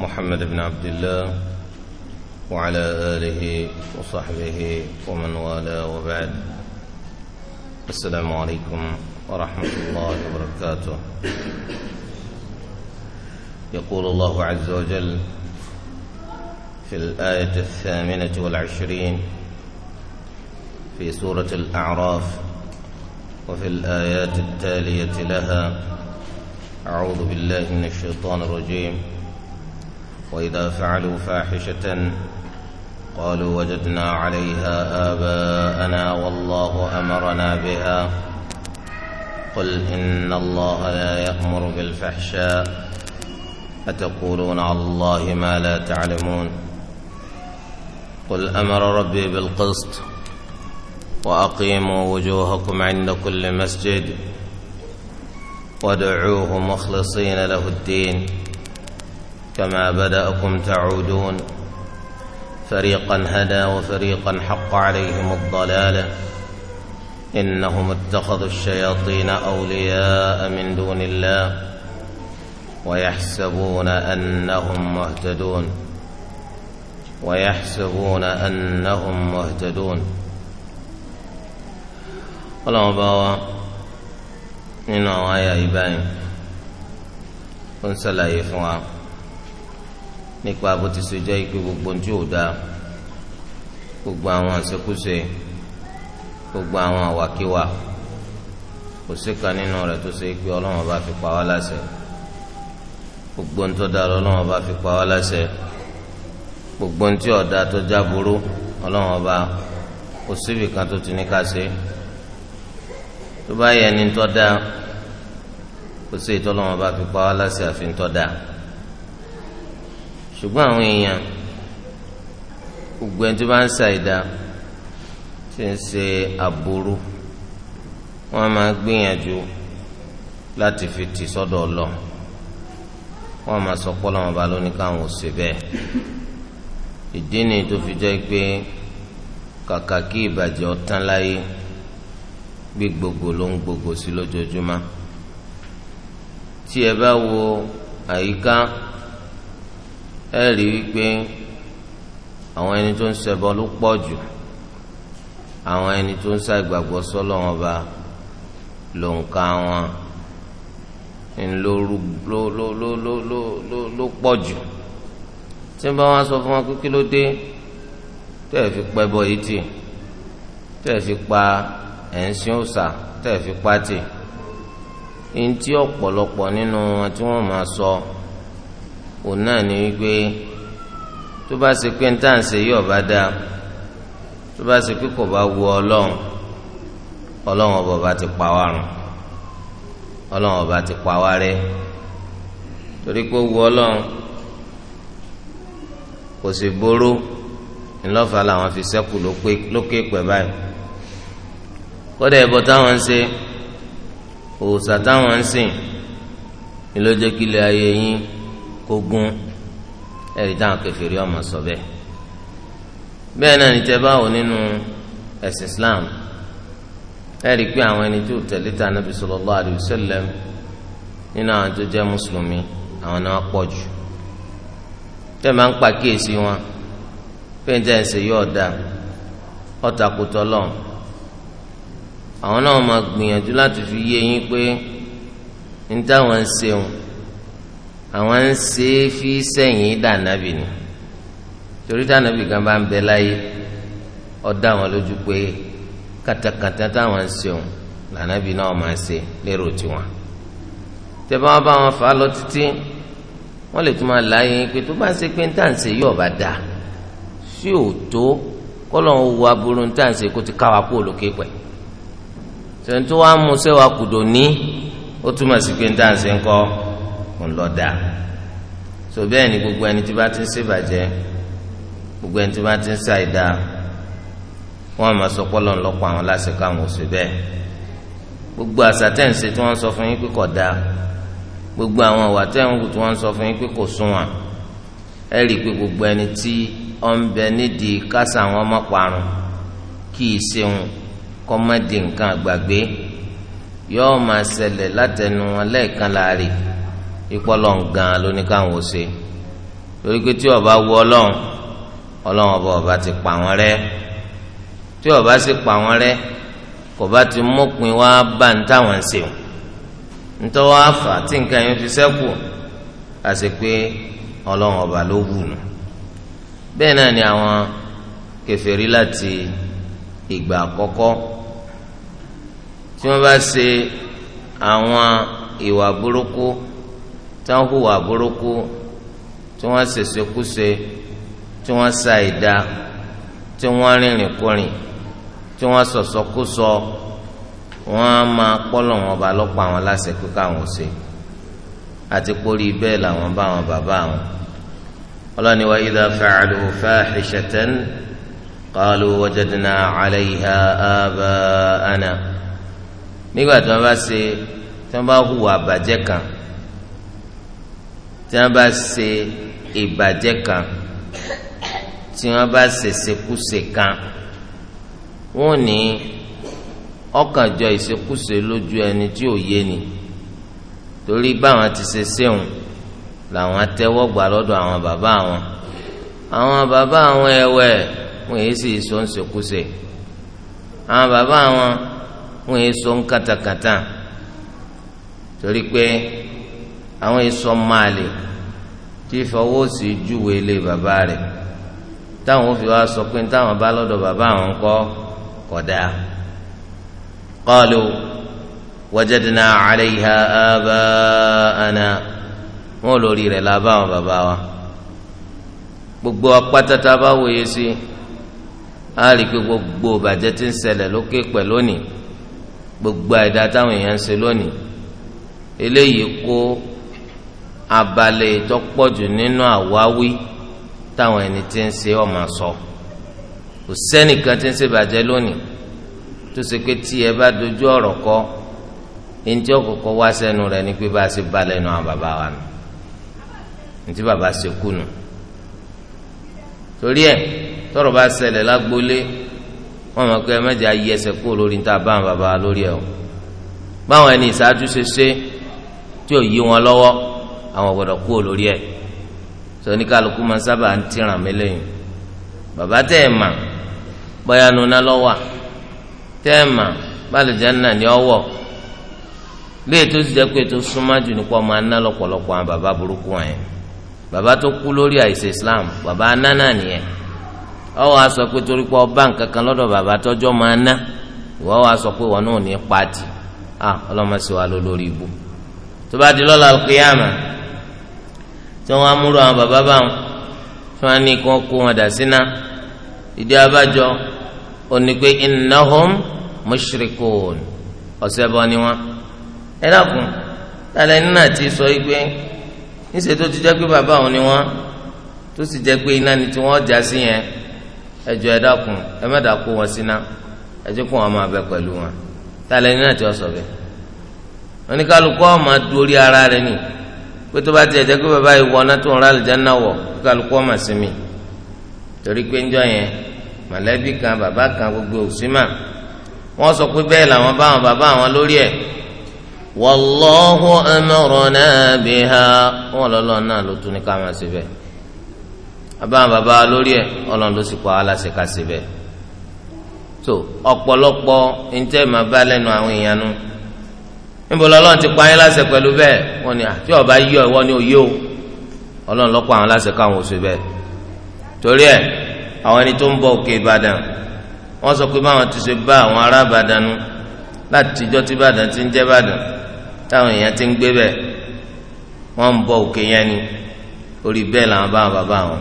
محمد بن عبد الله وعلى آله وصحبه ومن والاه وبعد السلام عليكم ورحمة الله وبركاته يقول الله عز وجل في الآية الثامنة والعشرين في سورة الأعراف وفي الآيات التالية لها أعوذ بالله من الشيطان الرجيم وإذا فعلوا فاحشة قالوا وجدنا عليها آباءنا والله أمرنا بها قل إن الله لا يأمر بالفحشاء أتقولون على الله ما لا تعلمون قل أمر ربي بالقسط وأقيموا وجوهكم عند كل مسجد وادعوه مخلصين له الدين كما بداكم تعودون فريقا هدى وفريقا حق عليهم الضلاله انهم اتخذوا الشياطين اولياء من دون الله ويحسبون انهم مهتدون ويحسبون انهم مهتدون ọlọ́run باوا من nínú àwọn àyà ìbáyìí nípa bó ti ṣe jẹ́ ipe gbogbo ohun tí ò dáa gbogbo àwọn àṣekúṣe gbogbo àwọn àwàkiwà kò sí kan nínú rẹ̀ tó ṣe pé ọlọ́run bá fi pa wá láṣẹ gbogbo ohun tó dáa lọ́lọ́run bá fi pa wá láṣẹ gbogbo ohun tí ọ̀dà tó já burú ọlọ́run ọba kò síbi kan tó ti ní ká ṣe tó bá yẹ ni tọ́ da kò sí ìtọ́lọ́run ọba fi pa wá láṣẹ àfi ń tọ́ da ṣùgbọ́n àwọn èèyàn gbogbo ẹni tó bá ń ṣàìdá tí ń ṣe aburú wọ́n máa gbìyànjú láti fi tì sọ́dọ̀ Ọlọ́run wọ́n máa sọ pọ́ lọ́wọ́ bá lóní káwọn ò ṣe bẹ́ẹ̀ ìdí ni tó fi jẹ́ pé kàkà kí ìbàjẹ́ ọ̀tán láyé gbé gbogbo ló ń gbogbo sí lójoojúmọ́ tí ẹ bá wo àyíká ẹ rí i pé àwọn ẹni tó ń ṣẹbọ ló pọ̀ jù àwọn ẹni tó ń ṣàgbàgbọ́ sọ́lọ́ wọn bá ló ń ka wọn ló pọ̀ jù tí wọ́n bá wọn sọ fún wọn pé kí ló dé tẹ́ fi pẹ́ bọ yìí tì tẹ́ fi pa ẹ̀ǹsìn òòṣà tẹ́ ẹ̀ fi pa tì ntí ọ̀pọ̀lọpọ̀ nínú wọn tí wọ́n máa sọ. So, òun náà ní wípé tó bá ṣe pé níta ń ṣe yóò bá dáa tó bá ṣe pé kò bá wu ọlọ́run ọlọ́run ọba ọba ti pa wá rùn ọlọ́run ọba ti pa wá rẹ́ torí pé wu ọlọ́run kò sì boró ńlọ́fà làwọn fi sẹ́kù lókè pẹ̀ báyìí kódà ẹbọ táwọn ń ṣe òòṣà táwọn ń sìn ni ayé yín. kógun ẹ̀rí táwọn kẹfìrí ọmọ sọ bẹ́ẹ̀ náà ní báwo nínú ẹ̀sìn Islam ẹ̀rí pé àwọn ẹni tó tẹ̀lé ta sallallahu alaihi wasallam nínú àwọn tó jẹ́ mùsùlùmí àwọn náà pọ̀ jù tẹ́ máa ń pa kíyèsí wọn péńtẹ́ ń ṣe yóò dáa ọ̀tàkùtọ̀ lọ́n àwọn náà máa gbìyànjú láti fi yé yín pé ní táwọn ń ṣeun àwọn ń ṣe é fi sẹ́yìn dànàbì ni torí dànàbì kan bá ń bẹ láyé ọ̀dà wọn lójú pé katakata táwọn ń ṣeun lànàbì náà máa ṣe lérò tiwọn tẹ́bá wọn bá wọn fà á lọ títí wọ́n lè tún máa láyé pé tó bá ṣe pé ń tàn yóò bá dà sí òtó kọ́lọ́n wo aburú ń tàn kó ti káwa kú òlòkè pẹ̀ tẹ̀ntún wa mú sẹ́wà kùdò ní ó túmọ̀ sí pé ń tàn ṣe ńlọ́dà so bẹ́ẹ̀ ni gbogbo ẹni tí bá ti ń ṣèbàjẹ́ gbogbo ẹni tí bá ti ń ṣàìdá wọ́n máa sọ pọ́lọ́ ńlọ́pọ̀ àwọn lásìkò àwọn òsè bẹ́ẹ̀ gbogbo àṣà tẹ̀ ń ṣe tí wọ́n ń sọ fún yín pé kò dáa gbogbo àwọn àwà tẹ̀ ń wù tí wọ́n ń sọ fún yín pé kò sunwọ̀n ẹ rí i pé gbogbo ẹni tí ọ ń bẹ nídìí kásá àwọn ọmọ parun kì í ṣeun kọ́ má di nǹkan àgbàgbé yọ́ọ́ máa ṣẹlẹ̀ látẹnu wọn lẹ́ẹ̀kan láàrin ipò ọlọ́run gan ló ní káwọn ò ṣe torí pé tí ọba wu ọlọ́run ọlọ́run ọba ọba ti pa wọ́n rẹ́ tí ọba sì pa wọ́n rẹ́ kò bá ti mọ́pin wá bá ń táwọn ń ṣe ntọ́wọ́ àfà tí nǹkan yẹn fi sẹ́kù àti pé ọlọ́run ọba ló wù nù bẹ́ẹ̀ náà ni àwọn kèfèrí láti ìgbà àkọ́kọ́ tí wọ́n bá ṣe àwọn ìwà burúkú tí wọ́n hùwà burúkú tí wọ́n ṣèṣekúṣe tí wọ́n sa ìdá tí wọ́n rìnrìn kùrìn tí wọ́n sọ̀sọ̀kúsọ wọ́n á máa pọ́lọ̀ wọn bá lọ́pọ̀ àwọn láṣẹ pé káwọn ṣe àti pórí bẹ́ẹ̀ làwọn bá wọn bàbá wọn. ọlọ́ni wa idha fa'alu fahishatan qalu wajadna 'alayha aba'ana. nígbà tí wọ́n bá ṣe tí wọ́n bá hùwà bàjẹ́ kan tí wọ́n bá ṣe ìbàjẹ́ kan tí wọ́n bá ṣe ṣekúṣe kan wọ́n ní ọkànjọ ìṣekúṣe lójú ẹni tí ò yé ni torí báwọn ti ṣe ṣéun làwọn tẹ́wọ́ gbà lọ́dọ̀ àwọn bàbá àwọn àwọn bàbá àwọn ẹ̀wẹ̀ wọn èyí sì sọ ń ṣekúṣe àwọn bàbá àwọn wọn èyí sọ ń kàtàkàtà torí pé àwọn èso máàlì tí fọwọ́ sí júwe ilé bàbá rẹ̀ táwọn fi wá sọ pé táwọn bá lọ́dọ̀ bàbá àwọn kọ́ kọ̀dá qalu wajadna alayha abaana wọn lórí rẹ̀ la bá àwọn bàbá wa gbogbo apátátá bá wòye sí a rí i pé gbogbo bàjẹ́ ti ń ṣẹlẹ̀ lókè pẹ̀ lónìí gbogbo àìdá táwọn èèyàn ń ṣe lónìí eléyìí kó abalẹ̀ tó pọ̀jù nínú àwáwí táwọn ẹni tí ń ṣe ọmọ sọ kò sẹ́nìkan tí ń ṣe bàjẹ́ lónìí tó ṣe pé tí ẹ bá dojú ọ̀rọ̀ kọ ẹni tí ó kọ́kọ́ wá sẹ́nu rẹ̀ ni pé bá a ṣe balẹ̀ nu àwọn bàbá wa nù ní tí bàbá ṣe kú nù torí ẹ tọrọ bá ṣẹlẹ̀ lágbólé wọn mọ̀ pé ẹ mẹjẹ ayé ẹsẹ̀ kúrò lórí ní bá àwọn bàbá wa lórí ẹ o báwọn ẹni ìṣáájú ṣe ṣe tí ò yí wọn lọ́wọ́ àwọn gbọ́dọ̀ kú olórí ẹ tó oníkàlùkù máa sábà ń tìràn mí lẹ́yìn bàbá tẹ ẹ mà bóyá nuná lọ wà tẹ ẹ mà bàlùjáná ni ọ wọ léè tó ti jẹ pé tó súnmọ́ jù nípa àwọn bàbá burúkú wọn yẹn bàbá tó kú Islam bàbá aná nìyẹn ọ pé torí pé ọba nǹkan kan bàbá tọ́jọ́ máa ná ìwọ sọ pé wọn náà ní ah, lórí ibú tí wọ́n amúrò àwọn bàbá báwọn fún wọn ní kí wọ́n kó wọn dà síná ìdí abájọ òní pé innahum mushrikun ọ̀sẹ̀ bọ́ ni wọ́n. ẹ dákun tálẹ̀ nínú àti sọ pé níṣẹ́ tó ti jẹ́ pé bàbá òun ni wọ́n tó sì jẹ́ pé iná ni tí wọ́n já sí yẹn ẹ ẹ dákun ẹ má dà kó wọn síná ẹ kó wọn máa bẹ pẹ̀lú wọn tálẹ̀ nínú àti ọ̀sọ̀ bẹ́ẹ̀ oníkálukú ọ̀ máa ara rẹ̀ nìyí pé tó bá tiẹ̀ jẹ́ pé bàbá ìwọ náà tó ń ra àlùjáná wọ̀ kálukú ọmọ sí mi torí pé ńjọ́ yẹn mọ̀lẹ́bí kan bàbá kan gbogbo òsínmà wọ́n sọ pé bẹ́ẹ̀ làwọn bá wọn bàbá wọn lórí ẹ̀ wallahu amarana biha wọ́n lọ́lọ́ náà ló tún ní ká máa ṣe bẹ́ẹ̀ bàbá àwọn bàbá lórí ẹ̀ ọlọ́run ló sì ká ṣe bẹ́ẹ̀ tó ọ̀pọ̀lọpọ̀ níbo lọ́lọ́run ti pa yín láṣẹ pẹ̀lú bẹ́ẹ̀ wọ́n ní àti ọba yíyọ ìwọ ni òye o ọlọ́run lọ́pọ̀ àwọn láṣẹ káwọn oṣù bẹ́ẹ̀ torí ẹ̀ àwọn ẹni tó ń bọ òkè ìbàdàn wọ́n sọ pé báwọn ti ṣe bá àwọn ará ìbàdàn nu láti ìjọ tí ìbàdàn ti ń jẹ́ ìbàdàn táwọn èèyàn ti ń gbé bẹ́ẹ̀ wọ́n ń bọ òkè yẹn ni orí bẹ́ẹ̀ làwọn bá wọn bàbá wọn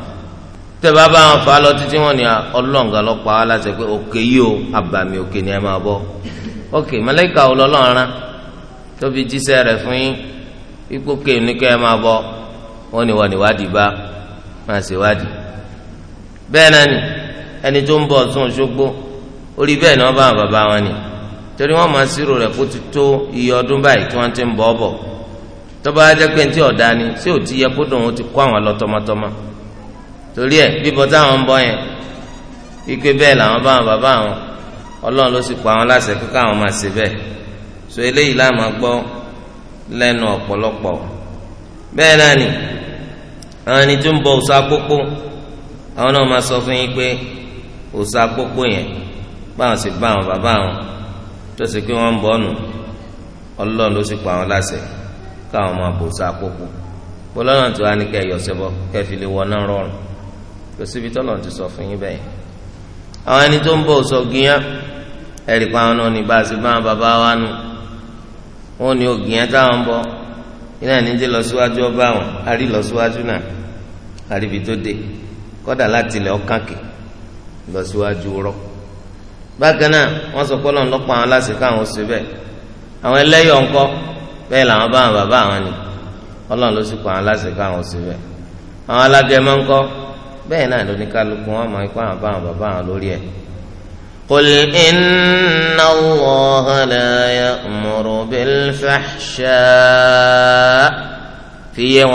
tẹ bá bá wọn fà á lọ títí wọ́n ní ọlọ́ǹgà lọ́pọ̀ àwọn láṣẹ pé òkè yìí o àbàmì òkè ni ẹ máa bọ tó fi jíṣẹ́ rẹ̀ fún yín ipò kéwìn kẹ́ ẹ máa bọ̀ wọ́n ní wọ́n ní wádìí bá máa ṣe wádìí. bẹ́ẹ̀ náà ni ẹni tó ń bọ̀ tún Òṣogbo orí bẹ́ẹ̀ ni wọ́n bá wọn bàbá wọn ni torí wọ́n máa ṣírò rẹ̀ kó ti tó iye ọdún báyìí tí wọ́n ti ń bọ̀ bọ̀ tó bá jẹ́ pé tí ọ̀dà ni tí ò ti yẹ kó dùn ó ti kó àwọn lọ tọmọtọmọ torí ẹ̀ bíbọ táwọn ń bọ̀ yẹn wípé bẹ́ẹ̀ làwọn bá wọn bàbá wọn Ọlọ́run ló sì pa àwọn láṣẹ kíkọ́ àwọn máa ṣe bẹ́ẹ̀ so eléyìí láàmú gbọ́ lẹ́nu ọ̀pọ̀lọpọ̀ bẹ́ẹ̀ náà ni àwọn ẹni tó ń bọ òòṣà pópó àwọn náà máa sọ fún yín pé òòṣà pópó yẹn báwọn sì bá àwọn bàbá àwọn tó sì pé wọ́n ń bọ̀ ọ̀nù ọlọ́run ló sì pa àwọn láṣẹ káwọn máa bọ òòṣà pópó bọ́lọ́run tó wá ní kẹ́ ẹ̀yọ́ sẹ́bọ̀ kẹ́ fi lè wọ náà rọrùn kò síbi tọ́lọ́run ti sọ fún yín bẹ́ẹ̀ àwọn ẹni tó ń bọ òòṣà ògìyàn ẹ̀rì pa àwọn náà ní bá a sì bá àwọn bàbá wa nù wọn ni ògì yẹn táwọn bọ iná ní ti lọ síwájú ọba àwọn àrí lọ síwájú náà àríbi tó dé láti ilẹ̀ ọ̀kànkì lọ síwájú rọ bákan náà wọn àwọn káwọn ṣe àwọn làwọn bá àwọn bàbá àwọn ni ló sì àwọn àwọn alágẹmọ náà lóníkálukú wọn máa ń àwọn bá àwọn قل إن الله لا يأمر بالفحشاء في يوم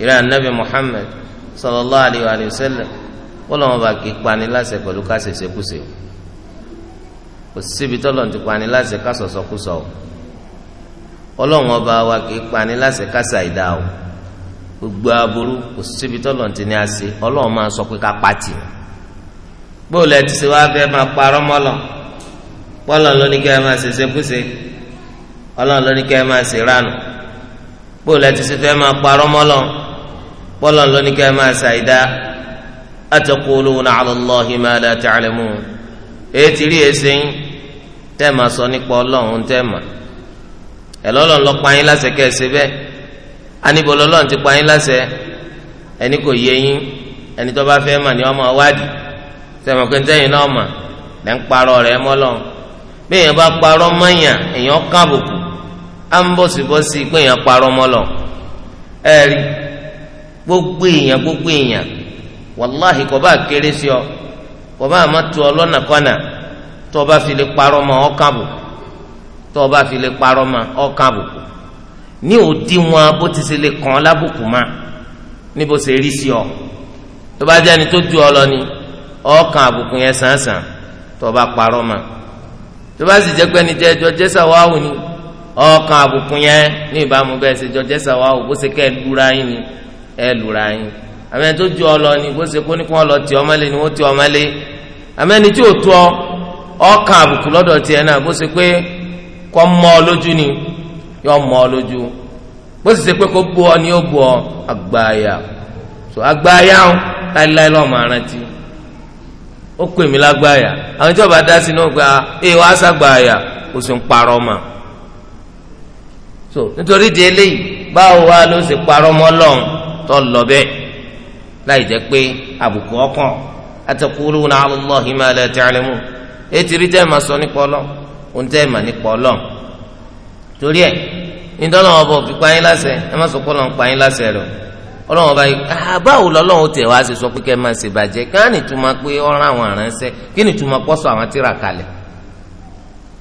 إلى النبي محمد صلى الله عليه وآله وسلم wọ́n bá kí pani láṣẹ pẹ̀lú o wa gbogbo aburú kò síbi tọ́lọ̀ ti ní a ọlọ́run máa sọ pé ká pàtì bóòlù ẹtù sí wàá fẹ́ máa parọ́ mọ́lọ̀ bọ́lọ̀ lóní kẹ́ ẹ máa ṣe ṣekúṣe ọlọ́run lóní kẹ́ ẹ máa ṣe ránù bóòlù ẹtù sí máa ẹ máa ṣe àìdá ti rí èsì yín tẹ́ máa sọ nípa ọlọ́run tẹ́ lọ pa yín ẹ ṣe bẹ́ẹ̀ lọ́lọ́run ti pa yín láṣẹ ẹni kò yín ẹni sẹ́wọ̀n pé ntẹ́yìn náà mà lẹ́ ń parọ́ rẹ̀ mọ́lọ́ bí èèyàn bá parọ́ mọ́yàn èèyàn kábùkù á ń bọ̀sibọ́sí pé èèyàn parọ́ mọ́lọ́ ẹ rí gbogbo èèyàn gbogbo èèyàn wàláhì kò bá kéré sí ọ kò bá àmọ́ tu ọ lọ́nà kọ́nà tó o bá fi lè parọ́ mọ́ ọ kábùkù tó o bá fi lè parọ́ mọ́ ọ kábùkù ní òdiwọ̀n bó ti ṣe lè kàn án lábùkù mọ́ níbo ṣe rí sí ọ tó bá jẹ́ ẹni tó ju ọ lọ ni. ọkàn àbùkù yẹn sàǹsàn tó bá parọ́ mọ́ tó bá sì jẹ́ pé ẹni jẹ́ ẹjọ́ jẹ́sà ni ọkàn àbùkù yẹn ní ìbámu bẹ́ẹ̀ jọ jẹ́sà bó ṣe kẹ́ ẹ lura yín ni ẹ lura yín tó ju ọ lọ ni bó lọ tì ni wọ́n ọ ọkàn àbùkù lọ́dọ̀ tiẹ̀ náà bó ṣe pé ni yọ mọ́ ọ lójú bó ṣe pé kó ọ ni ó pè mí lágbáyà àwọn ìjọba dá sí náà gba ah, ee wàá sàgbáyà ó sì ń parọ́ mọ́ so nítorí di eléyìí báwo wá ló sì parọ́ mọ́ lọ́n tó lọ bẹ́ẹ̀ láì jẹ́ pé àbùkù ọkàn atakuluna ala Allahi ma rí sọ nípa ọlọ́ ohun tẹ́ẹ̀ máa nípa ọlọ́ torí ẹ̀ ọlọ́run ọba yìí ah, báwo lọ́lọ́run tẹ̀ wá ṣe sọ pé kẹ́ ẹ máa ṣe bàjẹ́ kí á nìtumọ̀ pé ọ̀ràn àwọn aránṣẹ́ kí nìtumọ̀ pọ́sọ̀ àwọn tíra kalẹ̀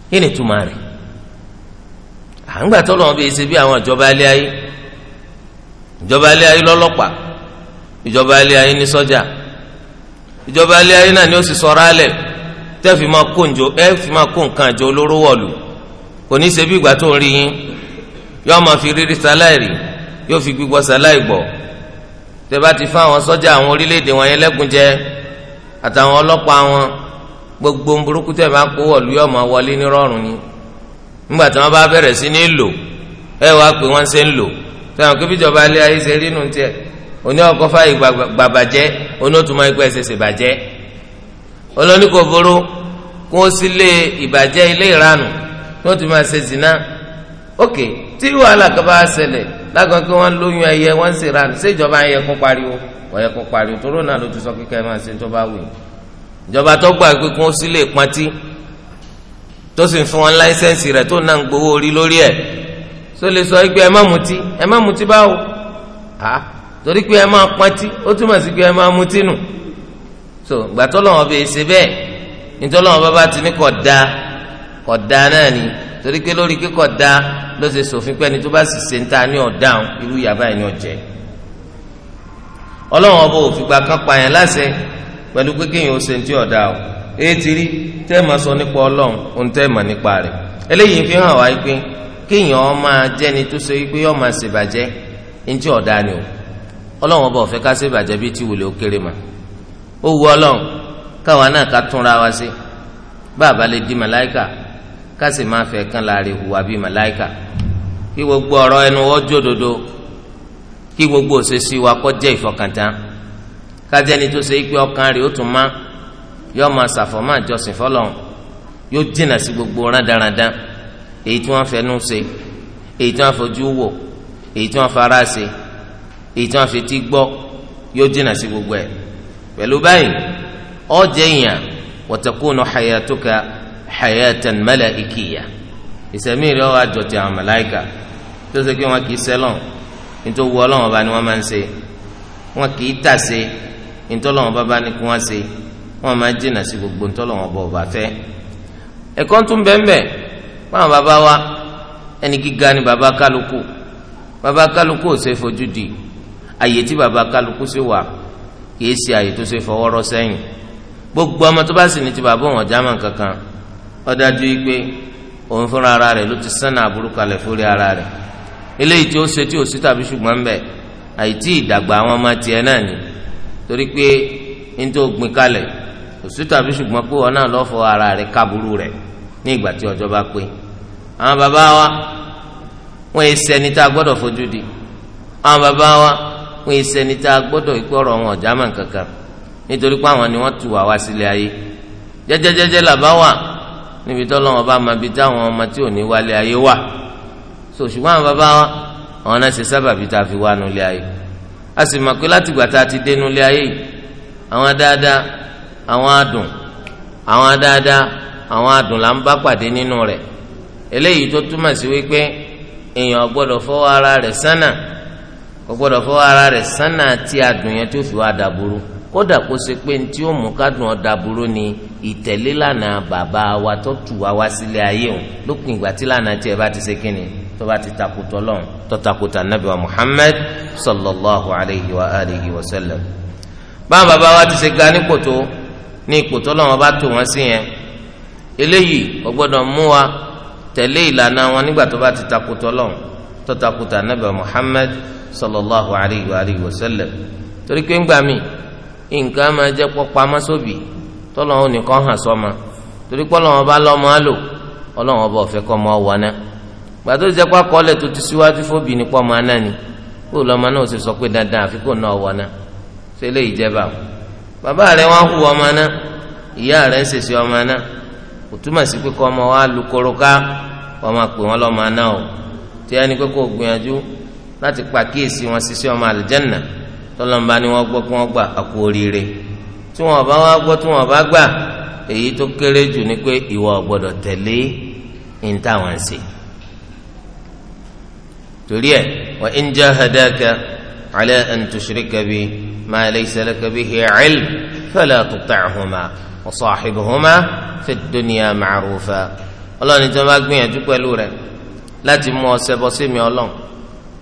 kí nìtumọ̀ rẹ̀ à ń gbà tó lọ́wọ́ bí ṣe bí àwọn ìjọba ilé ayé ìjọba ilé ayé lọ́lọ́pàá ìjọba ilé ayé ní sọ́jà ìjọba ilé ayé náà ni ó sì sọ̀rọ̀ alẹ̀ tẹ́ fi máa kó njó ẹ fi máa kó nǹkan àjọ olóró wọ̀lù kò ní ṣe bí ìgbà tó ń rí yín yóò máa fi rírí sáláì rí yóò fi gbígbọ́ sáláì gbọ́ tẹ́bá ti fún àwọn sọ́jà àwọn orílẹ̀-èdè wọn yẹn lẹ́kùnjẹ àtàwọn ọlọ́pàá wọn gbogbo burúkú tẹ̀ máa kó wọ̀lú yọ̀ máa wọlé ní rọ̀rùn ni nígbà tí wọ́n bá bẹ̀rẹ̀ sí ní lò ẹ wá pé wọ́n ṣe ń lò táwọn kébí ìjọba ilé ayé ṣe rí nù tiẹ̀ òní ọkọ̀ fáyì gbàgbàjẹ́ oní òtún máa gbẹ́ ẹsẹ̀ ṣèbàjẹ́ olóní kó o sì lé ìbàjẹ́ ilé ìranù ní òtún ṣe zina ókè tí wàhálà kan ṣẹlẹ̀ lágbọn pé wọn lóyún ẹyẹ wọn ń ṣèrà ṣé ìjọba ẹyẹ kún pariwo ọyẹ kún pariwo tó rọnà ló ti sọ kíkẹ máa ṣe tó bá wù yín ìjọba tó gbà pé kún sílé pọntí tó sì ń fún wọn láísẹ̀nsì rẹ̀ tó náà ń gbowó orí lórí ẹ̀ tó lè sọ pé ẹ má mutí ẹ má mutí báwo à torí pé ẹ máa pọntí ó túmọ̀ sí pé ẹ máa mutí nù so gbàtọ́ lọ́wọ́ bẹ́ẹ̀ ṣe bẹ́ẹ̀ nítorí lọ́wọ́ da kọ̀ da náà torí pé lórí kíkọ̀ da ló ṣe sòfin pẹ́ni tó bá sì ṣe ń ta ní ọ̀daràn irú yàrá yẹn ọ̀jẹ̀ ọlọ́run ọba òfin gba kan pa yẹn láṣẹ pẹ̀lú pé kéèyàn ó ṣe ti ọ̀dà o èyí ti rí tẹ́ ẹ̀ máa sọ nípa ọlọ́run ohun tẹ́ ẹ̀ máa nípa rẹ̀ eléyìí fi hàn wá pé kéèyàn ó máa jẹ́ni tó ṣe pé ó máa ṣèbàjẹ́ ní ti ọ̀dà ni o ọlọ́run ọba òfin ká ṣèbàjẹ́ bíi ti wùlé ó mà ó wu ọlọ́run káwa náà ká túnra wa sí bá a bá lè di màláìkà kásì máa fẹ́ kán láàrin hùwà bíi màláìkà kí gbogbo ọ̀rọ̀ ẹnu ọjọ́ òdodo kí gbogbo òṣèṣì wa kó jẹ́ ìfọkàntán kájẹ́ni tó ṣe pé ọkàn rẹ̀ ó tún má yọ máa ṣàfọ̀mọ́ àjọsìn fọlọ́run yóò jìnnà sí gbogbo rádaràdá èyí tí wọ́n fẹnu ṣe èyí tí wọ́n fojú wò èyí tí wọ́n fara ṣe èyí tí wọ́n fetí gbọ́ yóò jìnnà sí gbogbo ẹ̀ pẹ̀lú báyìí ó jẹ́ èèyàn wa takunu hayatan malaikiyya ìsẹ̀mí rẹ̀ wà jọ̀tì àwọn màláìkà tó ṣe pé wọn kì í sẹ́lọ̀n nítorí wọ ọlọ́wọ́n bá ní wọ́n máa ń ṣe wọn kì í tàṣe nítorí ọlọ́wọ́n bá bá ní kí wọ́n ṣe wọn máa jìnnà sí gbogbo nítorí ọlọ́wọ́n bá ọba fẹ́. ẹ̀kọ́ tún bẹ́ẹ̀nbẹ́ fáwọn bàbá wa ẹni gíga ni bàbá kálukú bàbá kálukú ò ṣe fojú di àyè tí bàbá kálukú sì wà kì í ṣe àyè tó ṣe fọwọ́rọ́ sẹ́yìn gbogbo ọmọ tó bá sì ní ti bàbá òun ọ̀já mọ̀ kankan ọdájú yìí pé òun fúnra ara rẹ̀ ló ti sánà aburú kalẹ̀ fúri ara rẹ̀ eléyìí tí ó ṣe tí ò sí tàbí ṣùgbọ́n bẹ́ẹ̀ àìtí ìdàgbà àwọn ọmọ tiẹ̀ náà ni torí pé ní tó gbìn kalẹ̀ kò sí tàbí ṣùgbọ́n pé ọ̀nà lọ́fọ̀ ara rẹ̀ kaburú rẹ̀ ní ìgbà tí ọjọ́ bá pé àwọn bàbá wa wọ́n èsì ẹni tá a gbọ́dọ̀ fojú di àwọn bàbá wa wọ́n èsì ẹni tá a gbọ́dọ̀ ikú wọn ọ̀já mọ̀ kankan nítorí pé àwọn ni wọ́n tù wá wá sílé ayé jẹ́jẹ́jẹ́jẹ́ làbá wà níbi tó lọ́wọ́ bá máa bi táwọn ọmọ tí ò ní wálé ayé wà so ṣùgbọ́n àwọn bàbá wa àwọn náà ṣe sábàbí tá a fi wá nulẹ̀ ayé a sì mọ̀ pé látìgbà tá a ti dé nulẹ̀ ayé yìí àwọn dáadáa àwọn adùn àwọn dáadáa àwọn adùn là ń bá pàdé nínú rẹ̀ eléyìí tó túmọ̀ sí wípé èèyàn gbọ́dọ̀ fọwọ́ ara rẹ̀ sánà gbọ́dọ̀ fọwọ́ ara rẹ̀ sánà tí adùn yẹn tó fi wá dàbúrú kódà kó ṣe pé ní tí ó mú kádùn ọ̀dà burú ni ìtẹ̀lé lànà bàbá wa tó tù wá wá sílé ayé o lópin ìgbà tí lànà tiẹ̀ bá ti ṣe kíni tó bá ti takùtọ̀ lọ́hùn tó takùtà nàbì wa Muhammad sallallahu alayhi wa alihi wa sallam. báwọn bàbá wa ti ṣe ga ní kòtò ní ìkòtò lọ́wọ́ bá tò wọ́n sí yẹn eléyìí ó gbọ́dọ̀ mú wa tẹ̀lé ìlànà wọn nígbà tó bá ti takùtọ̀ lọ́hùn tó takùtà nàbì wa Muhammad sallallahu alayhi wa alihi wa sallam torí pé ń gbà míì nǹkan máa jẹ́ pọ́pamọ́ sóbì tọ́lọ́wọ́n nìkan hàn sọ́mọ torí pọ́lọ́wọ́n bá lọ́mọ á lò ọlọ́wọ́n bá ọ̀fẹ́ kọ́ ọmọ wọn náà gbàtó jẹ́ pé akọ́lẹ̀ tó ti síwájú fóbì ní pọ́mọ aná ni kó lọ́mọ náà sì sọ pé dandan àfikò náà wọn náà ṣe lè jẹba bàbá rẹ wọn hu ọmọ náà ìyá rẹ ń ṣèṣe ọmọ náà kò túmọ̀ sí pé kọ́ ọmọ wa lu koroka ọmọ pè wọ́n lọ́mọ náà o tí ẹni pé kò gbìyànjú láti pàkíyèsí wọn ṣiṣẹ́ ọmọ àlùjẹ́nà tọ́lọ́mùbá ni wọ́n gbọ́ kí wọ́n gbà àkú oríire tí wọ́n bá wá gbọ́ tí wọ́n bá gbà èyí tó kéré jù ni pé ìwọ gbọ́dọ̀ tẹ̀lé ní táwọn ń ṣe. torí ẹ wa in jahadaka ala an tushrika bi ma laysa laka bihi ilm fala tuti'huma wa sahibhuma fid dunya ma'rufa tí wọ́n bá gbìyànjú pẹ̀lú rẹ̀ láti mú ọ ṣẹbọ sí mi ọlọ́run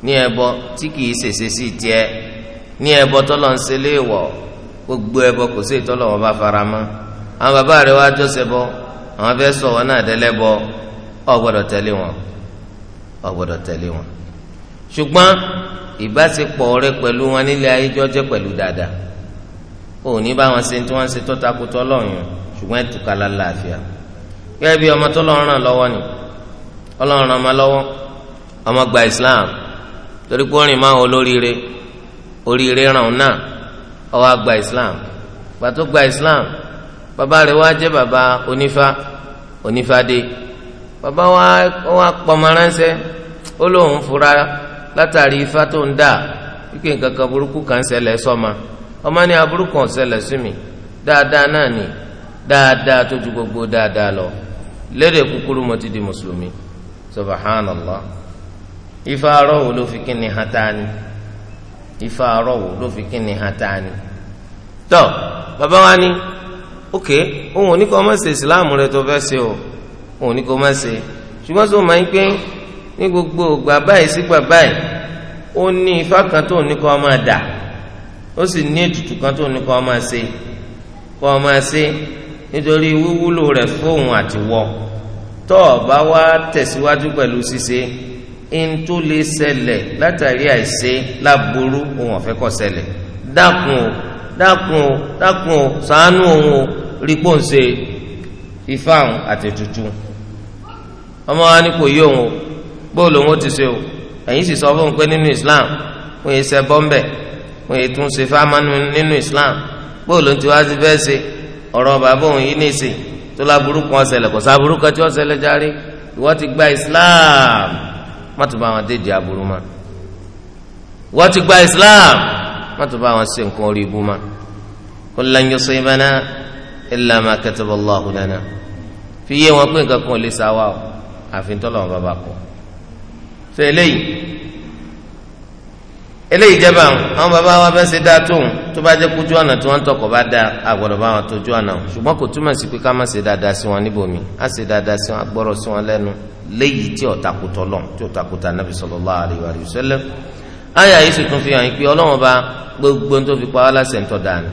ní ẹbọ tí kìí ṣèṣe sí tiẹ̀ ní ẹbọ tọ́lọ̀ ń ṣe léèwọ̀ gbogbo ẹbọ kò sí ìtọ́lọ̀ wọn bá fara mọ́ àwọn bàbá rẹ wá jọ́sẹ̀ bọ́ àwọn fẹ́ sọ wọn náà dẹ́lẹ́ ọ gbọ́dọ̀ tẹ̀lé wọn ọ gbọ́dọ̀ tẹ̀lé wọn. ṣùgbọ́n ìbáṣepọ̀ rẹ pẹ̀lú wọn nílé ayé pẹ̀lú dáadáa ò ní bá wọn ṣe tí ṣe ṣùgbọ́n lálàáfíà gẹ́gẹ́ bí ọmọ ràn lọ́wọ́ ni ọlọ́run lọ́wọ́ ọmọ gba Islam torí pé ó rìn oríire ràn ọ́n náà ó gba islam gbà gba islam bàbá rẹ̀ wá jẹ́ bàbá onífá onífádé bàbá wa wá pọmọ ránṣẹ́ ó lóun fura látàrí ifá tó ń dà wípé nǹkan kan burúkú kan ṣẹlẹ̀ sọ́ma ọmọ ní aburú kan ṣẹlẹ̀ sí mi dáadáa náà ni dáadáa tó ju gbogbo dáadáa lọ lédè kúkúrú mo ti di mùsùlùmí subhanallah ifá arọ́ wo ló fi kí ni hàn tá a ni. ifá arọ wò ló fi kíni hàn tá a ni. tọ bàbá wa ni ok òun ò ní kó má ṣe ìsìláàmù rẹ tó fẹ́ ṣe o òun ò ní kó má ṣe ṣùgbọ́n sọ ma ń pín ní gbogbo ògbà báyìí sígbà báyìí ó ní ifá kan tó ní kó máa dà ó sì ní ètùtù kan tó ní kó máa ṣe kó máa ṣe nítorí wíwúlò rẹ̀ fóun àti wọ bá wá tẹ̀síwájú pẹ̀lú ṣíṣe. Si n tó lè ṣẹlẹ̀ látàrí àìṣe láburú òun ọ̀fẹ́ kọ́ ṣẹlẹ̀ dákun o dákun o dákun o ṣàánú òun o rí pò ń ṣe fífáhùn àti tuntun ọmọ wa ni kò yí òun o bóòlù òun ó ti ṣe o ẹ̀yin sì sọ fún un pé nínú Islam wọ́n yẹ ṣe bọ́m̀bẹ̀ wọ́n yẹ tún ṣe fámánú nínú Islam bóòlù tí wàá ti fẹ́ ṣe ọ̀rọ̀ bàbá òun yìí nìṣe tó láburú kan ṣẹlẹ̀ kò sáburú kan tí wọ́n ṣẹlẹ̀ járe ìwọ́n ti gba Islam má tún bá wọn dédìí aburú ma wọ́n ti gba islam má tún bá wọn ṣe nǹkan orí ibú ma kó lan yusibana illa ma kataba Allahu lana fi yé wọn pé nǹkan kan ò lè sá wa o àfi tọ́lọ̀ wọn bàbá kọ. sọ eléyìí eléyìí jẹba àwọn bàbá wa fẹ́ ṣe dáa tóun tó bá jẹ́ kójú ọ̀nà tí wọ́n ń tọkọ̀ bá dáa àgbọ̀dọ̀ bá wọn tójú ọ̀nà ṣùgbọ́n kò túmọ̀ sí pé ká má ṣe dáadáa sí wọn níbòmí á ṣe dáadáa sí wọn agbọ́rọ̀ sí wọn lẹ́nu léyìí tí ó tako Ọlọ́run tí ó tako Ànábì sallallahu alayhi wa sallam àyà yìí sì tún fi hàn pé Ọlọ́run bá gbogbo tó fi pa wá láṣẹ ń tọ́ da ni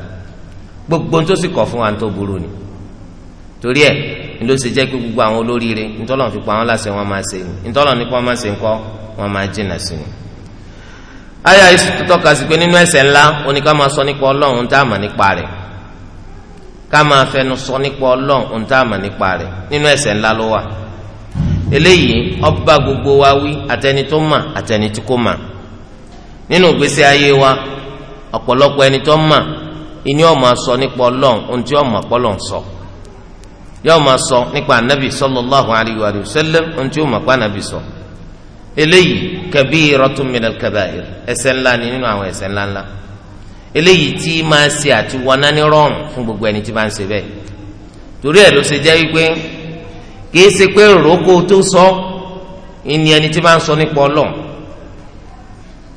gbogbo tó sì kọ̀ fún wa ń tó burú ni torí ẹ̀ ni ló ṣe jẹ́ kí gbogbo àwọn olóríire ntọ́lọ́run fi pa wọ́n láṣẹ wọn máa ṣe ni ntọ́lọ́run ní kí wọ́n máa ṣe ńkọ́ wọ́n máa jìnnà sí ni. àyà yìí sì tún tọ́ka sí pé nínú ẹ̀ṣẹ̀ ńlá ó máa sọ nípa Ọlọ́run tá a mọ̀ nípa rẹ̀ ká máa fẹnu sọ nípa Ọlọ́run tá a mọ̀ nípa rẹ̀ nínú ẹ̀ṣẹ̀ ńlá ló wà. eléyìí ọba gbogbo wa wí àtẹni tó mà àtẹni tí kò mà nínú ayé wa ọ̀pọ̀lọpọ̀ ẹni tó mà ìní sọ nípa ọlọ́run ohun tí ó mà sọ yóò sọ nípa anabi sallallahu ohun tí anabi sọ eléyìí ńlá ni nínú àwọn ńlá ńlá eléyìí tí máa ṣe àti wọnà ní rọrùn fún gbogbo ẹni tí máa ń ṣe torí kìí ṣe pé ròókò tó sọ ìní ẹni tí bá ń sọ nípa Ọlọ́run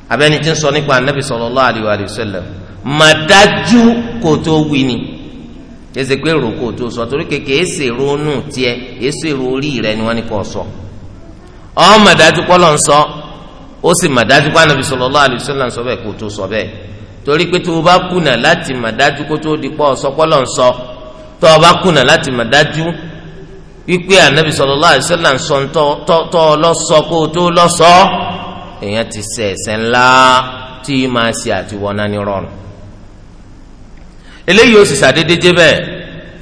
abẹni tí ń sọ nípa anabi sallallahu alaihi wa sallam mà dájú kò tó wí ni kìí ṣe pé sọ torí ṣe ronú kìí ṣe ni ọ mà dájú ń sọ ó sì mà dájú anabi sọ kò tó sọ torí pé tó o bá kùnà láti mà dájú kó tó di pọ́ ọ̀sọ́ ń sọ tó o bá wípé anabi sallallahu alaihi wasallam sọ tọ lọsọ kó o tó lọsọ èèyàn ti ṣẹ̀ ẹ̀ṣẹ̀ ńlá tí máa ṣe àti wọnà ní rọrùn eléyìí ó sì ṣàdédé jẹ́ bẹ́ẹ̀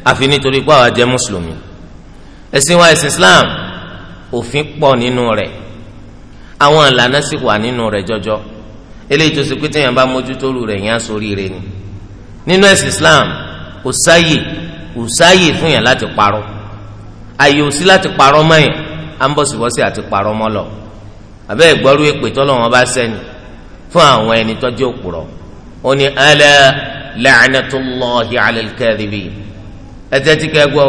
àfi nítorí pé àwa jẹ́ mùsùlùmí ẹ̀sìn wa ẹ̀sìn islam òfin pọ̀ nínú rẹ̀ àwọn ìlànà sì wà nínú rẹ̀ jọjọ eléyìí tó ṣe pé téèyàn bá mójútó rú yẹn á sórí rẹ̀ ni nínú ẹ̀sìn islam kò sáyè kò sáyè fún yàn láti parọ́ àyè òsí láti parọ́ mọ́yìn à ń bọ̀sibọ́sì àti parọ́ mọ́ lọ abẹ́ ìgbọ́rú èpè tọ́lọ́wọ́n bá sẹ́ni fún àwọn ẹni tọ́jú òpùrọ̀ ó ní ala la'natullahi 'ala al-kadhibin ẹtẹ́ tí kẹ́ gbọ́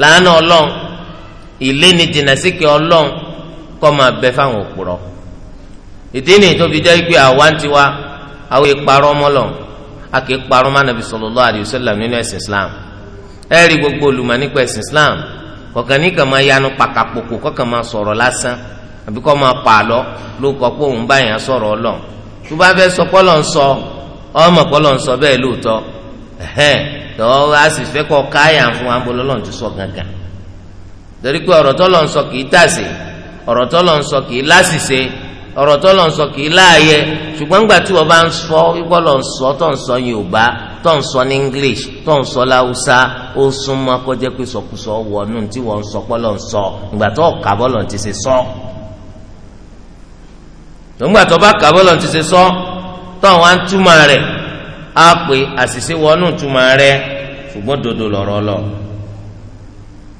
làánà ọlọ́run síkẹ́ ọlọ́run kọ́ máa bẹ fáwọn òpùrọ̀ ìdí ni tó fi jẹ́ pé àwa ń tiwa àwọn ìparọ́ mọ́lọ̀ àkè parọ́ mọ́ Ànábì sallallahu alayhi nínú ẹ̀sìn Islam ẹ rí gbogbo olùmọ̀ nípa Islam kọ̀ọ̀kan ní kàn máa yanu pàkàpọ̀kọ̀ kọ̀ọ̀kan máa sọ̀rọ̀ lásán àbí kọ́ máa pa àlọ́ ló kọ́ pé òun bá yàn sọ̀rọ̀ ọlọ́run tó bá fẹ́ sọ pọ́lọ̀ ń sọ ọmọ pọ́lọ̀ ń sọ bẹ́ẹ̀ lóòótọ́ sọ torí pé ọ̀rọ̀ tọ́lọ̀ ń sọ kì í ọ̀rọ̀ tọ́lọ̀ ń sọ kì í lásìse ọ̀rọ̀ tọ́lọ̀ ń sọ kì í láàyè ṣùgbọ́n gbà tí wọ́n bá ń sọ ń sọ tó ń sọ ní english tó ń sọ láwùsá ó súnmọ́ kó jẹ́ pé sọkúsọ wọnú tí wọ́n ń sọ pọ́lọ́ ń sọ ìgbà tó kà bọ́lọ̀ ti ṣe sọ. ìgbà tó bá kà bọ́lọ̀ ti ṣe sọ tó àwọn á ń túmọ̀ rẹ̀ á pé àṣìṣe wọnú túmọ̀ rẹ̀ ṣùgbọ́n dodo lọ̀rọ̀ lọ.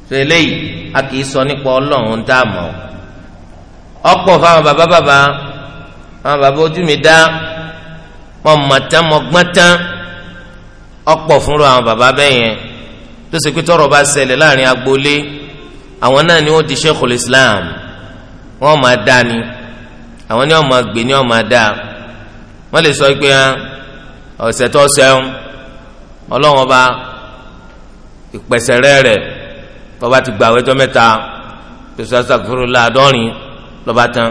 ṣe eléyìí a kì í sọ nípa ọlọ́run tá a mọ̀ ọ̀pọ̀ fáwọn bàbá bàbá àwọn bàbá ojú mi dá wọn mọ̀ tán mọ̀ gbọ́n tán ọ̀pọ̀ fúnra àwọn bàbá bẹ́ẹ̀ yẹn tó ṣe pé tọ́rọ̀ bá ṣẹlẹ̀ láàrin agboolé àwọn náà ni wọ́n di sheikhul islam wọ́n máa dá ni àwọn ni wọ́n máa gbé ni wọ́n máa dá wọ́n lè sọ pé ọ̀sẹ̀ tó ṣẹun ọlọ́wọ́n ọba ìpẹ̀sẹ̀ rẹ̀ rẹ̀ tọ́ba ti gbàwé tó mẹ́ta tó sọ láàdọ́rin lọ́ba tán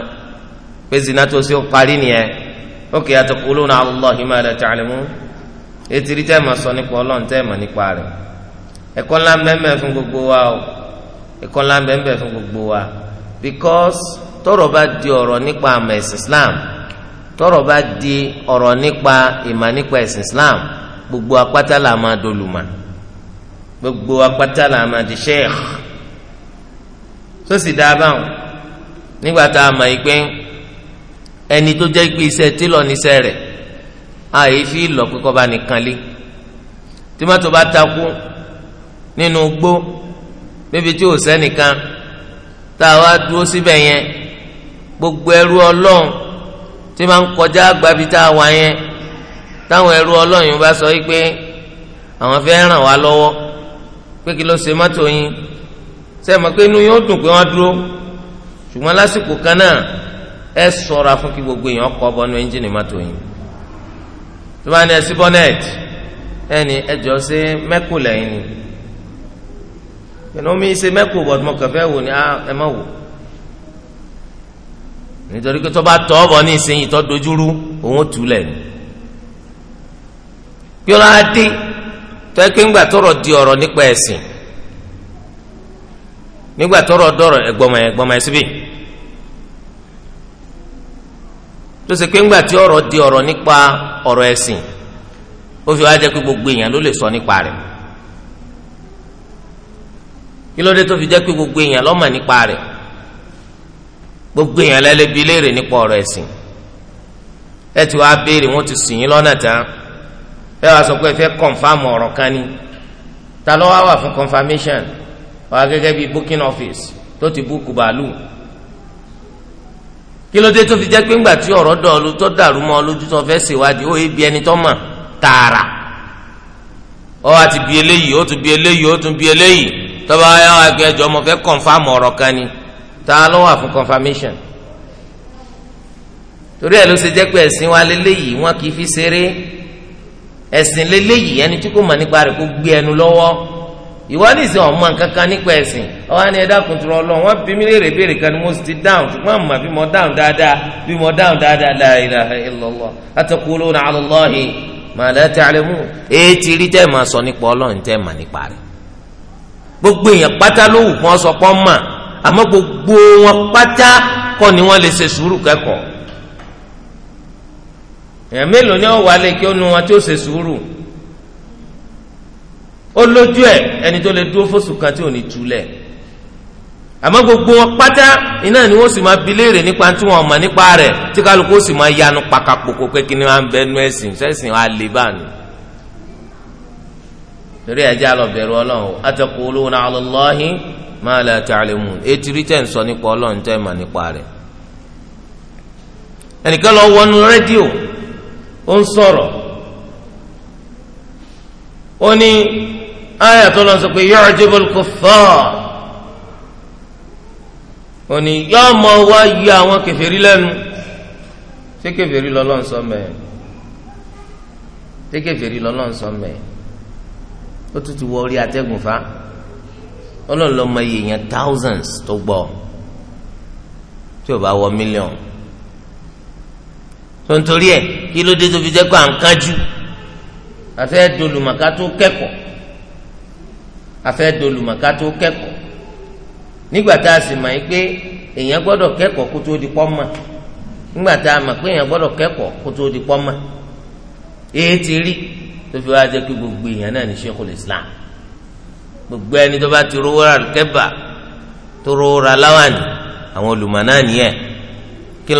pé zina ṣe parí nìyẹn ó kì í àtọkùlù náà allah himalaya ta'lamun etiri tẹ́ ma sọ nípa ọlọ́run tẹ́ ma nípa rẹ̀ ẹ̀kọ́ ńlá bẹ́ẹ̀ fún gbogbo wa o ẹ̀kọ́ ńlá bẹ́ẹ̀ fún gbogbo wa because tọ́rọ̀ bá di ọ̀rọ̀ nípa àmọ̀ ẹ̀sìn Islam tọ́rọ̀ bá di ọ̀rọ̀ nípa ìmọ̀ nípa ẹ̀sìn Islam gbogbo apátá là máa dolùmọ̀ gbogbo apátá là máa di sheikh sósì dáa báwọn nígbà tá a mọ̀ yìí pé ẹni tó jẹ́ pé iṣẹ́ tílọ̀ níṣẹ́ rẹ̀ àyè fi lọ pé kọ́ bá nìkan lé tomato bá takú nínú gbó bíbi tí ò sẹ́nìkan tá a wá dúró síbẹ̀ yẹn gbogbo ẹrú ọlọ́run tí máa ń kọjá àgbàbí tá a wà yẹn táwọn ẹrú ọlọ́run yìí bá sọ yìí pé àwọn fẹ́ ràn wá lọ́wọ́ pé kí ló ṣe mọ́tò yín sẹ́mi pé inú yóò dùn pé wọ́n dúró ṣùgbọ́n lásìkò kan náà ẹ ṣọ́ra fún gbogbo èèyàn kọ́ bọ́nú ẹ́ńjìnì mọ́tò yín tó bá ní ẹ sí bọ́nẹ́ẹ̀tì ẹni ẹjọ́ ṣe mẹ́kù lẹ́yìn ni ìnáwó mi ṣe mẹ́kù bọ̀ mo kàn fẹ́ wò ni ah, ẹ má wò nítorí pé tó bá tọ́ ọ̀bọ̀ ní ìsinyìí tó dojúrú òun tù lẹ́nu kí ó lọ́ọ́ dé ńgbà tọrọ di ọrọ nípa ẹ̀sìn nígbà tọrọ dọ̀rọ̀ ẹ̀gbọ́mọ ẹ̀gbọ́mọ ẹ̀ síbí tó ṣe pé ńgbà tí di nípa ọ̀rọ̀ ẹ̀sìn ó fi wá jẹ́ pé gbogbo èèyàn ló lè sọ nípa rẹ̀ kí ló dé tó fi jẹ́ pé gbogbo èèyàn ló mọ̀ nípa rẹ̀ gbogbo èèyàn lẹ́lẹ́bi léèrè nípa ọ̀rọ̀ ẹ̀sìn ẹ ti wá béèrè wọn ti sìn yín lọ́nà tán ẹ wá sọ pé fẹ́ kọ̀nfàmù ọ̀rọ̀ kan ni ta ló wá wà fún confirmation wà gẹ́gẹ́ bíi booking office tó ti búùkù bàálù kí ló dé tó fi jẹ́ pé ńgbà tí ọ̀rọ̀ dọ̀ọ́lù tó dàrú mọ́ lójú tó fẹ́ ṣèwádìí ó yẹ bí ẹni tó mọ̀ tààrà ó wá ti bí eléyìí ó tún bí eléyìí ó tún bí eléyìí tọ́ba ayé wa gbé ẹjọ́ mo fẹ́ kọ̀nfàmù ọ̀rọ̀ kan ni ta ló wà fún confirmation torí ẹ̀ ló ṣe jẹ́ pé ẹ̀sìn wa léléyìí wọn kì í fi ṣeré ẹ̀sìn léléyìí ẹni tí kò mọ̀ nípa rẹ̀ kó gbé ẹnu lọ́wọ́ ìwọ ní ìsìn ọmọ nǹkankan nípa ẹ̀sìn ọwọ́ ni ẹ̀dá kun tó lọ bí mi léèrè béèrè kan ni mo ti dáhùn ṣùgbọ́n àmọ́ bí mo dáhùn dáadáa bí mo dáhùn dáadáa la ilaha illallah atakuluna ma ètí rí máa sọ nípa ọlọ́run tẹ́ máa nípa rẹ̀ gbogbo èèyàn pátá ló wù kán sọ pọ́n mà àmọ́ gbogbo wọn pátá ni lè ṣe sùúrù èèyàn mélòó ni o lójú ẹ ẹni tó lè dúró fóṣù kan tí ò ní gbogbo pátá iná ni wọ́n sì máa bi nípa tí wọ́n mọ̀ nípa rẹ̀ tí kálukú ma sì máa yanu pàkàpọ̀kọ̀ pé kí ni wọ́n á bẹ nu ẹ̀sìn sẹ́sìn á lè bá alọ́bẹ̀rù ọlọ́run ma la ta'lamun etí rí tẹ̀ ń sọ nípa ọlọ́run tẹ́ mọ̀ nípa rẹ̀. ẹnìkan lọ wọnú rédíò ó ń ayà tó lọ sọ pé yu'jibul kuffar òní yóò mọ wá yí àwọn kèfèrí lẹ́nu ṣé kèfèrí lọ́lọ́ ń sọ mẹ́ẹ̀ ṣé kèfèrí lọ́lọ́ ń sọ ó tún ti wọ orí atẹ́gùn fa ọlọ́run lọ́mọ iye yẹn thousands tó gbọ́ tí o bá wọ mílíọ̀n tó ń torí ẹ̀ kí ló dé tó fi jẹ́ kó à ń kájú àfẹ́ dolùmọ̀ká tó kẹ́kọ̀ọ́ afẹ́ dolùmọ̀ ká tó kẹ́kọ̀ọ́ nígbà tá a sì mọ̀ yìí pé èèyàn gbọ́dọ̀ kẹ́kọ̀ọ́ kó tó di pọ́nmọ́ nígbà tá a mọ̀ pé èèyàn gbọ́dọ̀ kẹ́kọ̀ọ́ kó tó di pọ́nmọ́ ti rí tó fi wá jẹ́ gbogbo èèyàn náà ní Islam gbogbo ẹni tó bá ti rówó ra kẹ́bà tó rówó ra àwọn olùmọ̀ náà nìyẹn kí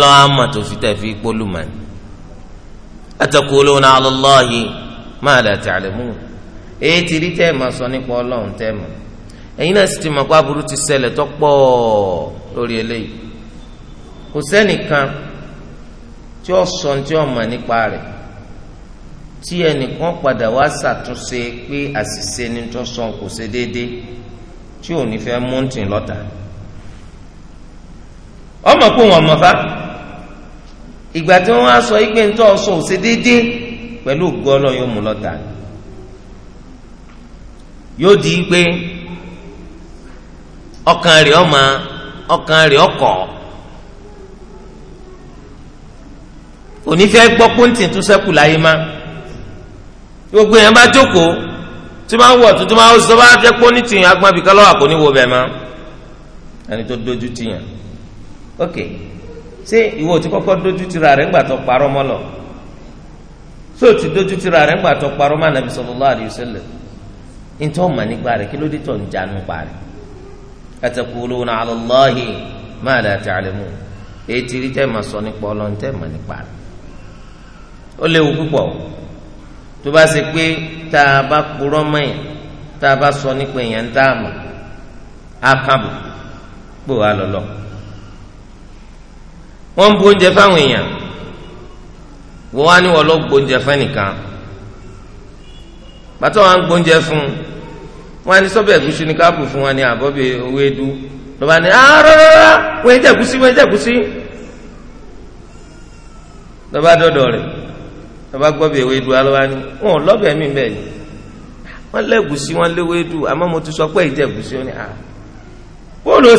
èyí ti rí tẹ́ẹ̀ máa sọ nípa ọlọ́run tẹ́ẹ̀ mọ̀ ẹ̀yin náà sì ti mọ̀ pé aburú ti ṣẹlẹ̀ tó pọ̀ lórí eléyìí kò sẹ́nìkan tí ó sọ tí ó mọ̀ nípa rẹ̀ tí ẹnìkan padà wá ṣàtúnṣe pé àṣìṣe ni tó sọ kò ṣe déédéé tí ò ní fẹ́ mọ́ǹtì lọ́tà ọmọ kó wọn mọ̀ fá ìgbà tí wọ́n á sọ ìgbẹ́ntọ́ sọ ò ṣe déédéé pẹ̀lú ògbọ́lọ́ yóò mú lọ́tà ni yóò di pé ọkàn rẹ̀ ọmọ ọkàn rẹ̀ ọkọ̀ onífẹ́ gbọ́ pọ́ǹtì tún sẹ́kù láyé má gbogbo yẹn bá jókòó tí máa ń wọ̀ tó tó máa ń sọ bá jẹ́ pọ́ ní tìyàn agbọ́n àbíkọ́ lọ́wọ́ àkó níwò bẹ́ẹ̀ má ẹni tó dojú tìyàn ok ṣé ìwọ ti kọ́kọ́ dojú tìra rẹ̀ ńgbà tó parọ́ mọ́ lọ sóò ti dojú tìra rẹ̀ ńgbà tó parọ́ mọ́ ànàbì sallallahu alaihi wasallam ntí wọn mọ nípa rẹ kí ló dé tó ń jánu pa rẹ atakuluna ala Allahi ma la ta'lamun ètí rí tẹ ma sọ nípa Ọlọ́run tẹ ma nípa rẹ ó léwu púpọ̀ tó bá ṣe pé tá a bá kúrọ mọ yẹn tá a bá sọ nípa yẹn ń tá mọ á kábò pò á lọlọ wọn bu oúnjẹ fáwọn èèyàn wọn wá ní wọn lọ gbóúnjẹ fẹnìkan. bàtọ́ wa ń gbóúnjẹ fún un wọn ni sọ́bẹ̀ ẹ̀gúsí ni káàbù fún wọn ni àbọ̀bẹ̀ owó edu lọ́ba ni ah, rárá wọ́n ń jẹ̀gúsí owó edu ni wọn edu mo ti sọ pé ah, bóòlù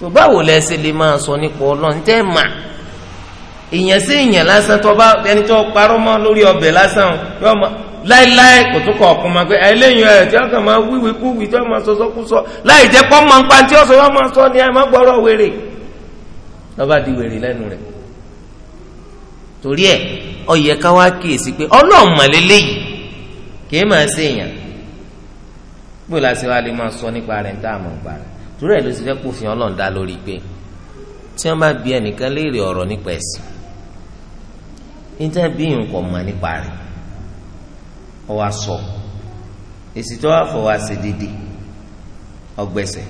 tó báwo lẹ ṣe lè máa sọ nípa ọlọ́run tẹ́ mà èèyàn sí èèyàn lásán tó bá ẹni tó parọ́ mọ́ lórí ọbẹ̀ lásán yóò mọ láéláé kò tó kọ̀ ọ̀kùnmá pé ẹlẹ́yìn ẹ̀ tí wọ́n kàn máa wíwí kúwì tí wọ́n máa sọ sọ́kúsọ láì jẹ́ pọ́ máa ń pa tí wọ́n sọ wọ́n máa sọ ni ẹ má gbọ́rọ̀ wèrè lọ́ba di wèrè lẹ́nu rẹ̀ torí ẹ̀ ó yẹ ká wá kíyèsí pé ọlọ́run mọ̀lélẹ́yìí kì í máa ṣèèyàn gbọ́dọ̀ láti wá lè máa sọ nípa rẹ̀ ń tá àmọ̀ gbà rẹ̀ torí ẹ̀ ló ti fẹ́ kófin ọlọ́run dá lórí pé tí wọ́n bá bi ẹnìkan léèrè ọ̀rọ̀ nípa ẹ̀sìn níta bí nǹkan mọ̀ nípa rẹ̀ ọ wá sọ èsì tó wá fọ wá ṣe déédéé ọgbẹ́sẹ̀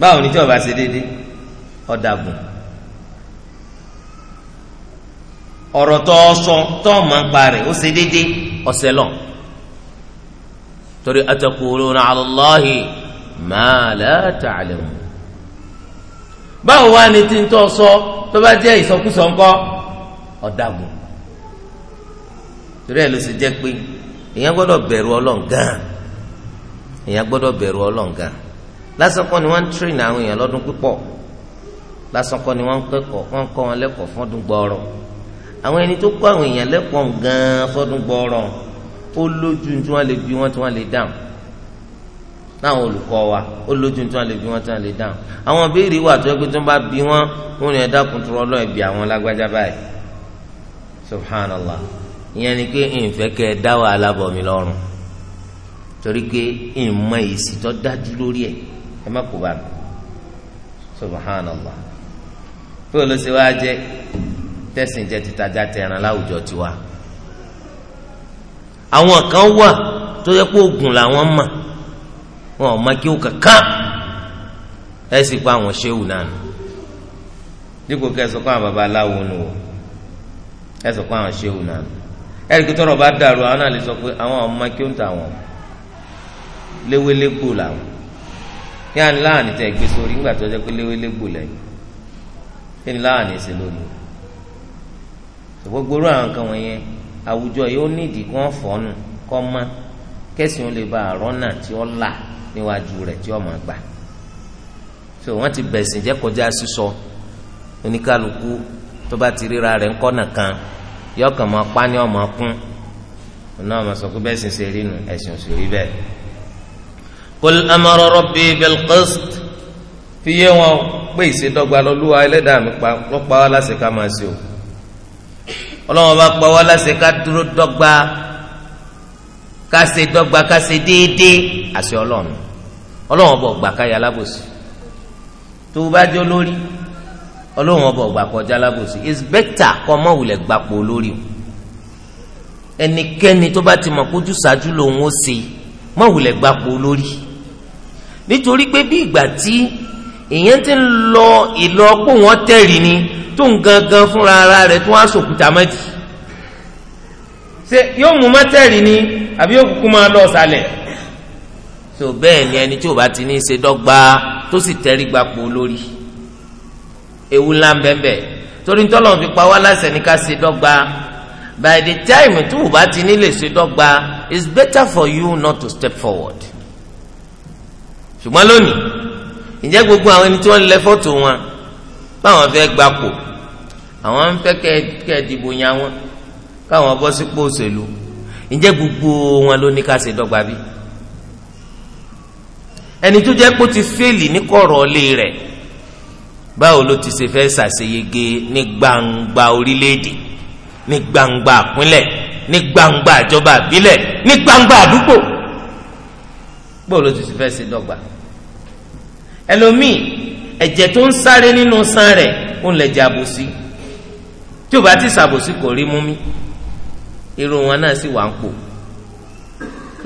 báwo ni tí ọba ṣe déédéé ọ̀dàgùn ọ̀rọ̀ tó sọ tó mọ̀ nípa rẹ̀ ó ṣe ọ̀sẹ̀ lọ torí máa la ta'lamu. báwo wá ni tí ń tọ́ sọ tó bá jẹ́ ìsọkúsọ ńkọ́ ọ̀dàgùn torí ẹ̀ ló ṣe jẹ́ pé èèyàn gbọ́dọ̀ bẹ̀rù ọlọ́run gan èèyàn gbọ́dọ̀ bẹ̀rù ọlọ́run gan lásán kọ́ ni wọ́n ń tírìnì àwọn èèyàn lọ́dún púpọ̀ lásán kọ́ ni wọ́n ń kẹ́kọ̀ọ́ wọ́n ń kọ́ wọn lẹ́kọ̀ọ́ fọ́dún gbọ́ọ̀rọ̀ àwọn ẹni tó kọ́ àwọn èèyàn lẹ́kọ̀ọ́ gan fọ́dún gbọ́ọ̀rọ̀ ó lójú tí wọ́n lè bí wọ́n tí wọ́n lè dáhùn láwọn olùkọ́ wa ó lójú tí wọ́n lè bí wọ́n tí wọ́n lè dáhùn àwọn béèrè wà tó yẹ pé tí wọ́n bá bí wọ́n wọ́n ní ẹ̀dá kun tọrọ lọ́ọ̀ àwọn lágbájá báyìí subhanallah ìyẹn ni pé ìfẹ́ kẹ́ ẹ dá wàhálà bọ̀ mí lọ́rùn torí pé ìmọ̀ èsì tó dájú lórí ẹ̀ ẹ má kó bá mi subhanallah pé olóṣè wa jẹ títajà tẹran láwùjọ tiwa àwọn kan wà tó yẹ kó oògùn làwọn mọ̀ wọn ò mọ kí ó kankan ẹ sì pa àwọn ṣéwù náà nù dípò kẹ sọ pé àwọn baba aláwo nù wọ ẹ sọ pé àwọn ṣéwù náà nù ẹ rí i pé tọrọ bá dàrú àwọn náà lè sọ pé àwọn ò mọ kí ó ń tà wọn léwélégbò làwọn kí á ní láàánì tẹ gbé sórí ńgbà tó jẹ pé léwélégbò lẹ́yìn kí ni láàánì ṣe lónìí gbogbo àwọn kan wọ̀nyẹn àwùjọ yìí ó nídìí kí wọn fọ nù kọ mọ kẹsì ó lè ba àrọ náà tí ó là níwájú rẹ̀ tí ọmọ gbà so wọ́n ti bẹ̀sìn jẹ́ kọjá sísọ oníkálukú tó bá ti ríra rẹ̀ ńkọ́nà kan yọ kàn máa pa ní ọmọ kún náà máa sọ pé bẹ́sìn ṣe rí nu ẹ̀sìn ò sì rí bẹ́ẹ̀. kul amara rabbi bil qist fi yé wọn pé ìṣèdọ́gba lọ́lúwa ẹlẹ́dàá pa lọ́pàá wá láṣẹ ká máa ṣe o ọlọ́wọ́n bá pa wá láṣẹ ká dúró dọ́gba ká ṣe dọ́gba ká ṣe déédéé àṣẹ ọlọ́run ọlọ́wọ́n bọ̀ gbà káyà alábòsí tó o bá jẹ́ olórí ọlọ́wọ́n bọ̀ gbà kọjá alábòsí it's better kọ́ ọmọ wulẹ̀ gbapò lórí o ẹnikẹ́ni tó bá ti mọ̀ kójú ṣáájú lòun ó ṣe mọ̀ wulẹ̀ gbapò lórí nítorí pé bí ìgbà tí èèyàn ti ń lọ ìlọ pé tẹ̀rì ni tó ń gangan fúnra ara rẹ̀ tó wá sòkúta mọ́tì ṣe yóò mú mọ́tẹ́rì ni àbí yóò kúkú máa lọ ọ̀sálẹ̀ tó bẹ́ẹ̀ ni ẹni tí ò bá ti ní í ṣe dọ́gba tó sì tẹrí gba pò lórí ewu ńlá ń bẹ́ẹ̀ bẹ́ẹ̀ torí tọ́lọ̀ fi pa wá láṣẹ ní ká ṣe dọ́gba by the time tí ò bá ti ní lè ṣe dọ́gba it's better for you not to step forward ṣùgbọ́n lónìí ǹjẹ́ gbogbo àwọn ẹni tí wọ́n lẹ fọ́tò wọn báwọn fẹ́ gbapò àwọn ń fẹ́ kẹ́ ẹ dìbò yàn wọn káwọn bọ́ sípò òṣèlú ǹjẹ́ gbogbo wọn ló ní ká ṣe dọ́gba bíi ẹni tó jẹ́ pé ó ti fẹ́ẹ̀lì ní kọ̀rọ̀ ọ̀lẹ́ rẹ̀ báwo ló ti ṣe fẹ́ ṣàṣeyege ní gbangba orílẹ̀-èdè ní gbangba àpínlẹ̀ ní gbangba àjọba àbílẹ̀ ní gbangba àdúgbò báwo ló ti ṣe fẹ́ ṣe dọ́gba ẹlòmíì ẹ̀jẹ̀ tó ń sáré nínú san rẹ̀ ó ń lẹ̀ jẹ́ àbòsí tí ò bá ti ṣàbòsí kò rí mú mi irun wọn náà sì wà ń pò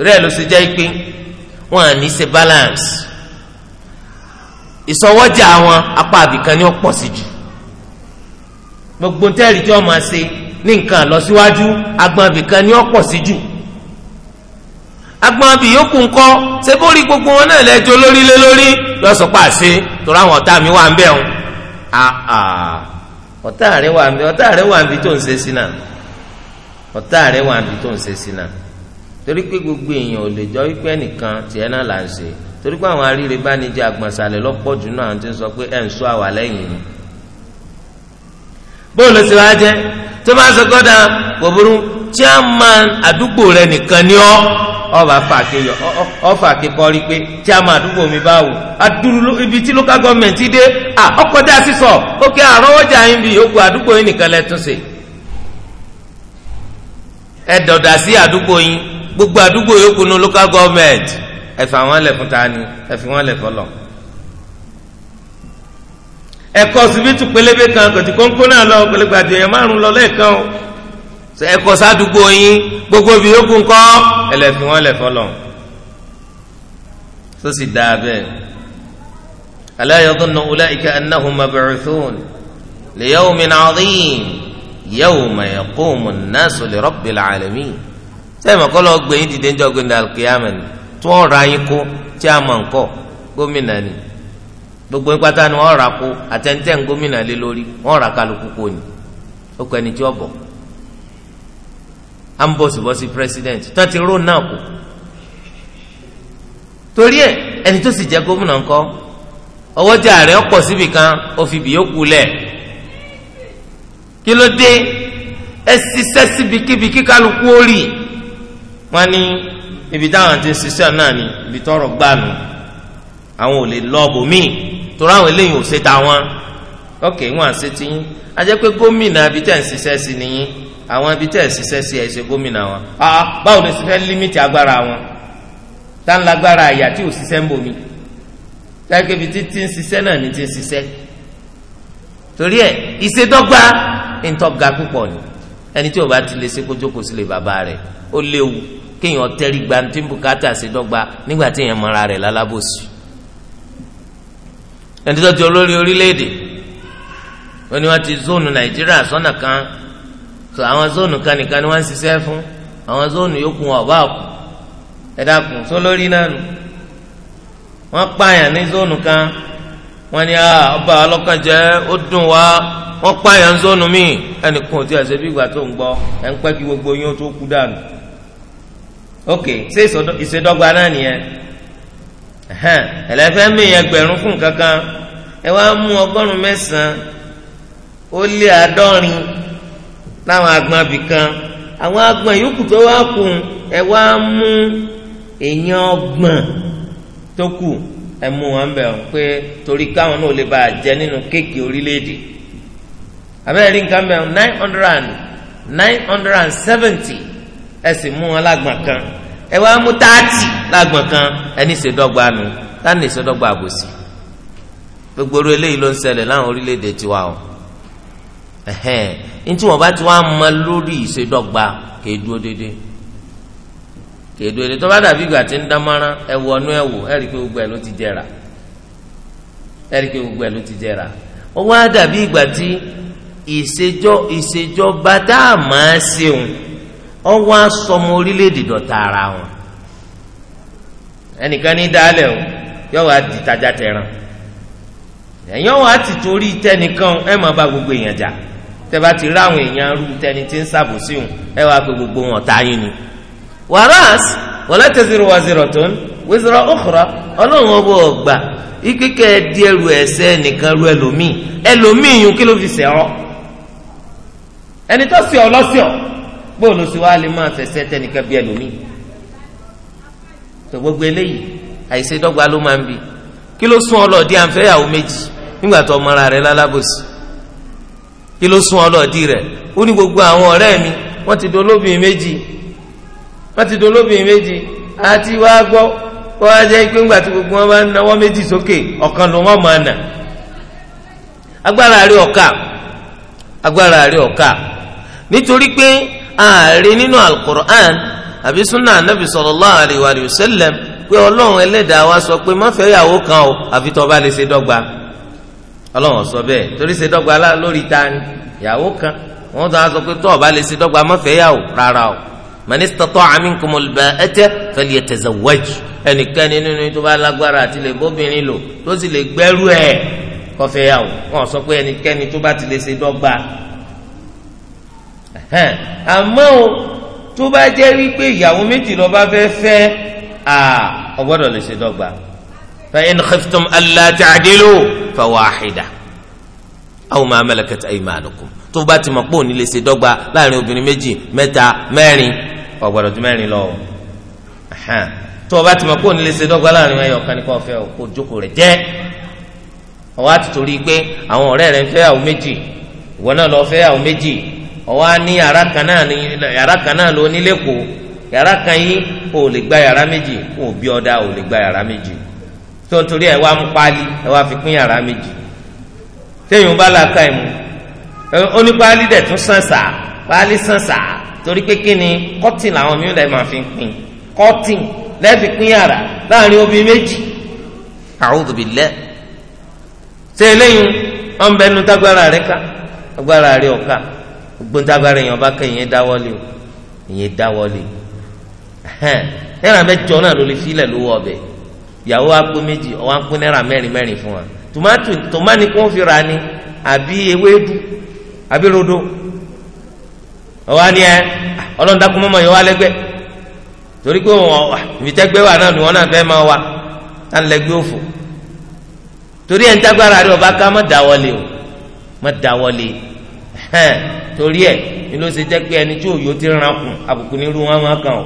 rẹ́ẹ̀ ló ṣe jẹ́ pé wọn à ní ṣe balance ìsọwọ́jà àwọn apá àbìkan ni ó pọ̀ sí jù gbogbo ntẹ́rì tí wọ́n máa ṣe ní nǹkan lọ́síwájú agbọn àbìkan ni ó pọ̀ sí jù agbọn àbí yòókù ńkọ́ ṣé bó rí gbogbo wọn náà lẹ́jọ́ lórí lé lórí lọ́sọ̀pá àṣẹ torí àwọn ọ̀tá mi wà ń bẹ̀ ọ́n ọ̀tá rẹ̀ wà ń bẹ̀ ọ̀tá rẹ̀ wà ń bí tó ń ṣe sí náà ọ̀tá rẹ̀ wà ń bí tó ń ṣe sí náà torí pé gbogbo èèyàn ò lè jọ wípé nìkan tiẹ̀ náà là ń ṣe torí pé àwọn aríire bá ní jẹ àgbọ̀nsalẹ̀ lọ́pọ̀ jù náà ti ń sọ pé ẹ̀ ń sọ àwà lẹ́yìn ni. bóòlù sì wá jẹ tó bá sọ gọ́dà bòbúrú chairman àdúgbò rẹ nìkan ni ọ ọba fàáké ọfàáké kọrí pé chairman àdúgbò mi bá wò adúlù ibi tí local government dé ọkọjá sísọ ókè àrọwọjà yín bí yòókù àdúgbò yín nìkan lẹ tún ṣe ẹ dọ̀dà sí àdúgbò yín gbogbo àdúgbò yòókù nu local government ẹ fà wọ́n lẹ̀ fún ta ni ẹ fi wọ́n lẹ̀ fọlọ́ ẹ̀kọ́ síbítù pélébé kan kòtí kónkó náà lọ gbẹlẹgbàdì ẹ̀ márùn lọ lẹ́ẹ̀kan o ẹ̀kọ́ sádùúgbò yín gbogbo ibi yòókù ńkọ́ ẹ lẹ̀ fi wọ́n lẹ̀ fọlọ́ tó sì dáa bẹ́ẹ̀ ala yadhunnu ulaika annahum mab'uthun li yawmin 'azim yawma yaqumu an-nasu li rabbil 'alamin. sẹ́yìn mọ̀kọ́ lọ gbé yín dìde ńjọ́ gbé ní alùkìyàmù ni tí wọ́n tí a mọ̀ nǹkọ́ gómìnà ni gbogbo ni wọ́n rà kó àtẹ̀ǹtẹ̀ gómìnà lé lórí wọ́n rà kálukú kó ni ó ẹni bọ̀ ń president tó torí ẹ ẹni gómìnà ńkọ́ ọwọ́jà rẹ̀ ọ̀pọ̀ síbi kan ó fi bìyókù lẹ̀ kí ló dé wọ́n ní ibi táwọn ti ń ṣiṣẹ́ náà ni ibi tọrọ gbàánu àwọn ò lè lọ bòmíì torí àwọn eléyìí ò ṣe táwọn ok wọn à ṣe tiyín a jẹ́ pé gómìnà ibi tẹ̀ ń ṣiṣẹ́ sí nìyí àwọn ibi tẹ̀ ń ṣiṣẹ́ sí ẹ̀ ṣe gómìnà wọn ah báwo lè ṣe fẹ́ límìtì agbára wọn tá ń lágbára àyà tí ò ṣiṣẹ́ ń bomi táyìké ibi tí ti ń ṣiṣẹ́ náà ni ti ń ṣiṣẹ́ torí ẹ̀ ìṣèdọ́gba ìtọ́ga púpọ̀ ni ẹni tí ò bá ti lè ṣe kó sílé bàbá rẹ̀ ó léwu kéèyàn tẹ́rí gba tí bùkátà sí dọ́gba nígbà tí èèyàn mọ̀ra rẹ̀ lálábòsí. ẹni tó ti olórí orílẹ̀-èdè wọ́n ní wọ́n ti zóònù nàìjíríà sọ́nà kan so àwọn zóònù kan nìkan ni wọ́n ń ṣiṣẹ́ fún àwọn zóònù yòókù wọn náà nù. wọ́n pààyàn ní kan wọ́n ní ah, ọba ó dùn wá wọ́n pààyàn míì ẹnì kan ò tí ṣe bí ìgbà tó ń gbọ́ ẹ̀ ń pẹ́ kí gbogbo yín ó ok ṣé ìṣèdọ́gba náà nìyẹn ẹlẹ́fẹ́ mi ẹgbẹ̀rún fún kankan ẹ wá mú ọgọ́rùn mẹ́sàn-án ó lé àádọ́rin láwọn agbọn abìkan àwọn agbọn yòókù tó wá kù ẹ wá mú èèyàn ọgbọ̀n tó kù ẹ mú wọn bẹ̀ ọ pé torí káwọn náà lè bá nínú kéèkì nǹkan nine hundred and nine hundred ẹ sì mú wọn lágbọ̀n kan ẹ wá mú táàtì lágbọ̀n kan ẹni ṣèdọ́gba nù táni ṣèdọ́gba àbòsí gbogbo orí eléyìí ló ń ṣẹlẹ̀ láwọn orílẹ̀-èdè tiwa o ẹ̀hẹ́n ní tí wọ́n bá ti wá mọ lórí ìṣèdọ́gba kì í dúró déédéé kì í dúró déédéé tó bá dàbí ìgbà tí ń dámọ́rán ẹ wọnú ẹ wò ẹ rí i pé gbogbo ẹ ló ti jẹrà ẹ rí i pé gbogbo ẹ ló ti jẹrà ó wá dàbí ìgbà tí ìṣèjọba tá a máa ṣeun ọwọ́ asọmọ orílẹ̀-èdè dọ̀tá ara wọn ẹnìkan ní dálẹ̀ o yọ wá di tajà tẹran ẹ̀yàn wá ti torí tẹnìkan ẹ̀ máa bá gbogbo èèyàn jà tẹ́bá ti rí àwọn èèyàn rú tẹni tí ń ṣàbòsí òun ẹ̀ wá pé gbogbo wọn ọ̀tá yín ni. wàràs wala taziru waziratun wizra ukhra ọlọ́run ọba ọgbà ikíkẹ́ di ẹrù ẹ̀ṣẹ̀ nìkan ru ẹlòmíì ẹlòmíì yun kí ló fi ṣẹ̀ ọ́ ẹni tó ṣẹ̀ ọ́ lọ́ṣẹ̀ ọ́ bóòlù sí wa lè máa fẹsẹ̀ tẹnìkan bí ẹlòmíì tó gbogbo eléyìí àìṣedọ́gba ló máa ń bi kí ló sún ọlọ́ọ̀dí àǹfẹ́yàwó méjì nígbà tó ọmọ ara rẹ lálábòsí kí ló sún ọlọ́ọ̀dí rẹ ó ní gbogbo àwọn ọ̀rẹ́ mi wọ́n ti dolóbìnrin méjì wọ́n ti dolóbìnrin méjì àti wá gbọ́ wọ́n á jẹ́ pé ńgbà tí gbogbo wọn bá ń náwó méjì sókè ọ̀kan ló wọ́n máa nà agbára rẹ ọ̀ka agbára rẹ ọ̀ka nítorí pé ààrin nínú alukur'an àbí sunna anabi sallallahu alayhi wa sallam pé ọlọ́run ẹlẹ́dàá wa sọ pé má fẹ́ ìyàwó kan o àfi tó bá lè ṣe dọ́gba ọlọ́run sọ bẹ́ẹ̀ torí ṣe dọ́gba lórí ta ni ìyàwó kan wọ́n tó a sọ pé tó bá lè ṣe dọ́gba má fẹ́ ìyàwó rárá o man istata'a minkumul ba'ata falyatazawwaj ẹnikẹ́ni nínú tó bá lágbára àti lè bóbìnrin lò tó sì lè gbẹ́rú ẹ̀ kó ìyàwó wọ́n sọ pé ẹnikẹ́ni tó bá ti lè ṣe dọ́gba àmọ́ o tó bá jẹ́ wípé ìyàwó méjì ló bá fẹ́ fẹ́ ọ gbọ́dọ̀ lè ṣe dọ́gba fa in khiftum alla ta'dilu fa wahida aw ma malakat aymanukum tó bá ti mọ̀ pé òní lè ṣe dọ́gba láàrin obìnrin méjì mẹ́ta mẹ́rin ọ gbọ́dọ̀ ju mẹ́rin lọ tó o bá ti mọ̀ pé òní lè ṣe dọ́gba láàrin ẹyọ kan ní kò o jókòó rẹ̀ jẹ́ ọwọ́ àti torí pé àwọn ọ̀rẹ́ rẹ̀ ń fẹ́ àwọn méjì ìwọ náà lọ fẹ́ àwọn méjì ọwọ ní yàrá kan náà ní yàrá kan náà ló nílé kó yàrá kan yìí lè gba yàrá méjì ò bí ọ̀dà ò lè gba yàrá méjì tó ń torí wá mú fi pín yàrá méjì téèyàn bá la ka ẹ̀ mú ó ní páálí dẹ̀ tún sàn sà páálí sàn sà torí pé kí ni làwọn fi pín lẹ́ẹ̀fi pín yàrá láàrin méjì eléyìí wọn gbogbo ntagbara èèyàn bá kẹ ìyẹn dáwọ́lé o ìyẹn dáwọ́lé náírà mẹ́jọ náà ló lè filẹ̀ lówó ọbẹ̀ ìyàwó agbó méjì ọwọ́ agbó náírà mẹ́rin mẹ́rin fún wa tòmátì tòmátì kò fi ra ni àbí ewédú àbí rodo ọwọ́ ni ẹ ọlọ́ndàkùn mọ́mọ́ yọ wá lẹ́gbẹ́ torí pé ìfitẹ́gbẹ́ wà náà ni wọ́n náà fẹ́ máa wà náà lẹ́gbẹ́ òfò torí ẹ̀ ń tágbára rẹ̀ ọba ká má dáwọ́lé o má dáwọ́lé hẹ́n torí ẹ̀ ni ló ṣe jẹ́ pé ẹni tí òyò ti ràn kùn àbùkù nírú wọn máa kàn o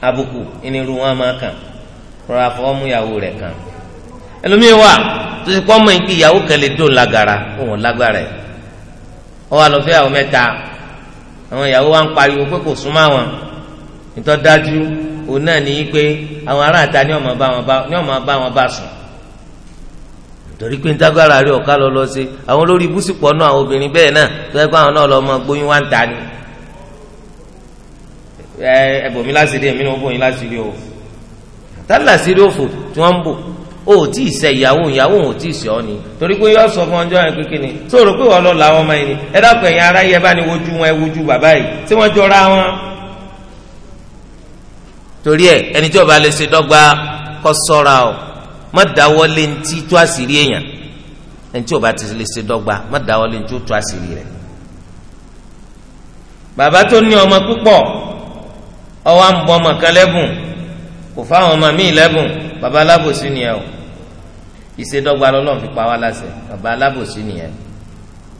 àbùkù nírú wọn máa kàn rọra fọwọ́ mú ìyàwó rẹ̀ kàn ẹlòmíì wà tó ti kọ́ mọ̀ ní pé ìyàwó kan lè dùn lágara òun lágbára ẹ̀ ọ wà lọ fẹ́ àwọn mẹ́ta àwọn ìyàwó wa ń pariwo pé kò súnmọ́ àwọn ìtọ́jú òun náà ní í pé àwọn aráàta ni ọmọ bá wọn bá sùn torí pé ntagbára rí ọ̀ká lọ lọ sí àwọn olórí ibùsùpọ̀ náà àwọn obìnrin bẹ́ẹ̀ náà tó yẹ kó àwọn náà lọ ọmọ gbóyún wá ń ta ni ẹ ẹbùnmi láti rí èmi ni wọn bóyin láti rí o tálà sí rí òfò tí wọn ń bò o tí ì ṣe ìyàwó ìyàwó ò tí ì ṣe ọ ni torí pé yóò sọ fún ọjọ́ yẹn kékeré ni tó rò pé wọn lọ làwọn ọmọ yìí ni ẹ dákun ẹ̀yin ará yẹ bá ní wojú wọn ẹ wojú bàbá yìí tí wọ́n jọra wọn. torí ẹ ẹni tí ó lè ṣe dọ́gba kó ṣọ́ra o má dáwọ́lé ntí tó àṣírí èèyàn ntí o bá ti lè ṣe dọ́gba má dáwọ́lé ntí o tó àṣírí rẹ̀ bàbá tó ní ọmọ púpọ̀ ọwọ́ à ń bọ ọmọ kan lẹ́bùn kò fáwọn ọmọ míì lẹ́bùn bàbá alábòsí nìyẹn o ìṣèdọ́gba lọ́lọ́run fi pa wá láṣẹ bàbá alábòsí nìyẹn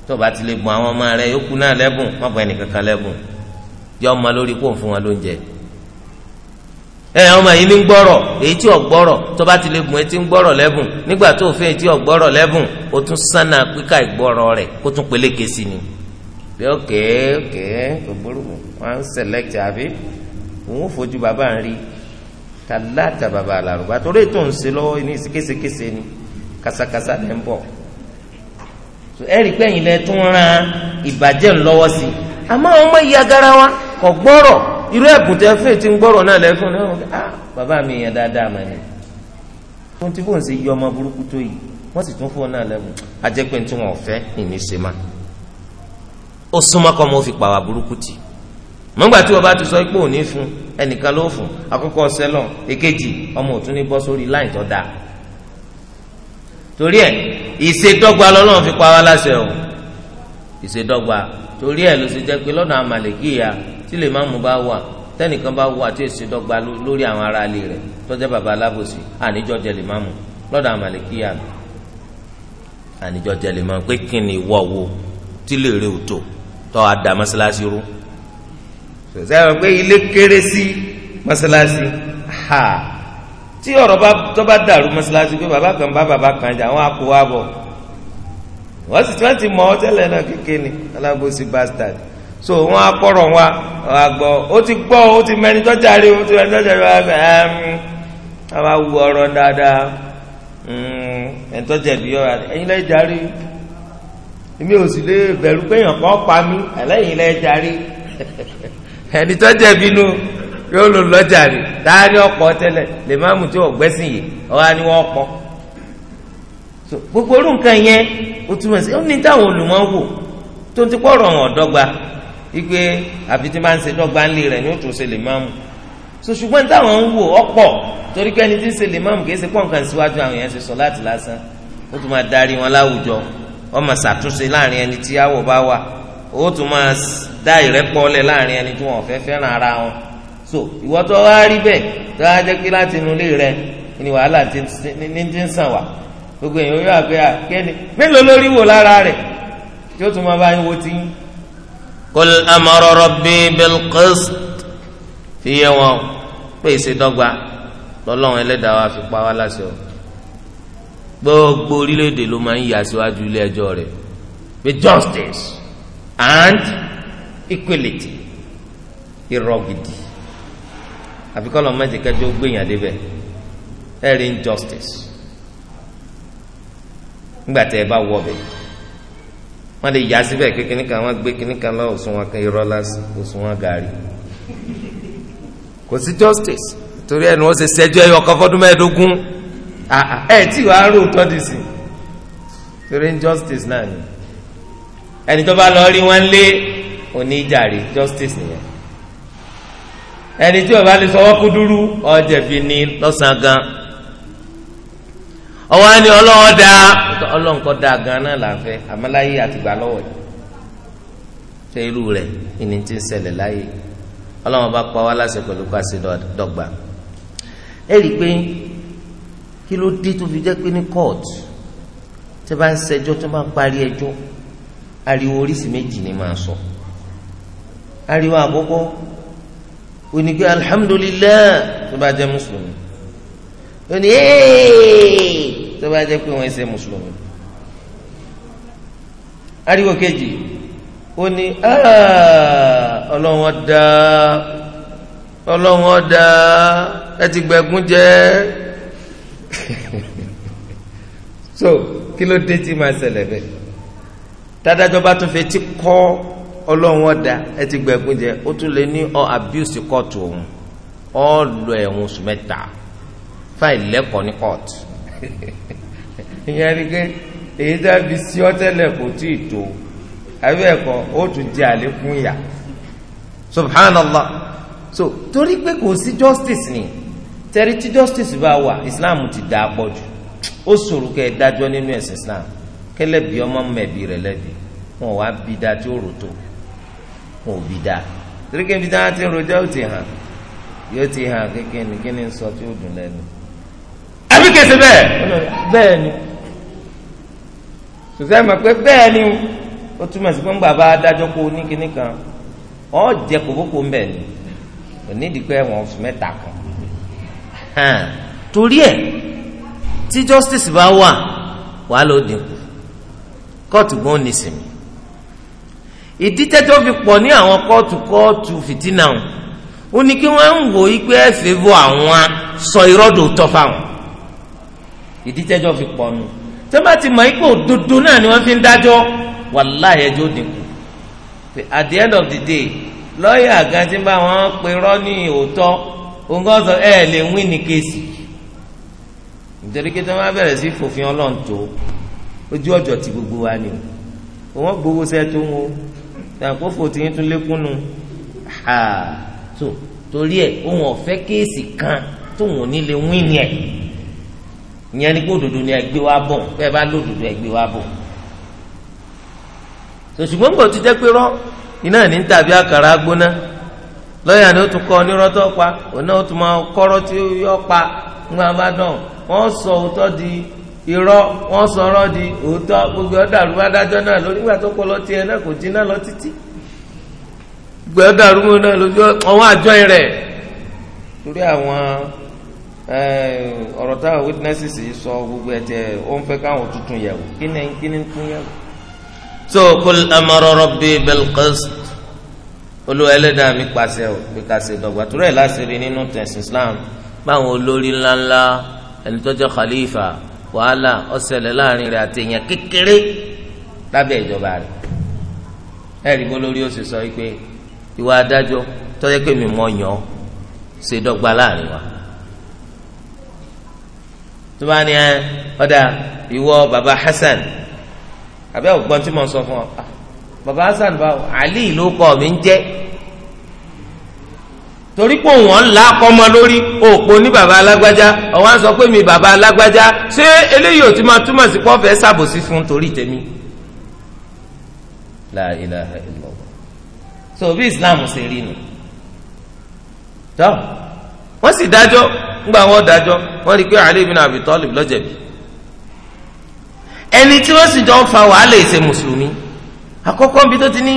tó o bá ti lè bùn àwọn ọmọ rẹ yókù náà lẹ́bùn má bọ ẹnìkankan lẹ́bùn yọ ọmọ lórí kó o fún wọn lóúnjẹ ẹ ọmọ yìí ní gbọ́rọ̀ èyí tí ò gbọ́rọ̀ tó bá ti lè gùn etí ń gbọ́rọ̀ lẹ́bùn nígbà tó òfin etí ò gbọ́rọ̀ lẹ́bùn ó tún sánà píkà ìgbọ́rọ̀ rẹ̀ kó tún peléke sí ni. bí òkè òkè kò burú wọn ń select àbí òun ò fojú bàbá ń rí tàlátà bàbá àlàrúbá torí ètò ń se lọ́wọ́ ní késekése ni kásákásá lẹ́ ń bọ̀. ẹ̀rí pẹ́yìn lẹ tún ran ìbàjẹ́ ńlọ́wọ́ sí àmọ́ ọmọ ìyá garawa kò gbọ́rọ̀ irú ẹ̀bùn tẹ fẹ́ ti ń gbọ́rọ̀ náà lẹ́fún náà ah bàbá mi yẹn dáadáa mà ní. ti fóun ṣe yí ọmọ burúkú tó yìí wọ́n sì tún fóun náà lẹ́bùn ajẹ́pẹ́ tí wọ́n fẹ́ ìní ṣe má. ó súnmọ́ kọ́ mo fi pàwà burúkú tì mọ́gbà tí wọ́n bá ti sọ pé òní fún ẹnìkan ló fún àkọ́kọ́ sẹ́lọ̀ èkejì ọmọ òtún ní bọ́ sórí láì torí ẹ ìṣèdọ́gba lọ́lọ́run tí lè máàmù bá wà tẹnìkan bá wà tí èsì dọ́gba lórí àwọn ará ilé rẹ̀ tọjá baba alábòsí àníjọ jẹ lè máàmù lọ́dọ̀ àmàlẹkíyà mi àníjọ jẹ lè máàmù pé kí ni ìwọ wo tí lè rí òtò tọ àdá mọ́sálásí rú sọsẹ pé ilé kéré sí mọ́sálásí ha tí ọ̀rọ̀ bá tó bá dàrú mọ́sálásí pé bàbá kan bá bàbá kan jà wọn á kó wa bọ̀ wọ́n sì tí wọ́n ti mọ̀ ọ́ náà kékeré ni alábòsí bastard so wọn akọrọ wa àgbọ ó ti gbọ́ ó ti mẹni tọjà rí ó ti mẹni tọjà rí wa ẹm a máa wu ọ̀rọ̀ dáadáa ẹn tọjà bí ọ̀rọ̀ àti ẹ̀yin lẹ́yìn darí èmi ò sì lè bẹ̀rù pé èèyàn kan pa mí ẹlẹyìn lẹ́yìn darí ẹni tọjà bínú yóò lò lọjà rí dáhàrí ọ̀pọ̀ tẹ́lẹ̀ lè má mú tí ò gbẹ́sìn yìí ọwọ ni wọn pọ so gbogbo orú nǹkan yẹn ó túmọ̀ sí ó ní táwọn olùmọ̀ wò tó ń ti pọ̀ rọ̀ ọ̀dọ́gba. ipe àfi tí máa ń ṣe dọ́gba ńlẹ̀ ni ó tún ṣe lè máa so táwọn ń wò torí pé ẹni tí ń ṣe lè kì í ṣe pọ̀nkan síwájú àwọn lasan ṣe sọ láti lásán ó tún máa darí wọn láwùjọ wọ́n laarin láàrin ẹni tí áwọ̀ bá wà ó tún máa dá ìrẹ́pọ̀lẹ̀ láàrin ẹni tí wọn ara wọn so ìwọ tó wá rí bẹ́ẹ̀ tó wá rẹ ni wàhálà ti ń gbogbo èèyàn yóò mélòó lórí wò قل أمر ربي بالقسط في يوم بيسي دغبا lọ́lọ́run dọgba wa fi pa wá láṣẹ o gbogbo orílẹ̀-èdè ló síwájú rẹ̀ with justice and equality irọ́gidi àfikọ́lọ́ mẹ́tì kẹjọ gbìyàn débẹ̀ ẹ̀rí injustice ńgbà tẹ́ ẹ bá wọ̀ bẹ́ẹ̀. wọ́n lè yà síbẹ̀ pé kíní kan wọ́n gbé kíní kan lọ́wọ́ òṣùwọ̀n kan irọ́ lásì òṣùwọ̀n gàrí kò sí justice torí ẹni wọ́n ṣe ṣẹjọ́ ẹyọ kan fọ́dún mẹ́ẹ̀ẹ́dógún ah, ah, ẹ tí wàá rò tọ́ di sí torí injustice náà ni ẹni tó bá lọ rí wọn lé oníjàre justice nìyẹn ẹni tí ó bá lè sọ wọ́n kú dúró ọ̀jẹ̀bi ni lọ́sàn-án gan ọwọ́ ẹni ọlọ́wọ́ da ọlọ́run kọ́ da gan náà là ń fẹ́ àmàláyé àtìgbà lọ́wọ́ yìí ṣé irú rẹ̀ ìní ti ń ṣẹlẹ̀ láyé ọlọ́run bá pa wá láṣẹ pẹ̀lú pàṣẹ dọ́gba ẹ rí i pé kí ló dé tó fi jẹ́ pé ní kóòtù tí bá ń ṣẹjọ́ tó bá ń parí ẹjọ́ ariwo oríṣi méjì ni máa sọ ariwo àkọ́kọ́ onígbé alihamudulilayi tó bá jẹ́ mùsùlùmí ó ní tó bá jẹ́ pé wọ́n ṣe mùsùlùmí. ariwo kejì ó ní ah, ọlọ́wọ́n dá ọlọ́wọ́n dá ẹ ti gbẹ̀gún jẹ́ so kí ló dé tí máa ṣẹlẹ̀ bẹ́ẹ̀ tádájọ́ bá tún fetí kọ́ ọlọ́run ọ̀dà ẹ ti gbẹ̀gún jẹ ó tún lè ní ọ abuse kọ́ọ̀tù òun ọ lọ ẹ̀wọ̀n oṣù mẹ́ta. fáìlì lẹ́kọ̀ọ́ ní court ìyẹn ni pé èyí dábì sí ọ́tẹ́lẹ̀ kò tí ì tó abẹ́ ẹ̀kọ́ ó tún àlékún subhanallah so torí pé kò sí justice ni tẹ́rí tí justice bá wà islam ti dà á pọ̀ jù ó ṣòro kẹ́ ẹ dájọ́ nínú ẹ̀sìn islam kẹlẹ́bi ọmọ mẹ́bi lẹ́bi wọn wá bí da tí ó rò tó wọn ò bí da torí ti ti hàn yóò ti hàn kékeré kí ni sọ tí ó àbí kèsì bẹ́ẹ̀ bẹ́ẹ̀ ni sòsẹ́ mọ̀ pé bẹ́ẹ̀ ni ó túmọ̀ sí pé ń bàbá adájọ́ kó ní kinní kan ọ́ jẹ kòkókò ń bẹ̀ ni onídìí pé ẹ̀wọ̀n oṣù mẹ́ta kan torí ẹ̀ tí justice bá wà wàá ló dínkù kóòtù gbọ́n nísìmí ìdí tẹ́tọ́ fi pọ̀ ní àwọn kóòtù kóòtù fìtínà ó ní kí wọ́n ń wò ó pé ẹ fẹ́ àwọn sọ irọ́ dòótọ́ fáwọn ìdí fi pọ̀ nù ti mọ̀ ipò òdodo náà ni wọ́n fi ń dájọ́ wàláhì ẹjọ́ dínkù at the end of the day lọ́ọ̀yà gan ti bá wọn pe rọ́ọ̀nì òótọ́ òǹkọ́ sọ ẹ lè win ní kéèsì nítorí pé tí wọ́n bá bẹ̀rẹ̀ sí fòfin ọlọ́run tó ojú ọjọ́ ti gbogbo wa ni o wọ́n gbowó sẹ́ tó ń wo tàǹkófò tí yín tún lékún nu tó torí ẹ̀ òun ọ̀fẹ́ kéèsì kan tóun ò ní lè win ni ẹ̀ ìyẹn ni pé òdodo ni ẹgbẹ́ wa bọ̀ bẹ́ẹ̀ bá lòdodo ẹgbẹ́ wa bọ̀ sòṣùgbọ́n gbòò ti jẹ́ pé rọ́ iná ní tàbí àkàrà gbóná lọ́ọ̀yà ni ó tún kọ́ onírọ́ tó pa òun náà ó tún máa kọ́rọ́ tí yọ pa ńgbà bá dàn wọ́n sọ òótọ́ di irọ́ wọ́n sọ ọ̀rọ̀ di òótọ́ gbogbo ọ̀dàrú adájọ́ náà lórí ìgbà tó kọ́ lọ tiẹ̀ náà kò jiná lọ títí gbogbo ọ̀dàrú náà lójú ọwọ́ àjọ rẹ̀ torí àwọn ọ̀rọ̀ táwọn witnesses yìí sọ gbogbo ẹ̀ tẹ̀ ó ń fẹ́ káwọn tuntun yẹ̀wò kí ni kí ni tún yẹ̀wò. so kul amara rabbi bil qist olúwa ẹlẹ́dàá mi pàṣẹ ò pé ká ṣe dọ́gba torí nínú tẹ̀sán islam báwọn olórí ńláńlá ẹni tó jẹ́ khalifa wàhálà ọ̀sẹ̀lẹ̀ láàrin rẹ̀ àti èèyàn kékeré lábẹ́ ìjọba rẹ̀ ẹ̀rí bó lórí ó sì sọ wípé ìwà adájọ́ tó pé mi mọ̀ yàn ṣe dọ́gba láàrin wa tó bá ní ẹ ah, ọ̀dà ìwọ baba Hasan àbẹ́ ọ̀gbọ́n tí mo sọ fún ọ ah, baba Hasan báwo Ali ló kọ́ mi ń jẹ́ torí pé òun ọ̀la kọ́mọ lórí òpó ní baba alágbájá ọ̀wọ́n á pé mi baba alágbájá ṣé eléyìí ò ti máa túmọ̀ sí pọ́fẹ́ ṣàbòsí fún torí tèmi. la ilaha illallah so bí Islam ṣe rí nu tọ́. So, wọ́n sì dájọ́ ńgbà wọ́n dájọ́ wọ́n rí i pé Ali ibn Abi Talib ló ẹni tí wọ́n sì jọ ń fa wàhálà ìṣe mùsùlùmí àkọ́kọ́ bí tó ti ní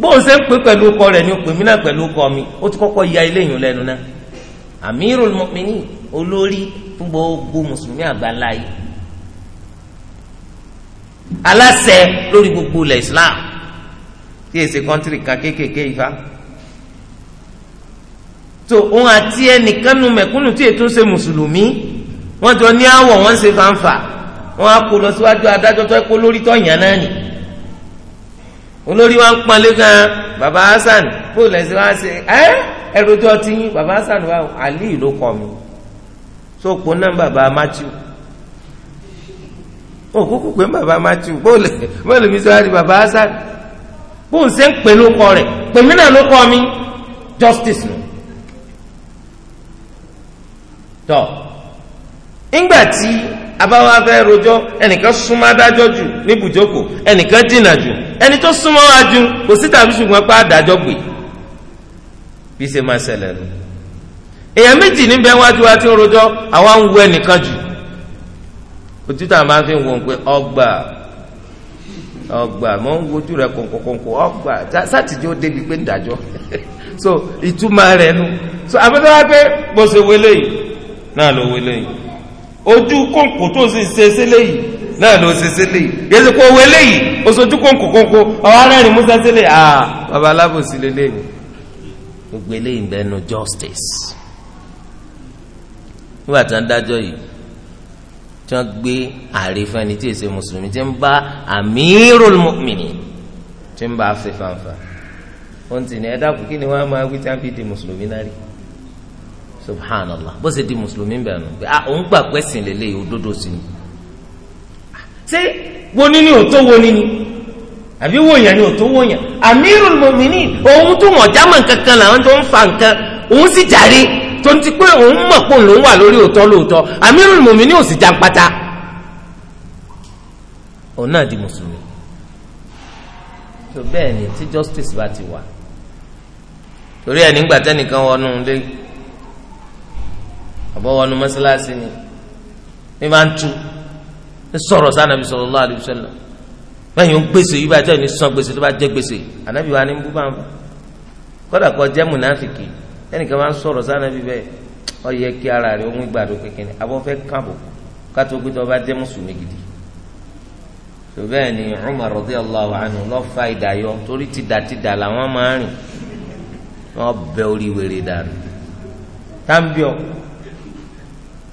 bóun ṣe ń pè pẹ̀lú ọkọ rẹ̀ ni òpè mí náà pẹ̀lú ọkọ mi ó ti kọ́kọ́ ya eléyìí lẹ́nu náà Amirul Mu'minin olórí fún gbogbo mùsùlùmí àgbáńlá yìí aláṣẹ lórí gbogbo ilẹ̀ Islam tí èsì kọ́ńtìrì kan kéékèèké ifá so òun àti ẹnìkan nu mẹ̀kúnnù tí ètò ṣe mùsùlùmí wọ́n jọ ní àwọ̀ wọ́n ṣe fanfa wọ́n á kó lọ síwájú adájọ́ tó kó lórí tó yàn náà nì olórí wa ń panlé gan baba hasan bó lẹsẹ wa ṣe ẹ ẹrọjọ ti yín baba hasan wa ali ló kọ mi so kó náà baba matthew ó kúkú pé baba matthew bó lè mi sọ wá di baba hasan bó ń ṣe ń pè ló kọ rẹ pèmí náà ló mi justice tọ́ ńgbà tí abáwá fẹ́ rojọ́ ẹnìkan súnmọ́ adájọ́ jù níbùjókòó ẹnìkan jìnnà jù ẹni tó súnmọ́ wa jù kò sí tàbí ṣùgbọ́n pé adájọ́ gbè bí ṣe máa ṣẹlẹ̀ lọ. èèyàn méjì níbẹ̀ wájú wa ti ń rojọ́ àwa ń wo ẹnìkan jù ojú tá a máa fi wọ̀n pé ọgbà ọgbà mọ ń wojú rẹ kọ̀ǹkọ̀ǹkọ̀ ọgbà sátìjọ́ débi pé ń dájọ́ so ìtumọ̀ rẹ̀ nu so àbẹ̀tẹ̀ wá pé bó ṣe wọlé yìí náà ló wele yìí ojú kòǹkò tó sì ṣe sílẹ̀ yìí náà ló ṣe sílẹ̀ yìí yéésì kó wele yìí o sojú kòǹkò kòǹkò ọwọ́ arẹ́rìn musa sílẹ̀ ah baba alábòsí lélẹ̀ mi gbogbo eléyìí bẹ́ẹ̀ nu justice nígbà tí wọ́n dájọ́ yìí tí wọ́n gbé àrífẹ́ ni tí èsè mùsùlùmí tí ń bá amirul mu'minin tí ń bá fẹ́ fanfa ó ń tì ní ẹ dákun kí ni wọ́n á máa wí tí wọ́n fi di mùsùlùmí náà rí subhanallah bó ṣe di mùsùlùmí bẹ̀rù pé ah òun gbà pẹ́sìn lélẹ́yìí òdodo sí ni ṣé wo ni ni òótọ́ wo ni ni àbí wo yẹn ni òótọ́ wo yẹn amirul muminin òun tó mọ̀ jámọ̀ kankan làwọn tó ń fa nǹkan òun sì jàre tó ń ti pé òun mọ̀ pé òun wà lórí òótọ́ lóòótọ́ amirul muminin ò sì já pátá òun náà di mùsùlùmí tó bẹ́ẹ̀ ni tí justice bá ti wà torí ẹ̀ nígbà tẹ́nìkan wọnú lé àbọ̀wọ́nu mọ́sálásí ni ní ń tu ní sọ̀rọ̀ sí anabi sallallahu alaihi wasallam ó gbèsè yìí báyìí tẹ́lẹ̀ ní sàn gbèsè tó bá jẹ́ gbèsè anabi wa ni ń bú bá ń bá kọ́dà kọ́ jẹ́ mùnáfìkì ẹnìkan máa ń sọ̀rọ̀ sí anabi bẹ́ẹ̀ yẹ kí ara rẹ̀ ó gbàdo kékeré kátó gbé tó bá fa ìdáyọ torí làwọn máa ń rìn bẹ orí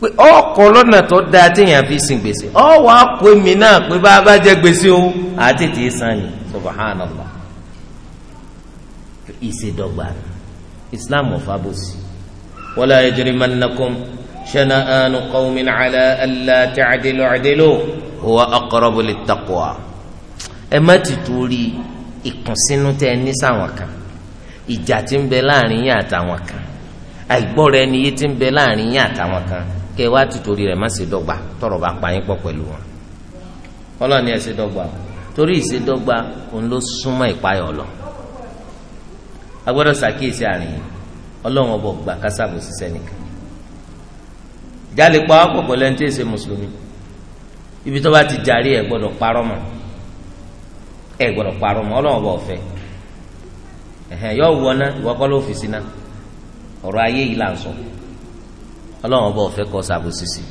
pé ọkọ̀ lọ́nà tó dáa téèyàn fi sin gbèsè ọwọ́ àpò èmi náà pé bá a bá jẹ gbèsè o àti tètè san yìí subhanallah ìṣèdọ̀gba islam ọ̀fà bó sí. wala yajrimannakum shana'anu qawmin ala alla ta'dilu i'dilu huwa aqrabu littaqwa ẹ má ti torí ìkùnsínú tẹ ní sáwọn kan ìjà tí ń bẹ láàrin yín àtàwọn kan àìgbọ́ra ẹni yé tí ń bẹ láàrin yín àtàwọn kan kẹ wá tìtorí rẹ̀ má ṣe dọ́gba tọrọ bá pa yín a pẹ̀lú wọn ọlọ́ọ̀ni ẹ̀ ṣe dọ́gba torí ìṣedọ́gba òun ló súnmọ́ ìpayọ̀ lọ agbọ́dọ̀ ṣàkíyèsí àárín yìí ọlọ́run ọbọ̀ gbà kásáàbò ṣiṣẹ́ nìkan jálè pa ibi tó bá ti jarí ẹ̀ gbọ́dọ̀ parọ́ mọ́ ẹ̀ gbọ́dọ̀ parọ́ mọ́ yọ wọ ná ìwọ ayé yìí là ọlọ́run ọba ọ̀fẹ́ kọ́ sàbò sísè.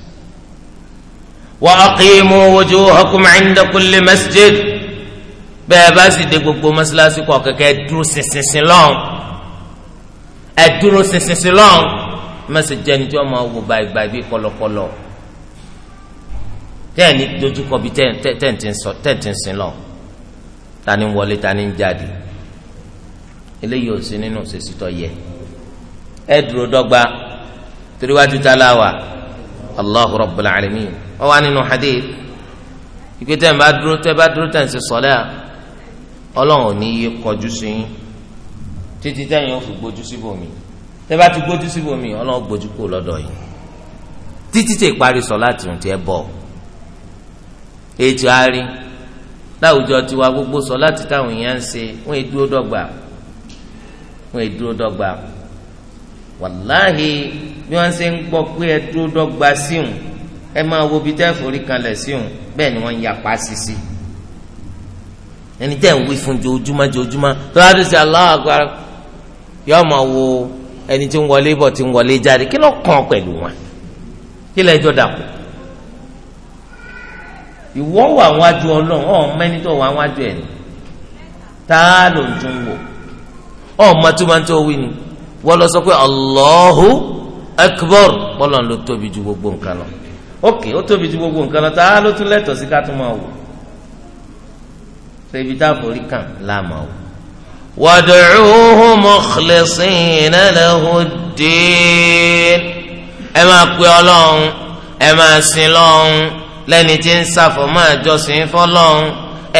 wa aqimu wujuhakum 'inda kulli masjid bẹ́ẹ̀ bá sì dé gbogbo mọ́sálásí kọ̀ kẹ́kẹ́ dúró sísinsin lọ́n ẹ dúró sísinsin lọ́n mẹ́sẹ̀ jẹ́ni tí wọ́n máa wò báyìí báyìí bí kọ̀lọ̀kọ̀lọ̀ tẹ́ẹ̀ni dojúkọ bí tẹ́ẹ̀ntì ń sin lọ́n ta ni ń wọlé ta ni ń jáde eléyìí ò sí nínú òṣèṣì yẹ ẹ dọ́gba torí wájú tá a la wà allahu rabbul alamin ó wà nínú hadith ìpè tẹ́ ẹ̀ bá dúró tẹ́ ẹ bá dúró tẹ́ ẹ̀ ń ṣe sọ́lẹ́ à ọlọ́run ò ní yé kọjú sí yín títí tẹ́yìn ó fi gbójú síbòmí tẹ́ bá ti gbójú síbòmí ọlọ́run gbójú kúrò lọ́dọ̀ yìí títí tẹ́ ìparí sọ láti rìn tí ẹ bọ̀ ètò àárín láwùjọ tiwa gbogbo sọ láti táwọn èèyàn ń ṣe wọ́n èdúró dọ́gba wọ́n èdúró dọ́gba wàláhì bí wọ́n ṣe ń gbọ́ pé ẹ dúró dọ́gba síhùn ẹ máa wo bí tẹ́ forí kanlẹ̀ síhùn bẹ́ẹ̀ ni wọ́n ń yapa sisi ẹni tẹ́ ń wí fún jojúmọ́ jojúmọ́ tó bá dùn sí Allahu Akbar yọ máa wo ẹni tí ń wọlé bọ̀ tí ń wọlé jáde kí ló kàn pẹ̀lú wọn kí lẹ́jọ́ dàpọ̀ ìwọ wà wájú Ọlọ́run ọ mẹni tó wà wájú ẹ ní tá a lò ń tún wò ọ mọtúmọtú wí ni wọ́n lọ sọ pé Allahu akbar bọ́lọ̀ ló tóbi ju gbogbo nǹkan lọ ok ó tóbi ju gbogbo nǹkan lọ tá a ló tún lẹ́tọ̀ọ́ sí ká tún máa wò ṣe ibi tá a forí kàn láàmà wò. wad'uhu mukhlisina lahud-din ẹ máa pe ọlọ́run ẹ máa sin lọ́run lẹ́ni tí ń sàfọ̀ máa jọ́sìn fọ́lọ́run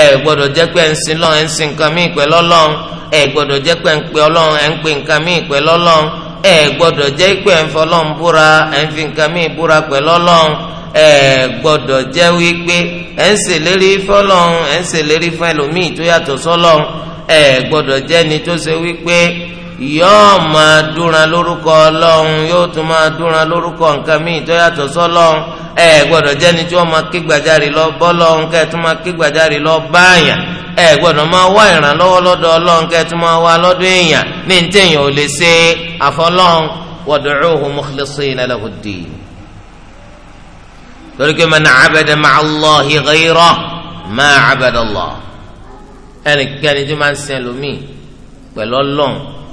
ẹ gbọ́dọ̀ jẹ́ pé ẹ ń sin lọ́run ẹ ń sin nǹkan míì pẹ̀lú ọlọ́run ẹ gbọ́dọ̀ jẹ́ pé ẹ ń pe ọlọ́run ẹ ń pe nǹkan míì pẹ̀lú ọlọ́run ẹ gbọ́dọ̀ jẹ́ pé ẹ̀ ń fọlọ́n búra ẹ̀ ń fi nǹkan míì búra pẹ̀lú ọlọ́run ẹ gbọ́dọ̀ jẹ́ wípé ẹ̀ ń ṣèlérí fọlọ́run ẹ̀ ń ṣèlérí fún ẹlòmíì tó yàtọ̀ sọ́lọ́run ẹ gbọ́dọ̀ jẹ́ ni tó ṣe wípé yóò máa dúnra lórúkọ ọlọ́run yóò tún máa dúnra lórúkọ nǹkan míì tó yàtọ̀ sọ́lọ́run ẹ gbọ́dọ̀ jẹ́ni tí wọ́n máa ké gbàjarì lọ bọ́lọ́run kẹ́ ẹ tún máa ké gbàjarì lọ báyàn ẹ gbọ́dọ̀ máa wá ìrànlọ́wọ́ lọ́dọ̀ ọlọ́run kẹ́ ẹ tún máa wá lọ́dọ̀ èèyàn ní ní téèyàn ò lè ṣe àfọlọ́run wad'uhu mukhlisina lahu ddin.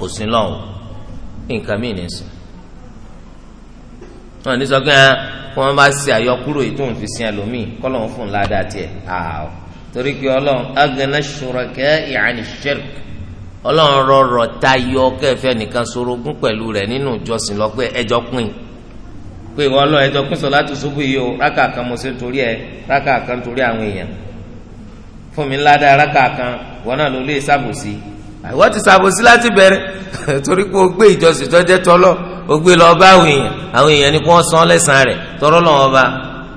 kò sí lọ́wọ́ nǹkan mí ní sùn wọn ní sọ pé wọn bá ṣe àyọkúrò ètò òun fi sin ẹlòmíì kọlọ́hún fún un ládàá tiẹ̀ àá torí pé ọlọ́run agana ṣùrọ̀kẹ́ ìhànì ṣẹ́rìk ọlọ́run rọrọ̀ tayọ kẹfẹ́ nìkan sorogún pẹ̀lú rẹ̀ nínú ìjọsìn lọ ẹjọ́ pín pé ìwọ ọlọ́run ẹjọ́ pín sọ láti ṣubú yìí o rákà kan mo ṣe torí ẹ rákà kan torí àwọn èèyàn fún mi ládàá rákà kan ìwọ náà ló lè ṣàbòsí àìwọ́ ti ṣàbòsí láti bẹ̀rẹ̀ torí pé o gbé ìjọsìn tó jẹ́ tọ́lọ́ o gbé lọ bá àwọn èèyàn àwọn èèyàn ni kí wọ́n san lẹ́sàn-án rẹ̀ tọ́rọ́ lọ́wọ́ bá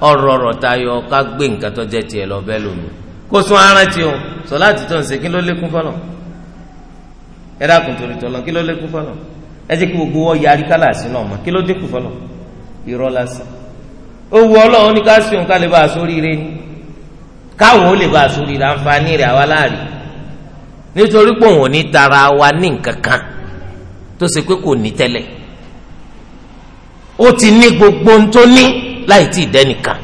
ọ̀rọ̀ ọ̀rọ̀ tayọ ká gbé nǹkan tó jẹ́ tiẹ̀ lọ bẹ́ẹ̀ lómi kó sún arántí o sọ láti tó ń ṣe kí ló lékún fọlọ́ ẹ dákun torí tọ́lọ́ kí ló lékún fọlọ́ ẹ jẹ́ kí gbogbo wọn yarí kálà náà mọ́ kí ló dínkù fọlọ́ irọ́ lásán owó ọlọ́run ní ká sí òun ká lè bá a sóríire ni káwọn ó lè bá a sóríire àǹfààní nítorí pé òun ò ní tara wa ní nǹkan kan tó ṣe pé kò ní tẹ́lẹ̀ ó ti ní gbogbo ohun tó ní láì tí ì dẹ́nìkan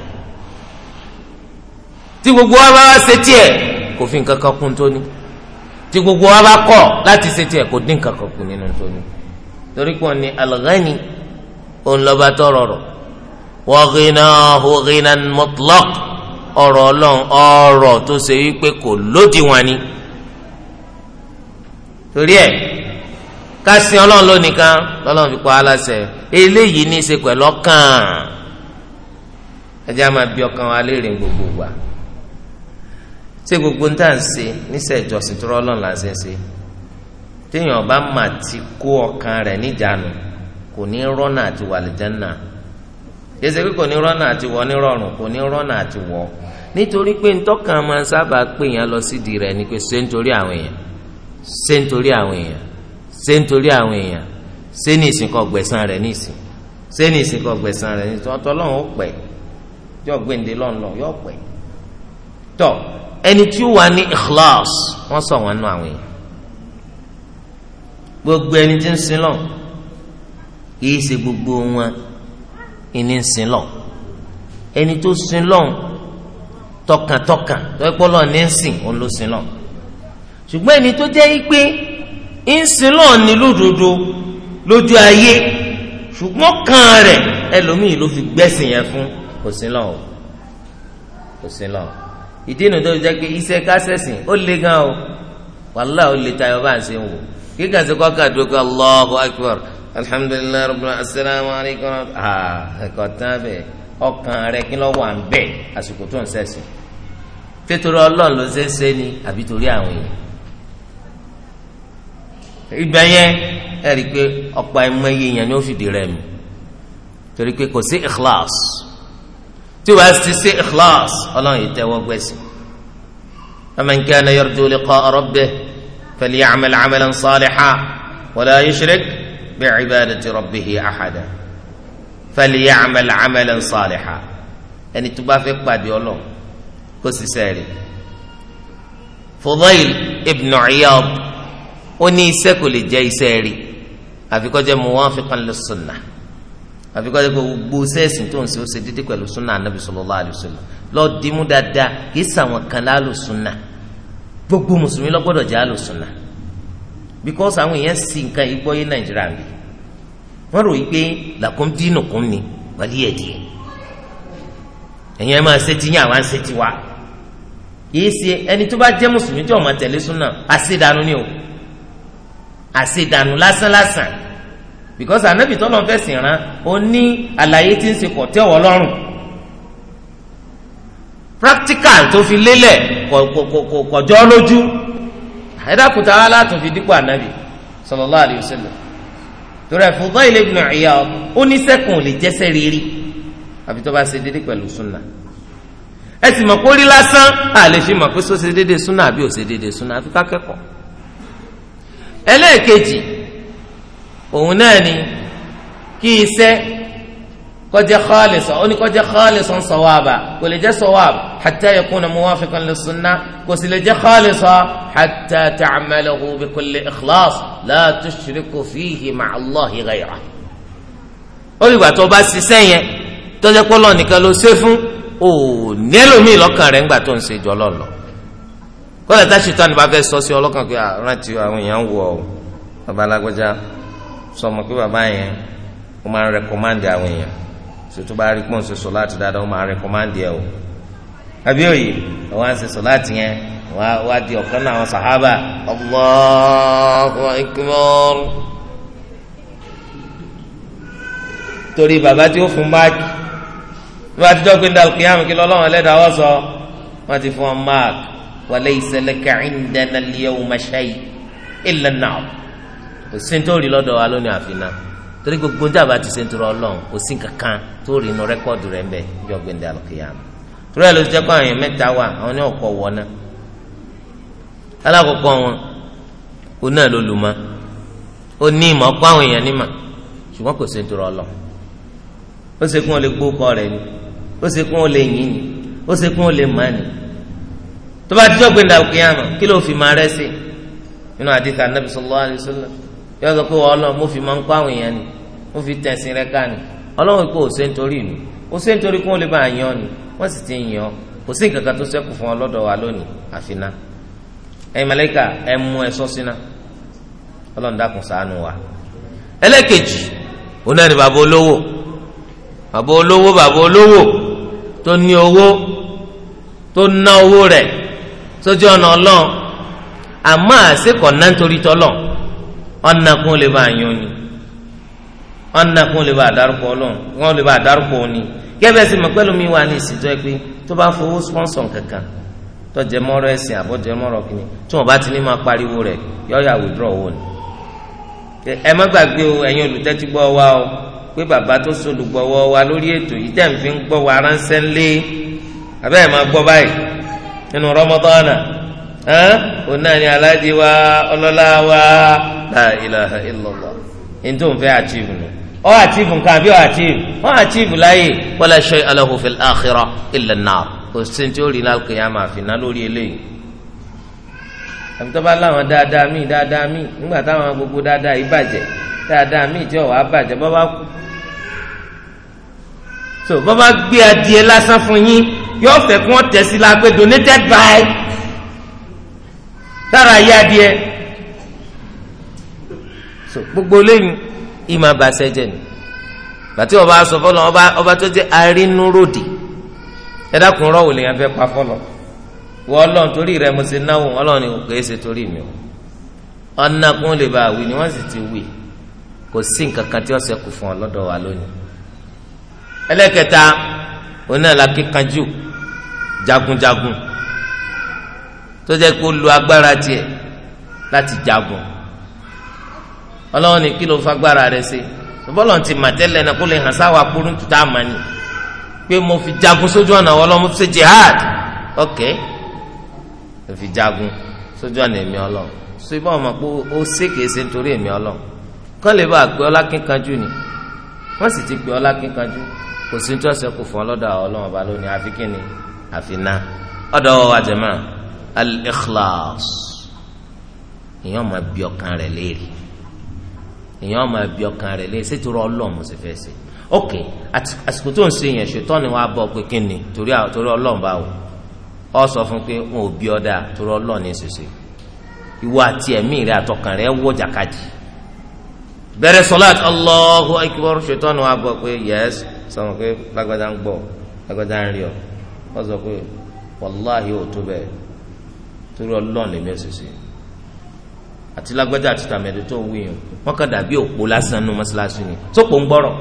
tí gbogbo wa bá wá ṣe tiẹ̀ kò fi nǹkan kan kún tó ní tí gbogbo wa bá kọ̀ láti ṣe tiẹ̀ kò dín nǹkan kan kún nínú tó ní torí pé òun ni al-ghani òun lọ́ba tọrọ rọ̀ wa ghinahu ghinan ọ̀rọ̀ ọlọ́run ọ̀rọ̀ tó ṣe wípé kò lódiwọ̀n ni. torí ẹ kásìn ọlọ́run lónìkan lọ́lọ́run fi pa aláṣẹ eléyìí ní í ṣe pẹ̀lú ọkàn ẹjẹ́ a máa bí ọkàn wa léèrè gbogbo wa ṣé gbogbo ń tà ń ṣe níṣẹ́ ìjọsìn tó rọ́ọ̀lọ́run là ń ṣe ń ṣe téèyàn ọba mà ti kó ọkàn rẹ̀ níjànú kò ní rọ́nà àti wàlìjánà yẹsẹ pé kò ní rọ́nà àti wọ ní rọrùn kò ní rọ́nà àti wọ nítorí pé ntọ́kàn máa ń sábà pè yẹn lọ sídìí rẹ̀ ni pé ṣé nítorí àwọn èèyàn ṣé nítorí àwọn èèyàn ṣé nítorí àwọn èèyàn ṣé ní ìsìnkọ gbẹ̀san rẹ̀ ní ìsìn ṣé ní ìsìnkọ gbẹ̀san rẹ̀ ní ìsìn ọ̀tọ̀ lọ́hùn ó pẹ́ yọ gbẹ̀ǹde lọ́nà yọ pẹ́ tọ ẹni tí ó wà ní ikhlas wọ́n sọ wọn nù àwọn èèyàn gbogbo ẹni tí ń sin lọ kìí ṣe gbogbo wọn ìní ń sin lọ ẹni tó sin lọ tọkàntọkàn tọ́pọ̀ lọ ní ń sìn òun ló sin lọ ṣùgbọ́n ẹni tó jẹ́ pé ìsìnlọ́ọ̀ ni lódodo lójú ayé ṣùgbọ́n kan rẹ̀ ẹlòmíì ló fi gbẹ́sìn yẹn fún kò sí lọ́wọ́ kò ìdí inú tó jẹ́ pé iṣẹ́ kásẹ̀sìn ó le gan o wàhálà ó le tayọ bá ń ṣe ń wò kíkà sí kọ́kà dúró kọ́ Allahu akbar alhamdulilayi rabbil asalaamu alaykum ah ẹ̀kọ́ tán bẹ́ẹ̀ ọkàn rẹ̀ kí ló wà ń bẹ́ẹ̀ àsìkò tó ń ṣẹ̀sìn tètè ọlọ́run ló ṣe é ṣe ni àbí torí àwọn èèyàn ìgbà yẹn ẹ rí i pé ọ̀pọ̀ ẹ̀mọ iye yẹn ni ó fìdí rẹ̀ mi torí pé kò sí ikhlas tí wàá ti sí ikhlas ọlọ́run yìí tẹ́wọ́ gbẹ̀sìn faman kana yarju liqa'a rabbih falya'mal 'amalan salihan wala yushrik bi'ibadati rabbihi ahada falya'mal 'amalan salihan ẹni tó bá fẹ́ pàdé ọlọ́run Fudayl ibn Iyad ó ní iṣẹ́ kò lè jẹ́ iṣẹ́ rí àfi kó jẹ́ muwafiqan lis-sunnah àfi kó jẹ́ gbogbo sẹ́ẹ̀sì tó ń ṣe ó ṣe dídí pẹ̀lú sunnah anabi sallallahu alayhi wa sallam lọ́ọ́ dimú dáadáa kì í sàwọn kan láàlù sunnah gbogbo mùsùlùmí ló gbọ́dọ̀ jẹ́ àlù sunnah because àwọn èèyàn sì nǹkan igbó yé nàìjíríà rí wọ́n rò wípé làkún dínú kún ni wàlí ẹ̀dí ẹ̀yìn ẹ̀ máa ṣe tiyín àwa ń ṣe tiwa kì í ṣe ẹni tó bá jẹ́ mùsùlùmí tí ó àṣedànù lásánlásán because anabi tọ́lọ̀ ń fẹ̀sìn rán o ní àlàyé tí ń se kọ̀ practical tó fi lélẹ̀ kọ̀jọ́ lójú ẹ̀dàkùtà wa látún fi dípò anabi sallallahu alayhi wa sallam torí Fudail ibn Iyad ó ní sẹ́kùn lè jẹ́sẹ́ rírí àfi tó bá ṣe pẹ̀lú súnà fi mọ̀ pé ṣe súnà àbí ò ṣe súnà àfi ká ẹlẹ́ẹ̀kejì òun náà ni kí iṣẹ́ kọjá khalisan ó ní kọjá khalisan sawaba kò lè jẹ́ sawab hatta yakuna muwafiqan lis-sunnah kò sì lè jẹ́ khalisan hatta ta'malahu bi kulli ikhlas la tushriku fihi ma'a Allahi ghayra. ó tó bá ṣiṣẹ́ yẹn tọ́jà pọ́lọ́ nìkan ló ṣe fún òní ẹlòmíì lọ́kàn rẹ̀ ńgbà tó ń ṣe jọlọ́ọ̀lọ́ọ̀ kọ́lá tá ṣètò àná bá fẹ́ sọ sí ọlọ́kàn pé àrántí àwọn èèyàn ń wọ ọ bàbá alágbèjà sọmọ pé bàbá yẹn ó máa ń rẹkọmáǹdì àwọn èèyàn ṣètò bá rí pọ́ǹsì sọ láti dáadáa ó máa ń rẹkọmáǹdì ẹ o àbí òye àwọn àṣẹ sọ láti yẹn wá di ọ̀kan náà àwọn sàhábà Allahu torí bàbá tí ó fún máàkì bí wọ́n ti dọ́gbìn dàlùkìyàmù kí lọ́lọ́run ẹlẹ́dàá wọ́n sọ wọ́n ti fún ọ máàkì walaysa laka indana al-yawma shay illa an-nar kò sí ní tó rí lọ́dọ̀ wa lónìí àfinà torí gbogbo ní àbá ti ṣe ń turọ ọlọ́run kò sí kankan tó rí inú rẹ́kọ́ọ̀dù rẹ̀ ń bẹ̀ yọ gbẹ̀ndẹ̀ al-qiyam torí ẹ̀ ló jẹ́ pé àwọn èèyàn wà àwọn ní ọ̀pọ̀ wọ̀ náà wọn ó náà ló lù mọ́ ó ní ìmọ̀ ọ̀pọ̀ àwọn èèyàn nímọ̀ ṣùgbọ́n kò sí ní turọ ọlọ́run ṣe kí wọ́n lè gbó kọ́ ni ó ṣe kí wọ́n lè yìn ni ó ṣe kí wọ́n lè mọ̀ ni tó bá dijọ́ gbé ndàlùkì yá mọ̀ kí ló fi máa rẹ́ sí nínú àdìsá nàbì sallallahu alaihi wasallam yóò sọ pé wọ́n ọlọ́run mo fi máa ń kó àwọn èèyàn ni mo fi tẹ̀sìn rẹ ká ni ọlọ́run kò ṣe nítorí ìlú ó ṣe nítorí kó lè bá a yan ni wọ́n sì ti yan kò sí nǹkan kan tó ṣẹ́kù fún ọ lọ́dọ̀ wa lónìí àfinà ẹ̀yin màláíkà ẹ̀ mú ẹ sọ́ síná ọlọ́run dákun ṣàánú wa ẹlẹ́kejì òun bàbá olówó bàbá olówó bàbá olówó tó ní owó tó ná owó rẹ̀ sójú ọ̀nà ọlọ́run àmọ́ àṣekọ̀ náà nítorí tọ́lọ̀ ọ̀nà kún lè bá yan ni ọ̀nà kún lè bá àdárúkọ ọlọ́run wọ́n lè bá àdárúkọ òní gẹ́gẹ́ sì mọ̀ pẹ́lú mi wà ní ìsìtọ́ ẹ pé tó bá fowó sponsor kankan tó jẹ mọ́rọ̀ ẹ̀sìn àbọ̀ jẹ mọ́rọ̀ kìíní tí wọ́n bá ti ní máa pariwo rẹ̀ yọ̀ọ́yà withdraw owó ni ẹ má gbàgbé o ẹ̀yin olùtẹ́tí gbọ́ wa o pé bàbá tó sọ̀lùgbọ́wọ́ wa lórí ètò yìí tẹ̀ ń fi ń gbọ́ wa ránṣẹ́ nínú rọmọdọ́nà òun náà ni aláàjì wa ọlọ́lá wa la ilaha illallah ní tó ń fẹ́ àtìvù nù ọ àtìvù nǹkan àbí ọ àtìvù ọ àtìvù láàyè wala shay'a lahu fil akhirah illa an-nar òsín tí ó rí lálùkè yá máa fi ná lórí eléyìí àbí tó bá láwọn dáadáa míì dáadáa míì nígbà táwọn gbogbo dáadáa yìí bàjẹ́ dáadáa míì tí ọ̀wá bàjẹ́ so bọ́ bá gbé adìẹ lásán fún yín yóò fẹ́ kí wọ́n tẹ̀ sí la pé donated by sára ayé adìẹ so gbogbo lẹ́yìn ìmọ̀ àbàṣẹ jẹ ni bàtí ọba sọ fọlọ ọba ọba tó jẹ arínúròdì ẹ dákun rọwò lèèyàn fẹ́ pa fọlọ wọ Ọlọ́run torí rẹ̀ mo ṣe náwó Ọlọ́run ni kò é ṣe torí mi o ọ̀nà kún lè bá àwìn ni wọ́n sì ti wì kò sí nǹkan kan tí ó ṣẹ́kù fún ọ lọ́dọ̀ wa lónìí ẹlẹ́kẹta onílàkíkanjú jagunjagun tó jẹ́ kó lu agbára tiẹ̀ láti jagun ọlọ́run ní kí ló fagbára rẹ̀ ṣe bọ́lọ̀ ti mà tẹ́lẹ̀ náà kó lè hàn sáwà kúrúntù tá mà ní pé mo fi jagun sójú ọ̀nà ọlọ́run mo fi ṣe jihad ok mo fi jagun sójú ọ̀nà èmi ọlọ́run so ibà ọmọ pé ó ṣe kìí ṣe nítorí èmi ọlọ́run kán lè bá a pé ọlákínkanjú ni wọ́n sì ti pé ọlákínkanjú kò sí ní tí wọ́n ṣe kò fún ọlọ́dọ̀ ọlọ́run ọba lónìí àfi ni àfi ná ọ̀dọ̀ wa jẹmọ al-ikhlas èèyàn máa bí ọkàn rẹ̀ léèrè èèyàn máa bí ọkàn rẹ̀ léèrè sétí rọ Ọlọ́run mo sì fẹ́ ṣe ok àsìkò tó ń ṣe yẹn ṣètọ́ ni wàá bọ̀ pé kí ni torí Ọlọ́run bá wò ọ sọ fún pé wọn ò bí ọ dáa torí Ọlọ́run ní ṣèṣe ìwọ àti ẹ̀mí rẹ̀ àtọkàn rẹ̀ wọ jàkadì bẹ̀rẹ̀ sọláàt Allahu akbar ṣètọ́ ni wàá bọ̀ pé yẹ́sì sọ pé lágbàdá ń gbọ́ lágbàdá ń rí ọ wọ́n sọ pé wàláhì ò tó bẹ́ẹ̀ torí ọlọ́run lèmi ò sì sí àti lágbájá àti tàmẹ̀dù tó ń wí yìí wọ́n kàn dàbí òpó lásán nu mọ́ṣáláṣí ni sópò ń gbọ́rọ̀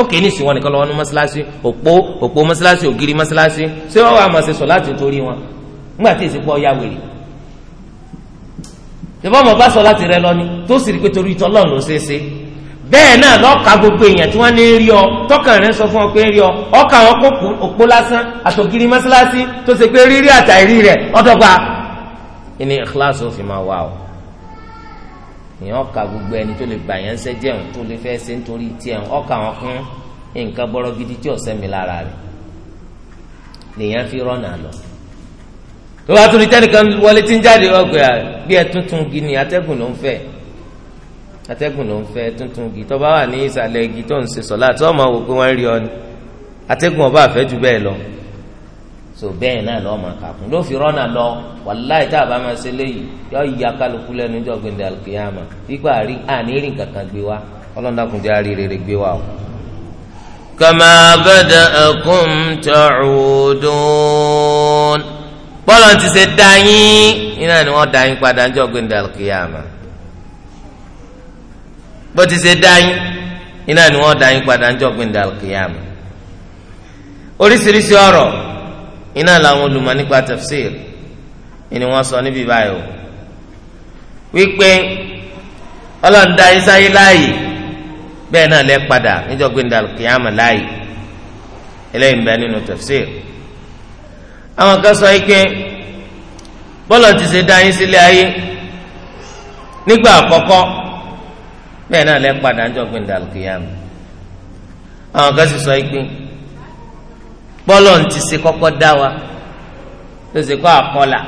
ókè ní ìsìn wọn nìkan lọ́wọ́ nu mọ́ṣáláṣí òpó òpó mọ́ṣáláṣí ògiri mọ́ṣáláṣí ṣé wọ́n wà máa ṣe sọ láti torí wọn nígbà tí èsì pọ̀ ya wèrè ṣé bọ́ọ̀mù bá sọ láti rẹ lọ ni tó sì rí pé torí tọ́lọ́ọ̀ ló ṣeé ṣe bẹ́ẹ̀ náà lọ́ọ̀ka gbogbo èèyàn tí wọ́n ní rí ọ tọkàn rẹ̀ ń sọ fún ọ pé rí ọ ọkà wọn kó òpó lásán àtòkiri mọ́sálásí tó ṣe pé rírí àtàrí rẹ̀ ọ̀dọ́gba ìní ìkíláàsì òfin máa wà o èèyàn ọkà gbogbo ẹni tó lè bà yẹn ṣe jẹun tó lè fẹ́ ṣe nítorí tiẹ̀ ọkà wọn kún nǹkan bọ́rọ̀ gidi tí ọ̀sẹ̀ mi lára rẹ̀ lèèyàn fi rọ́nà lọ tó bá tún ní tẹ́nìkan wọlé atẹ́gùn ló ń fẹ́ tuntun gi tó bá wà ní ìsàlẹ̀ igi tó ń ṣe sọ̀lá tí wọ́n wò pé wọ́n rí ọ ni atẹ́gùn ọba àfẹ́ ju bẹ́ẹ̀ lọ so bẹ́ẹ̀ náà lọ́ọ́ máa kàkún ló fi rọ́nà lọ wàláì tá a bá máa ṣe léyìí yọ ìyá kálukú lẹ́nu ìjọ gbẹ̀ndẹ̀ àlùkìyàmà ipa ànírìn kankan gbé wa ọlọ́dàkùnjẹ́ àrírèrè gbé wa o. kama bada'akum ta'udun bọ́lá ti ṣe dá yín iná ni wọ́n dá yín padà ìjọ gbẹ̀ndẹ̀ àlùkìyàmà bó ti ṣe dá yín iná ni wọ́n dá yín padà ń jọ̀gbìn dàlùkìyàmù oríṣiríṣi ọ̀rọ̀ iná làwọn olùmọ̀ nípa tafsir ni wọ́n sọ níbi báyìí o wípé ọlọ́run dá yín sáyé láàyè bẹ́ẹ̀ náà lẹ́ padà níjọ̀gbìn dàlùkìyàmù láàyè eléyìí ń bẹ nínú tafsir àwọn kan sọ yìí pé ti ṣe dá sílé ayé nígbà àkọ́kọ́ bẹ́ẹ̀ náà lẹ́ padà ń jọgbìn dàlùkìyàmù àwọn kan sì sọ ìpín bọ́lọ̀ ń ti ṣe kọ́kọ́ dá wa tó ṣe kọ́ àkọlà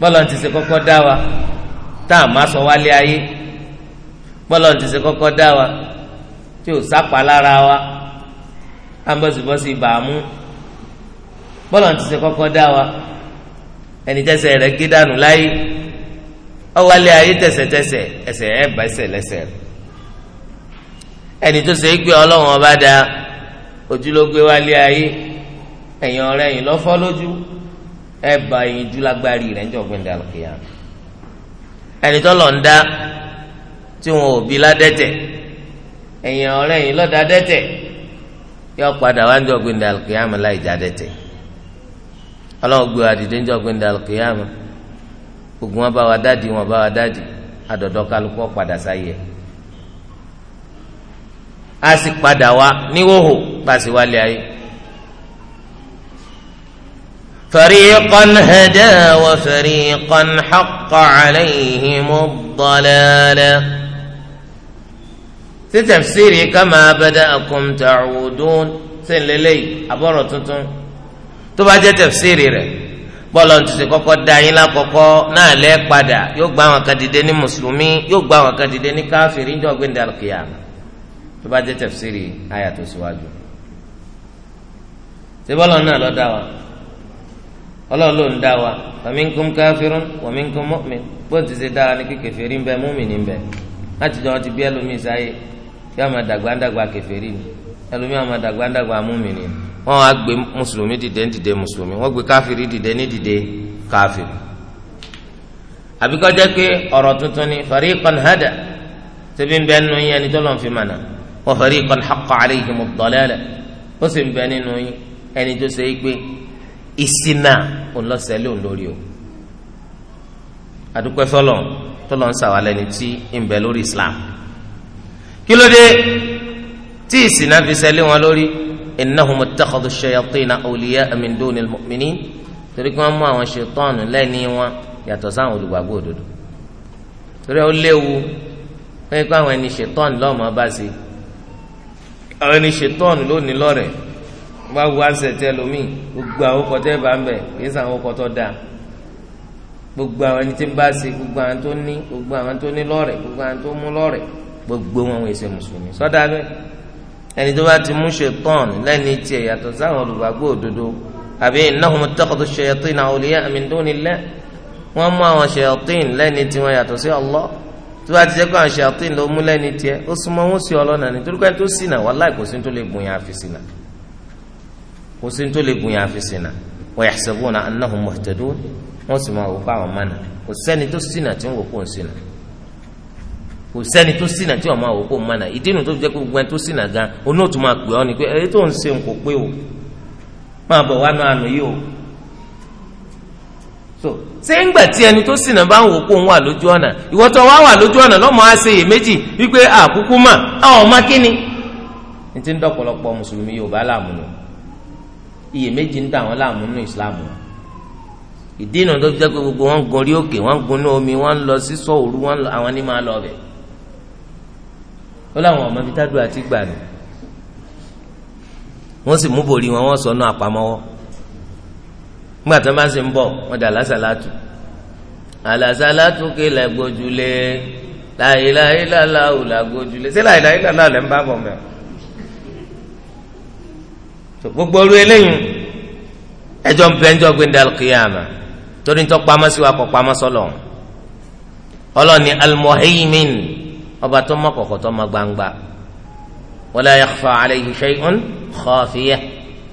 bọ́lọ̀ ń ti ṣe kọ́kọ́ dá wa tá a má sọ wálé ayé bọ́lọ̀ ń ti ṣe kọ́kọ́ dá wa tí ò sápá lára wa á ń bọ́sibọ́sì bàámú bọ́lọ̀ ń ti ṣe kọ́kọ́ dá wa ẹni tẹ́sẹ̀ rẹ̀ gé dànù láyé ọwọlé ayé tẹsẹtẹsẹ ẹsẹ ẹ bá ẹsẹ lẹsẹ rẹ ẹni tó ṣe é gbé Ọlọ́run ọba da ojúlógbé wálé ayé ẹ̀yìn ọ̀rẹ́ ẹ̀yìn lọ́fọ́ lójú ẹ bá ẹ̀yìn jù lágbárí rẹ̀ ń jọ gbẹ̀ndà lọ́kìyà ẹni tó lọ ń dá tí wọn ò bí ládẹ́tẹ̀ ẹ̀yìn ọ̀rẹ́ ẹ̀yìn lọ́dà dẹ́tẹ̀ yọ padà wá ń jọ gbẹ̀ndà lọ́kìyà mọ́ láì já dẹ́tẹ̀ gbé wa dìde ń jọ gbẹ̀ndà lọ́kìyà gbogbo wọn bá wa dáàdi wọn bá wa dáàdi àdọ̀dọ̀ kálukú padà sáyẹ a sì padà wá níhòhò pàṣẹ wálé ayé. فريقا هدى وفريقا حق عليهم الضلاله sí tafsiri kama bada'akum ta'udun sí lélẹ́yìí abọ́rọ̀ tuntun tó bá jẹ́ tafsiri rẹ̀ bọ́ọ̀lù ti ṣe kọ́kọ́ da yín lákọ̀ọ́kọ́ náà lẹ́ padà yóò gba àwọn kan dìde ní mùsùlùmí yóò gba àwọn kan dìde ní káfíìrì ń jọ gbẹ̀ndẹ̀ alùkìyàmù tó bá jẹ́ tẹ̀fsíìrì àyà tó síwájú. ṣé bọ́ọ̀lù náà ló dá wa ọlọ́run ló ń dá wa wa minkum káfíìrún wa minkum mu'min bóun ti ṣe dá wa ní kí kèfèrí ń bẹ múmìnì ń bẹ láti jọ ti bí ẹlòmíì sáyé kí wọ́n wá gbé mùsùlùmí dìde ní dìde mùsùlùmí wọ́n gbé káfíìrì dìde ní dìde káfíìrì àbíkọ́ jẹ́ pé ọ̀rọ̀ tuntun ni fariqan hada tẹ́bí ń bẹ nínú yín ẹni tó lọ́n fi mànà wa fariqan haqqa alayhimu ad-dalala ó sì ń bẹ nínú yín ẹni tó ṣe é pé ìṣìnà ọlọ́sẹ̀lẹ̀ lórí o àdúpẹ́ fọlọ́ tó lọ́n sàwálẹ̀ ni tí ń bẹ lórí Islam kí tí ìṣìnà fi ṣẹlẹ̀ wọn lórí innahum ittakhadhu shayatina awliya min dunil mu'minin torí kí wọ́n mú àwọn ṣètọ́ọ̀nù lẹ́ni wọn yàtọ̀ sáwọn olùgbàgbọ́ òdodo torí ó léwu wọ́n kó àwọn ẹni ṣètọ́ọ̀nù lọ́mọ bá sí àwọn ẹni ṣètọ́ọ̀nù lónìí lọ́rẹ̀ wọ́n wá ṣẹ̀tẹ́ lómi gbogbo àwọn ọkọ̀ tẹ́ bá ń bẹ̀ kìí sàn àwọn ọkọ̀ tó gbogbo àwọn ẹni tí ń bá gbogbo àwọn tó ní gbogbo àwọn tó ní lọ́rẹ̀ gbogbo àwọn tó mú lọ́rẹ̀ gbogbo wọn wọ́n ṣe mùsùlùmí sọ́dà bẹ́ẹ̀ ẹni tó bá ti mú ṣetán lẹ́ni tiẹ̀ yàtọ̀ sáwọn olùgbàgbọ́ òdodo àbí innahum ittakhadhu ash-shayatina awliya min dunillah wọ́n mú àwọn ṣayatin lẹ́ni tiwọn yàtọ̀ sí Allah tó bá ti jẹ́ kó àwọn ṣayatin ló mú lẹ́ni tiẹ̀ ó súnmọ́ wọn sí ọlọ́nà ni torí pé tó ṣìnà wallahi kò sí tó lè gbìyàn àfi ṣìnà kò sí tó lè gbìyàn àfi ṣìnà wa yahsabuna annahum muhtadun wọ́n sì máa wò pa mánà kò sẹ́ni tó ṣìnà tí ń wò kó kò sẹ́ni tó ṣìnà tí ọmọ àwọn kò mọ̀nà ìdí inú tó jẹ́ pé gbogbo ẹni tó ṣìnà gan oní òtún máa pè ọ́ ni pé èyí tó ń ṣe kò pé o máa bọ̀ wá náà nù yìí o. so ṣé ńgbà tí ẹni tó ṣìnà bá ń wò kó ń wà lójú ọ̀nà ìwọ tó wá wà lójú ọ̀nà lọ́mọ á ṣe iyèméjì wípé àkúkú mà àwọn ọmọ kíni. ní ti ń dọ̀pọ̀lọpọ̀ mùsùlùmí Yorùbá láàmú nù iyèméjì ń dà wọ́n láàmú nù ìsìláàmù ìdí ìnà tó jẹ́ gbogbo wọn gorí òkè wọn gunú omi wọn lọ sí sọ òru wọn àwọn ni máa lọ bẹ̀ ó láwọn ọmọ bíi tádùá ti gbà ní wọ́n sì mú borí wọn wọ́n sọnù àpamọ́wọ́ nígbà tó bá sì ń bọ̀ wọ́n dà lásàlátù àlàsàlátù kìlẹ̀ gbójúlé láyéláyé làlàó làgbójúlé sí láyéláyé làlàó lẹ́ ń bá bọ̀ mẹ́ gbogbo oru eléyìí ẹjọ́ ń bẹ ẹjọ́ gbẹ̀ndé alùkìyàmà torí ń tọ́ pamọ́ sí wa kọ́ pamọ́ sọ́lọ̀ ọlọ́ni almuhaimin ọba tó mọ kọ̀kọ̀ tó mọ gbangba wala yakhfa alayhi shay'un khafiyah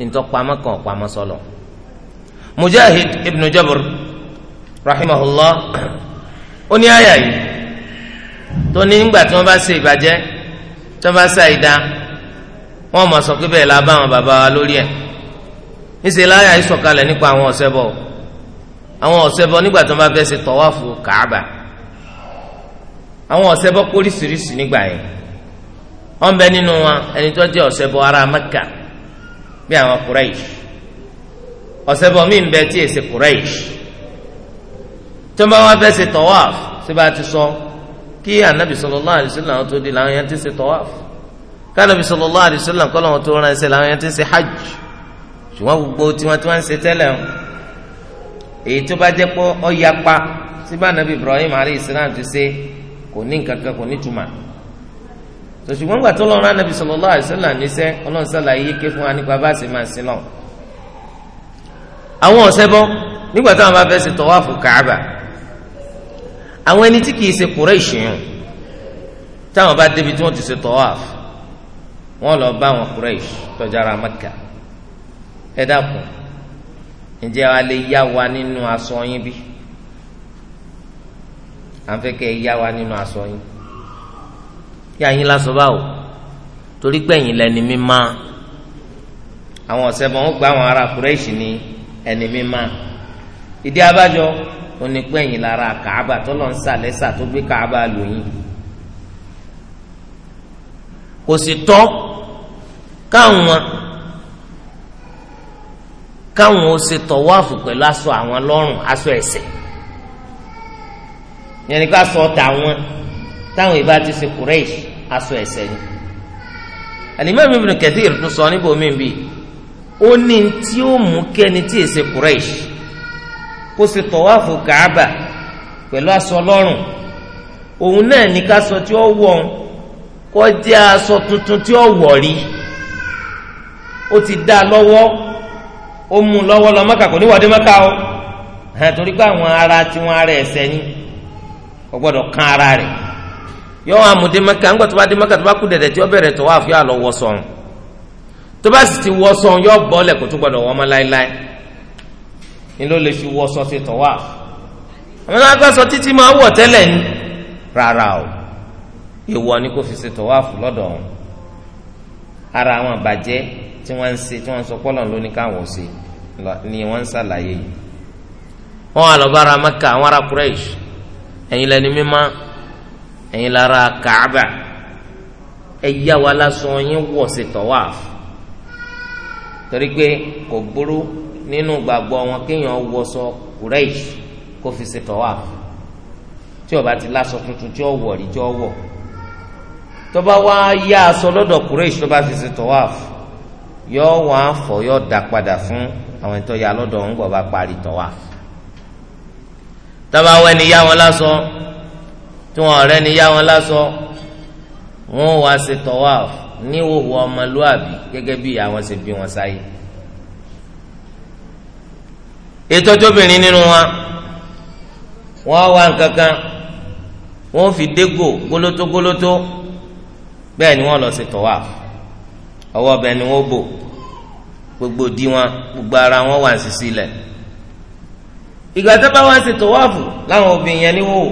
ntọ́ pamọ́ kan pamọ́ sọlọ. mujahid ibn jabr rahimahullah ó ní àyà yìí tó ní nígbà tí wọ́n bá ṣe ìbàjẹ́ tí wọ́n bá ṣe àìdá wọ́n mọ̀ sọ pé bẹ́ẹ̀ la bá àwọn bàbá wa lórí ẹ̀ níṣẹ́ láyà yìí sọ̀kalẹ̀ nípa àwọn ọ̀ṣẹbọ àwọn ọ̀ṣẹbọ nígbà tí wọ́n bá fẹ́ ṣe tọ́wáfù kàábà àwọn ọ̀sẹ̀bọ póríṣiríṣi nígbà yẹn wọ́n bẹ nínú wọn ẹni tó jẹ́ ọ̀sẹ̀bọ ará Mẹ́kà bí àwọn Quraish ọ̀sẹ̀bọ míì ń bẹ tí èsì Quraish tó bá wọn fẹ́ ṣe tawaf síbá ti sọ kí anabi sallallahu alaihi wasallam tó di làwọn yẹn ti ṣe tawaf kánabi sallallahu alaihi wasallam kọ́ làwọn tó rán ẹsẹ̀ làwọn yẹn ti ṣe hajj ṣùgbọ́n gbogbo tiwọn tí wọ́n ń ṣe tẹ́lẹ̀ o èyí tó bá jẹ́ pé ọ yapa síbá anabi Ibrahim alayhi salam ti ṣe kò ní nǹkan kan kò ní tuma sòṣùgbọ́n gbà tó lọ́run anabi sallallahu alaihi wasallam níṣẹ́ ọlọ́run sàlàyé yéké fún wa nípa bá a ṣe máa sin lọ. àwọn ọ̀sẹ̀ bọ́ nígbà táwọn bá fẹ́ ṣe tọ́wáfù káàbà àwọn ẹni tí kìí ṣe Kùráìṣì yẹn táwọn bá débi tí wọ́n ti ṣe tọ́wáfù wọ́n lọ bá àwọn Kùráìṣì tọ́jára Mẹ́kà ẹ dákun ǹjẹ́ a lè yá wa nínú aṣọ yín bíi à ń fẹ́ kẹ́ ẹ yá wa nínú aṣọ yín yá yín lásọ báwo torí gbẹ̀yìn lẹni mímá àwọn ọ̀sẹ̀ bọ̀ wọ́n gba àwọn ará kúrẹ́ẹ̀sì ní ẹni mímá ìdí abájọ onígbẹ̀yìn lára kàába tó lọ ń sàlẹ́sà tó gbé kàába lòyìn kò sì tọ́ káwọn káwọn ó ṣe tọ̀wáàfù pẹ̀lú aṣọ àwọn lọ́rùn aṣọ ẹ̀sẹ̀ yẹn ni ká sọ tàwọn táwọn ìbá ti ṣe Quraysh aṣọ ẹ̀sẹ̀ ni. Al-Imam Ibn Kathir tún sọ níbo mi bi ó ní tí ó mú kẹ́ni tí èsè Quraysh kó ṣe tọ̀wáfù Kàábà pẹ̀lú aṣọ lọ́rùn òun náà ní ká sọ tí ó wọ̀ kó jẹ́ aṣọ tuntun tí ó wọ̀ rí ó ti dá lọ́wọ́ ó mú lọ́wọ́ lọ Mẹ́kà kò ní wọ́dé Mẹ́kà o hàn torí pé àwọn ará tiwọn ara ẹ̀sẹ̀ ni kò gbọ́dọ̀ kan ara rẹ̀ yọ wọn amúdé maka ńgbà tó bá dé maka tó bá kú dẹ̀dẹ̀ tí ó bẹ̀rẹ̀ tó wà fún àlọ wọsàn tó bá sì ti wọsàn yọ bọlẹ kó tó gbọ́dọ̀ wọn mọ láéláé ni ló lè fi wọsàn ṣe tọwà àwọn agbásọ títí máa wọ tẹ́lẹ̀ ni rárá o èèwọ̀ ni kò fi ṣe tọwà fún lọ́dọ̀ wọn ara àwọn àbàjẹ́ tí wọ́n ń ṣe tí wọ́n ń sọ pọlọ ló ní káwọn ṣe ni wọ́n ń ṣàlàyé yìí wọ́n àlọ bára maka àwọn ará kúrẹ́ẹ̀sì ẹ̀yin lẹni mímọ́ ẹ̀yin lára kàábà ẹ̀yà wa lásán yín wọ̀ sí tọ́wáf torí pé kò burú nínú gbàgbọ́ wọn kéèyàn wọṣọ kùrẹ́ẹ̀ṣ kó fi ṣe tọ́wáf tí ó bá ti láṣọ tuntun tí ó wọ̀ rí tí ó wọ̀ tó bá wá yá aṣọ lọ́dọ̀ kùrẹ́ẹ̀ṣ tó bá fi ṣe tọ́wáf yọ wọn afọ yọ dá padà fún àwọn ìtọ́ya lọ́dọ̀ ń bá parí tọ́wáf tábà wọ ẹni yá wọn lásọ tí wọn ọ̀rẹ́ ni yá wọn lásọ wọn wá ṣe tawaf níwòwò ọmọlúàbí gẹ́gẹ́ bí àwọn ṣe bí wọn sáyé ètò nínú wa wọn wá nǹkan kan wọn fi dégò gólótó gólótó bẹ́ẹ̀ ni wọn lọ ṣe tawaf ọwọ́ bẹ́ẹ̀ ni wọn bò gbogbo di wọn gbogbo ara wọn wà sísí lẹ̀ ìgbà tó bá wọn ṣe tọwáàfù láwọn obìnrin yẹn níwò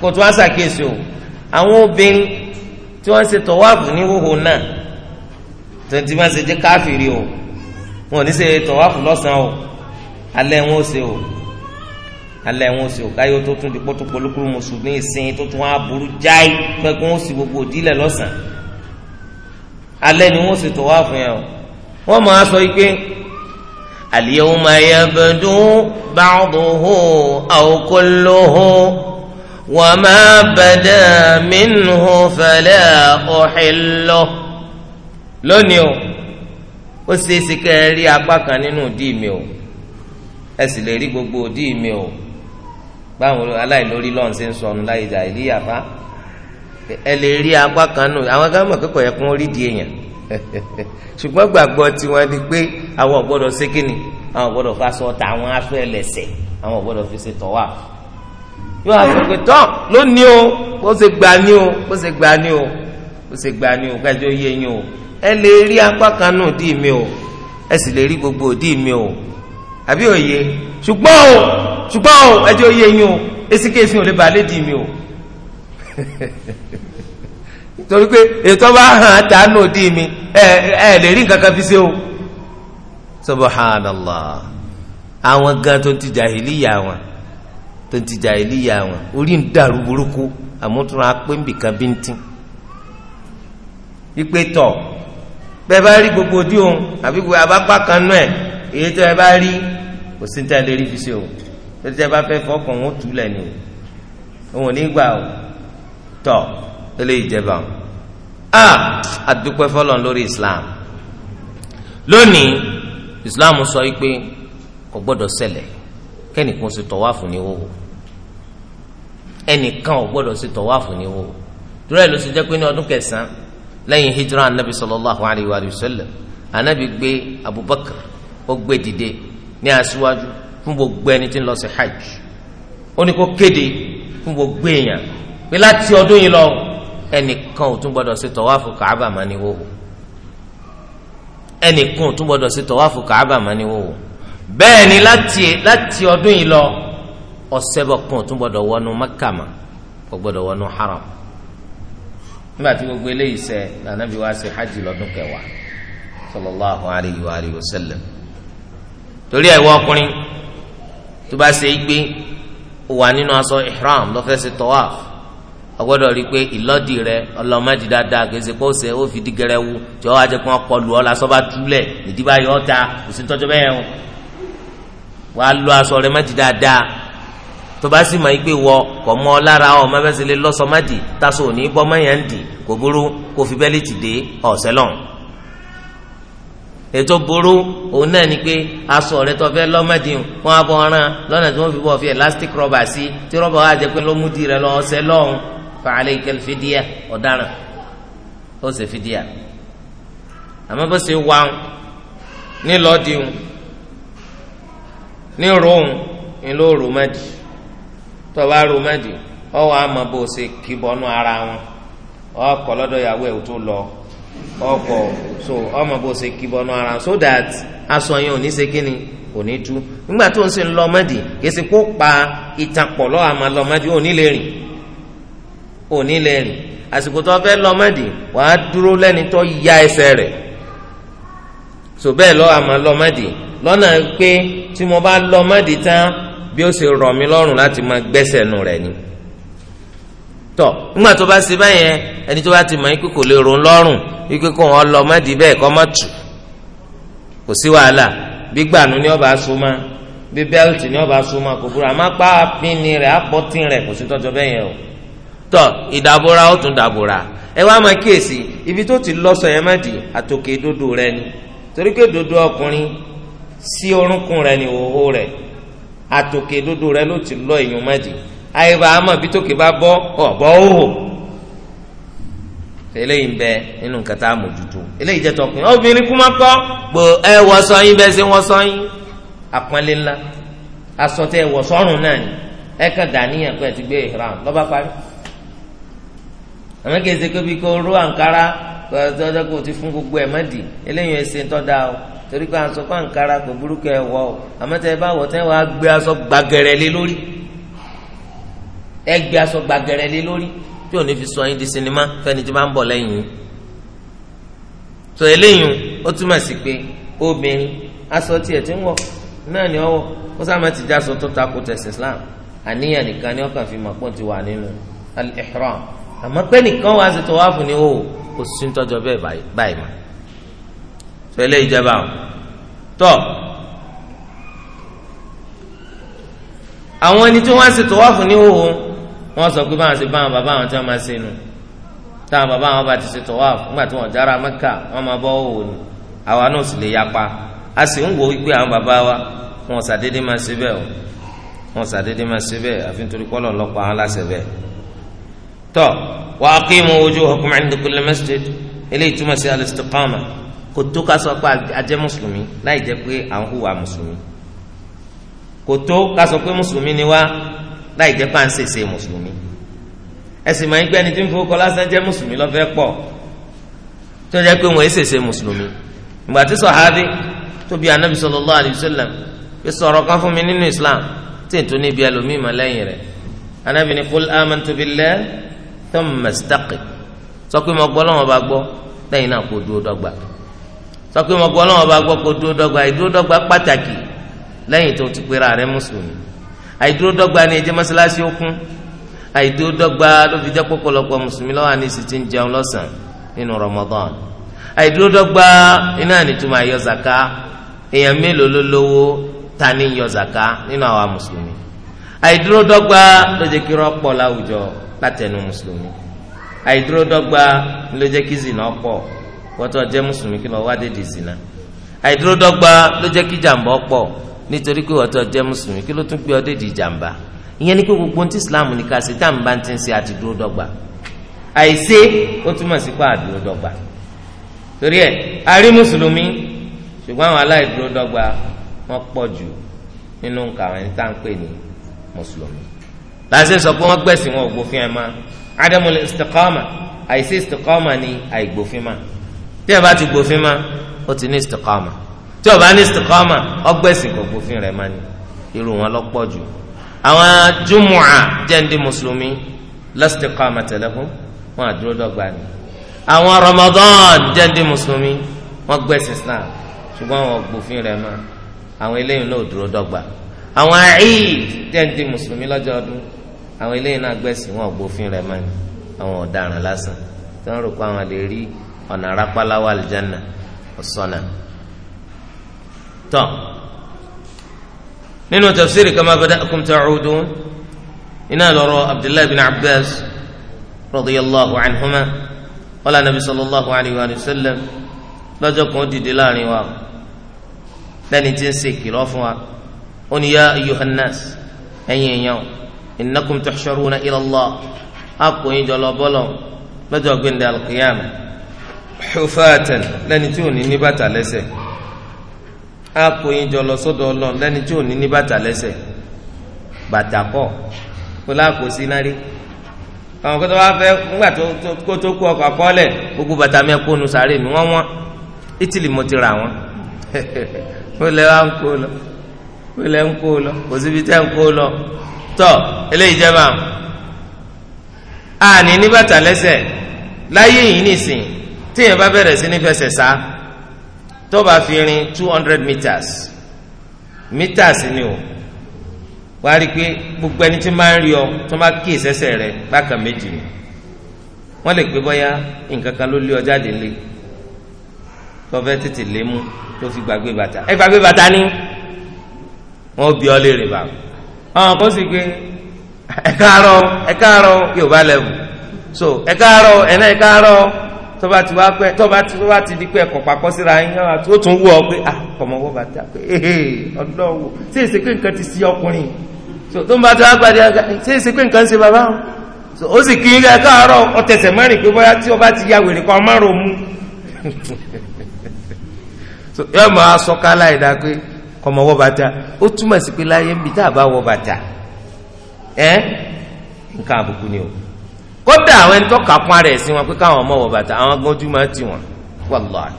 kó tó wá ṣàkíyèsí o àwọn obìnrin tí wọn ṣe tọwáàfù níwòho náà tó ti máa ṣe jẹ káfìrí o wọn ò ní ṣe tọwáàfù lọ́sàn o alẹ́ wọn ò ṣe o alẹ́ wọn ò ṣe o káyọ̀ tó tún di pọ́tò polúkúrú mùsùlùmí ìsìn tó tún wá burú jáì pé kó wọn sì gbogbo òdìlẹ̀ lọ́sàn-án alẹ́ ni wọn ò ṣe tọwáàfù yẹn o wọn máa sọ yìí pé. اليوم يبدو بعضه أو كله وما بدا منه فلا أحله lónìí o ó ṣeéṣe kẹ́ ẹ rí apá kan nínú ìdí mi o gbogbo ime o lọ́n ṣe ń sọnù láyé jà ìlíyàfá ẹ lè rí apá kan nù àwọn gámọ̀ kẹ́kọ̀ọ́ kún orí di èèyàn ṣùgbọ́n gbàgbọ́ tiwọn ni pé àwọn ò gbọ́dọ̀ ṣe kíni àwọn ò gbọ́dọ̀ fásọ tàwọn afẹ́ lẹ̀sẹ̀ àwọn ò fi ṣe tọ́wà yóò wá pé tán lónìí o bó ṣe gbà ní o bó ṣe gbà ní o bó ṣe gbà ní o kájọ yé yín o ẹ lè rí apá kan náà dì mí o ẹ sì lè rí gbogbo òdì mi o àbí òye ṣùgbọ́n o ṣùgbọ́n o ẹ jẹ́ yín o èsì kéèsì ò lè bàálẹ̀ dì mí o torí pé ètò bá hàn dànù dì mí ẹ ẹ lè rí nǹkan kan fi ṣe o subhanallah àwọn gan tó ti jàhìlíyà wọn tó ti jàhìlíyà wọn orí ń dàrú burúkú àmútúrọ̀ apẹ́ǹbìkan bíntín ìpè tọ̀ bẹ́ẹ̀ bá rí gbogbo ojú òun àbí gbogbo abápá kan nú ẹ̀ èyí tó ẹ bá rí kò sí ní tẹ́lẹ̀ rí fi ṣe o tó tẹ́ bá fẹ́ fọ́kàn wọn tù lẹ́nu òun ò ní gbà o tọ̀ ó lè o a àdúpẹ́ fọlọ́n lórí islam Loni, islam sọ pé kò gbọ́dọ̀ ṣẹlẹ̀ kẹ́nìkan ṣe tọ́wáfù ní wò ẹnìkan ò gbọ́dọ̀ ṣe tọ́wáfù ní wò dúró ẹ̀ ló ṣe jẹ́ pé ní ọdún kẹsàn anabi sallallahu alayhi wa sallam anabi gbé abubakar ó gbé dìde ní aṣíwájú fún gbogbo ẹni tí ń lọ sí hajj ó ní kó kéde fún gbogbo èèyàn pé láti ọdún yìí lọ ẹnìkan ò tún gbọdọ̀ ṣe tọ̀wáfù kàábà má ní wò wò ẹnìkan ò tún gbọdọ̀ ṣe tọ̀wáfù kàábà má ní wò wò bẹ́ẹ̀ ni láti láti ọdún yìí lọ ọ̀sẹ̀bọ̀ ò tún gbọdọ̀ wọnú Mẹ́kà kò gbọdọ̀ wọnú haram nígbà tí gbogbo eléyìí ṣẹ lànàbí wa ṣe hajj lọ́dún kẹwàá sallallahu alayhi wa alihi wa sallam torí ẹ̀wọ́ ọkùnrin tó bá ṣe é gbé wà nínú aṣọ ihram ọgbọ́dọ̀ rí i pé ìlọ́dì rẹ ọlọ́mọdé dáadáa kèsì kó ṣe ó fi dìgẹrẹ wu jọ wá jẹ kó wọn kọlu ọ lásán bá túlẹ̀ ìdíbà yọ ọ́ ta kò sí tọ́jú bẹ́ẹ̀ o wà á lo aṣọ rẹ mọ́dì dáadáa tó bá sì mọ̀ yí pé wọ kọ̀ mọ́ ọ lára ọ mọ́ bẹ́sẹ̀ lé lọ́sọ mọ́dì òní bọ́ mọ́yà ń dì kò burú kó fi bẹ́lí ti dé ọ̀sẹ̀ lọ́n ètò burú òun náà ni pé aṣọ rẹ tó fẹ́ lọ́mọdìhùn wọn á bọ̀ ọ̀ràn tí wọ́n fi bọ̀ fi elastic rọ́bà sí tí rọ́bà wà jẹ́ pé ló mú di rẹ lọ ọ̀sẹ̀ lọ́hùn fàálẹ̀ ike ọ̀daràn ó sì fídíà àmọ́ bó ṣe wá ń nílọ́ọ̀dì ní rome ń ló romadi ọwọ́ àmọ́ bó ara wọn ọkọ̀ lọ́dọ̀ ìyàwó ẹ̀ tó lọ ọkọ̀ so ọmọ bó ṣe ara so that aṣọ yẹn ò ní ṣe kí ni lọ kì í òní lè rìn àsìkò tó fẹ́ lọ́mọdì wàá dúró lẹ́ni tó ya ẹsẹ̀ rẹ̀ so bẹ́ẹ̀ lọ́ àmọ́ lọ́mọdì lọ́nà pé tí mo bá lọ́mọdì tán bí ó ṣe rọ̀ mí lọ́rùn láti máa gbẹ́sẹ̀ nù rẹ̀ ni tọ nígbà tó bá ṣe báyẹn ẹni tó bá ti mọ ikú kò lè rò lọ́rùn ikú kò wọn lọ mọ́dì bẹ́ẹ̀ kọ́ mọ́ tù kò sí wàhálà bí gbànú ni ọba súnmọ́ bí bẹ́ẹ̀lì ni ọba súnmọ́ kò búra má pa pínni rẹ̀ àpótí rẹ̀ kò sí tọ́jọ́ bẹ́yẹn o. tọ ịdabora ó tún dàbòrà ẹ wá ibi tó ti lọ sọ yẹn má di àtòkè dodo rẹ ni torí pé dodo ọkùnrin sí orúnkún rẹ ni òhó rẹ àtòkè dodo rẹ ló lọ èèyàn má di àyèbá bá bọ ọbọ òhò eléyìí ń bẹ nínú nǹkan tá a eléyìí kọ gbò ẹ wọ sọyìn bẹ ṣe wọ sọyìn àpọnlé ńlá wọ sọrùn ẹ kàn ti gbé àmọ́ kìí ṣe pé bí kò ró àǹkárá tọ́jọ́ kò ti fún gbogbo ẹ̀ mọ́dì eléyìí ẹ̀sìn tọ́ da o torí pé aṣọ pa àǹkárá kò burúkú ẹ̀ wọ́ o àmọ́ tẹ́ ẹ bá wọ̀ tẹ́ wàá gbé aṣọ gbàgẹ̀rẹ̀ lé lórí ẹ gbé aṣọ gbàgẹ̀rẹ̀ lé lórí tí ò ní fi sọ yín di sinimá fẹ́ni tí máa ń bọ̀ lẹ́yìn tó eléyìí ó túmọ̀ sí pé obìnrin aṣọ tiẹ̀ ti ń wọ̀ náà ni ọwọ́ ó sábà ti dá aṣọ tó takò tẹ̀sí Islam àníyàn nìkan ni ọkàn fi mọ̀ pọ̀ ti wà nínú al-ihram àmọ́ pé nìkan wá sí tọwáfù ní o kò sí ń tọ́jọ́ bẹ́ẹ̀ báyìí mọ́ fẹlẹ́ ìjọba o tọ́ àwọn ẹni tí wọ́n á sì tọwáfù ní o wọ́n sọ pé báwọn ṣe báwọn bàbá àwọn tí wọ́n máa ṣe nù táwọn bàbá àwọn bá ti ṣe tọwáfù nígbà tí wọ́n jára Mẹ́kà wọ́n máa bọ́ òwò ni àwa náà sì lè yapa a sì ń wo wípé àwọn bàbá wa wọn ṣàdédé máa ṣe bẹ́ẹ̀ o wọn ṣàdédé máa ṣe bẹ́ẹ̀ àfi nítorí kọ́lọ̀ lọ́pàá wọn láṣẹ bẹ́ẹ̀ tọ́ wa aqimu wujuhakum 'inda kulli masjid eléyìí túmọ̀ sí al-istiqama kò tó ká sọ pé ajẹ́ mùsùlùmí láì jẹ́ pé à ń hùwà mùsùlùmí kò tó ká sọ pé mùsùlùmí ni wá láì jẹ́ pé à ń ṣèṣe mùsùlùmí ẹ̀sìn máa ń gbẹ́ni tí ń fowó kọ́ lásán jẹ́ mùsùlùmí lọ́fẹ́ pọ̀ tó jẹ́ pé wọ́n ẹ̀ ṣèṣe mùsùlùmí ìgbà tí sọ̀hábí tó anabi sọ̀rọ̀ kan thumma istaqim sọ pé mo gbọ́ lọ́wọ́ bá gbọ́ lẹ́yìn náà kò dúró dọ́gba sọ pé mo gbọ́ lọ́wọ́ bá gbọ́ kò dúró dọ́gba ìdúró dọ́gba pàtàkì lẹ́yìn tó ti pera rẹ̀ mùsùlùmí àìdúró dọ́gba ni ẹjẹ́ mọ́sálásí ó kún àìdúró dọ́gba ló fi jẹ́ pọ́pọ́lọpọ̀ mùsùlùmí lọ́wọ́ àní sì ti ń jẹun lọ́sàn nínú Ramadan àìdúró dọ́gba iná nìtumọ̀ àyọ zaka èèyàn mélòó ló lówó ta ni yọ zaka nínú àwa mùsùlùmí àìdúró dọ́gba ló jẹ́ kí rọ́pọ̀ láwùjọ látẹnu mùsùlùmí àìdúró dọ́gba ló jẹ́ kí zina pọ̀ wọ́tọ̀ mùsùlùmí kí lọ wá dédìí zina àìdúró dọ́gba ló jẹ́ kí jàǹbá ọpọ nítorí pé wọ́tọ̀ jẹ́ mùsùlùmí kí ló tún gbé ọ dédìí jàǹbá ìyẹn ni pé gbogbo ohun tí islam ní ká ṣe tá à ń bá ti ń ṣe àti dúró a rí mùsùlùmí ṣùgbọ́n àwọn aláìdúró láti sọ pé wọ́n gbẹ̀sìn wọn ò gbófin ẹ̀ máa ádámù istikọ́mà àìsí istikọ́mà ni àìgbófin máa tí ẹ bá ti gbófin máa ó ti ní istikọ́mà tí ó bá ní istikọ́mà ọgbẹ̀sìn kò gbófin rẹ̀ máa ni irú wọn lọ́pọ̀ jù àwọn júmùà jẹ́ndé mùsùlùmí lọ́stikọ́mà tẹ̀lẹ́kùn wọn àdúró dọ́gba ni àwọn Ramadan jẹ́ndé mùsùlùmí wọn gbẹ̀sìn Islam ṣùgbọ́n wọn gbófin rẹ̀ máa àwọn eléyìí náà dúró dọ́gba àwọn Eid jẹ́ndé mùsùlùmí lọ́jọ́ ọdún àwọn eléyìí náà gbẹ̀sìn wọn ògbófin rẹ̀ mọ́ ni àwọn ọ̀daràn lásán tí wọ́n rò pé àwọn lè rí ọ̀nà arápáláwá àlìjáná ọ̀sọ́nà. tọ́ nínú tafsiri kama bada'akum ta'udun iná lọ́rọ̀ abdullahi bin abbas radiyallahu anhuma wala nabi sallallahu alayhi wa sallam lọ́jọ́ kan dìde láàrin wa lẹ́ni tí ń ṣe kìlọ̀ fún wa ó ní yá ayyuhan nas ẹ̀yin innakum tuhsharuna ila Allah akọ yín jọlọ Bolo. lọ́jọ́ gbẹndẹ alqiyama hufatan lẹni tí ò ní ní bàtà lẹ́sẹ̀ lẹni tí o ní ní bàtà lẹ́sẹ̀ bàtà kọ kò sí nárí àwọn kótó wá fẹ́ ńgbà tó tó kú ọkọ àkọọlẹ gbogbo bàtà mi kó nu sàárè mi wọn wọn Italy mo ti wọn kò síbi tẹ lọ. tọ́ eléyìí jẹ́ bá a ní ní bàtà lẹ́sẹ̀ láyé yìí nìsín téèyàn bá bẹ̀rẹ̀ sí ní fẹsẹ̀ sá tó bá fi rin two hundred meters meters ni o wàá rí i pé gbogbo ẹni tí máa ń rí ọ tó máa kí ìsẹsẹ rẹ bákan méjì ni wọn lè gbé bóyá nǹkan kan ló lé ọ jáde lé tọfẹ tètè lé mú ló fi gbàgbé bàtà ẹ gbàgbé bàtà ni wọn bí ọ léèrè báwọn àwọn kan sì gbé ẹ káàárọ̀ ẹ káàárọ̀ yorùbá lẹ́wù so ẹ káàárọ̀ ẹ náà ẹ káàárọ̀ tọba ti wá pẹ tọba ti wá ti di pẹ kọpa kọsíra yín náà tó tún wú ọ pé ah kọmọ wọ bàtà pé ee ọdọ wo ṣé èsì pé nǹkan ti si ọkùnrin so tó ń bá ti wá gbàdé àgbà ṣé èsì pé nǹkan ń ṣe bàbá o so ó sì kí ẹ káàárọ̀ ọtẹsẹ mẹ́rin pé bóyá tí ọba ti ya wèrè kan ọmọ rò mú so yọọ máa sọ ká láì dá pé kọmọ wọ bàtà ó túmọ̀ sí pé láyé ń bi tá a bá wọ bàtà ẹ nǹkan àbùkù ni o kódà àwọn ẹni tó kà kún ara ẹ̀ sí wọn pé káwọn ọmọ wọ bàtà àwọn agbọ́n ojú ti wọn wàláì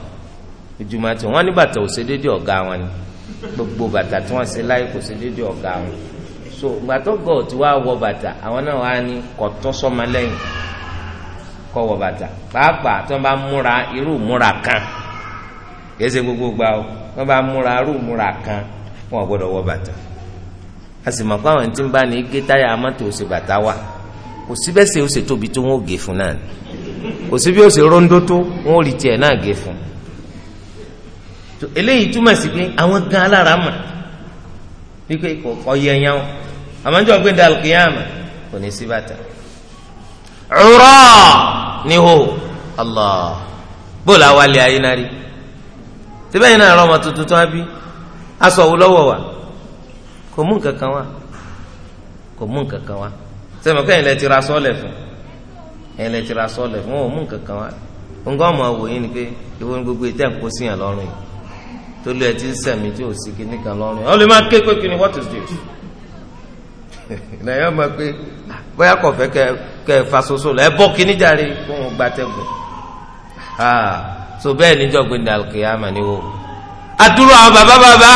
ojú máa ti wọn ní bàtà ò ṣe déédéé ọ̀gá wọn ni gbogbo bàtà tí wọ́n ṣe láyé kò ṣe déédéé ọ̀gá wọn so gbàtọ́ gọ̀ọ́ tí wàá wọ bàtà àwọn náà wàá ní kọ̀tọ́ sọ́mọ lẹ́yìn kọ́ wọ bàtà pàápàá tí wọ́n bá múra irú múra kan kìí ṣe gbogbo gba o wọn bá múra arú múra kan wọn gbọ́dọ̀ wọ bàtà a sì mọ̀ pé àwọn tí ń bá ní gé táyà mọ́tò òsè bàtà wà kò síbẹ̀ ṣe òsè tóbi tó wọn ò gé fún náà kò síbẹ̀ òsè róńdó tó wọn ò rí tiẹ̀ náà gé fún eléyìí túmọ̀ sí pé àwọn gan alára mọ̀ wípé kò yẹ yẹn o àmọ́jọ́ gbé dàlùkìyàmù kò ní sí bàtà ọ̀rọ̀ ni hó Allah bó la wà lé náà rí. síbẹ̀ yìí náà rọmọ tuntun tó wá bí aṣọ òwú lọ́wọ́ wa kò mú nǹkan kan wá kò mú nǹkan kan wá sẹ́mi ti ra sọ́ọ̀lẹ̀ fún ẹ̀yìn ti ra sọ́ọ̀lẹ̀ fún wọn mú nǹkan kan nǹkan ọmọ ni pé ìwọ ni gbogbo ìtẹ́ kó síyàn lọ́rùn yìí sí so bẹ́ẹ̀ níjọ́ gbẹ̀ndẹ̀ alkiyama ni wò adúrò àwọn bàbá bàbá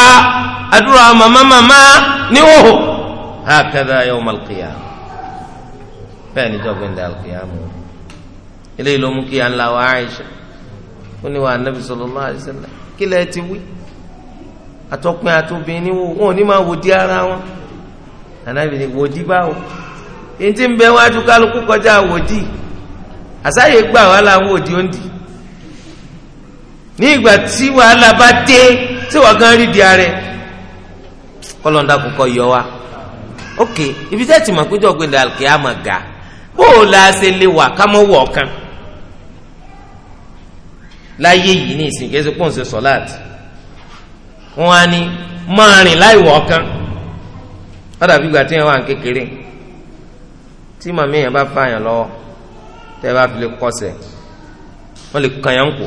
adúrò àwọn màmá màmá ni wò hakadha yawm alkiyama bẹ́ẹ̀ níjọ́ gbẹ̀ndẹ̀ alkiyama wò eléyìí ló mú kí Aisha ó ní wa anabi sallallahu alaihi wasallam kí lẹ́ẹ̀ ti wí atọ́pin àtòbìnrin ni wò wọn ò ní máa wò di ara wọn anabi ni wò di ń bẹ ní ìgbà tí wàhálà bá dé tí wàá gan rí di arẹ kọlọ́ńdà kọ́kọ́ yọ wa ok ibi tẹ́tì mọ̀ pé jọ̀gbìn dàlùkì àmọ̀ ga bó o la ṣe lè wà kámọ́ wọ̀ ọ̀kan láyé yìí ní ìsìn kẹsì pọ̀ ń ṣe sọ́láàtì wọn á ní máa rìn láì wọ̀ ọ̀kan wọ́n dàbí ìgbà tí yẹn wà ní kékeré tí màmí yẹn bá fà lọ́wọ́ tẹ́ bá fi lè kọsẹ̀ wọ́n lè kàn yẹn kù.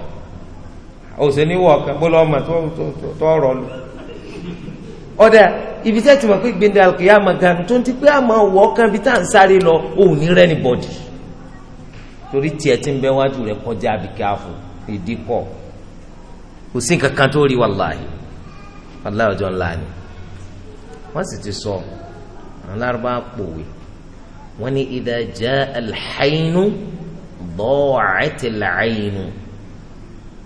òsè ní wọ̀ọ̀kan bó lọ́ọ́ mà tó ọ̀rọ̀ lò ọ̀dà ibi tẹ́ ti mọ̀ pé gbẹ̀ndẹ̀ àlùkìyà máa ganu tó ń ti pé àmọ́ wọ́ọ̀ kan ibi tá à ń sáré lọ òun ní rẹ́ni bọ̀dì torí tiẹ̀ ti ń bẹ wájú rẹ̀ kọjá àbíkẹ́ àfọ̀ ìdí pọ̀ kò sí kankan tó rí wàláhì wàláhì ọjọ́ ńlá ni wọ́n sì ti sọ àwọn lárúbá pòwe wọ́n ní ìdájà alḥainu bọ́ọ̀ àti làáyinu.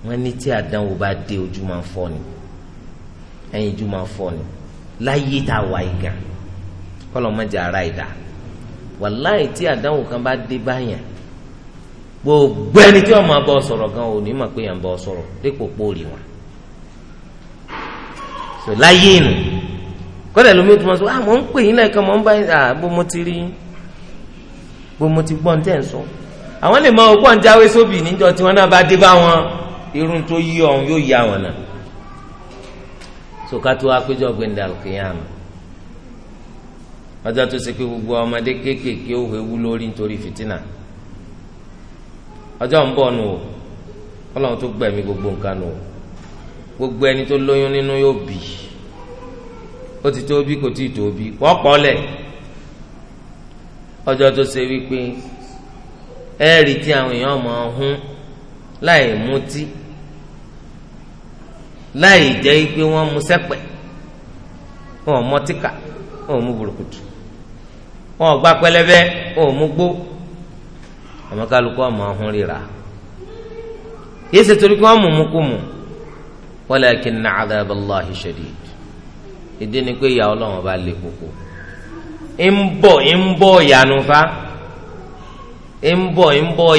wọ́n ní tí àdánwò bá dé ojú máa ń fọ́ ni ẹ̀yin ojú máa ń ni láyé tá a wà yìí gan kọ́lọ́ má jẹ́ ara ìdá wàláì tí àdánwò kan bá dé báyàn gbogbo ẹni tí wọ́n máa bọ́ gan ò ní pe pé yàn bọ́ sọ̀rọ̀ dípò pòórì wọn so láyé nù kọ́dà lómi tó máa sọ ah mo ń pè yín lẹ́ẹ̀kan mo ń bá yín ah, mo ti rí bó mo ti tẹ̀ ń sọ àwọn lè máa jáwé sóbì níjọ tí wọ́n náà irun tó yí ọ̀hún yóò yá wọn So sokatu akpẹjọ gbẹndẹ alukiyama ọjọ́ tó ṣe pé gbogbo ọmọdé kéékèèké ó hewu lórí nítorí fìtínà ọjọ́ ń bọ̀ nù o Ọlọ́run tó gbẹ̀mí gbogbo nǹkan nù o gbogbo ẹni tó lóyún nínú yóò bì ó ti tó bí kò tí ì tó bí wọ́n pọ̀ lẹ̀ ọjọ́ tó ṣe wípé ẹ̀ẹ́rì tí àwọn èèyàn mọ̀ ọ́n hún láì mutí. láì jẹ́ pé wọ́n mu sẹ́pẹ̀ wọn mọ tíkà wọn mu burúkutu wọn ò pẹlẹbẹ wọn mu gbó ka kálukú ọmọ ọhún ríra yìí ṣe torí pé mú mú kú mu shadid ìdí ni pé ìyà Ọlọ́run bá lè koko ń bọ̀ ń bọ̀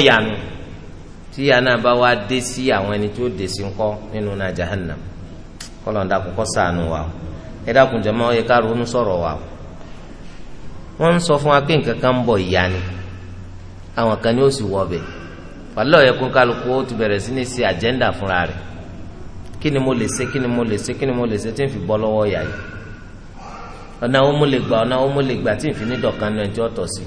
tí yàrá bá wá dé sí àwọn ẹni tí ó dé sí ńkọ́ nínú náà jahannam kọlọ̀ ń dákun kọ́ sànù wa ẹ dákun jẹ́ ẹ wa o wọ́n ń sọ fún wa pé nǹkan kan ń ìyá ni àwọn kan ni ó sì wọ ọbẹ̀ wàlẹ́ ọ̀yẹ́ kún kálukú ó ti bẹrẹ sí ni mo lè ṣe kí ni mo lè ṣe kí ni mo lè ṣe tí fi ìyá yìí ọ̀nà lè gbà ọ̀nà lè gbà tí fi ní dọ̀kan náà tọ̀ sí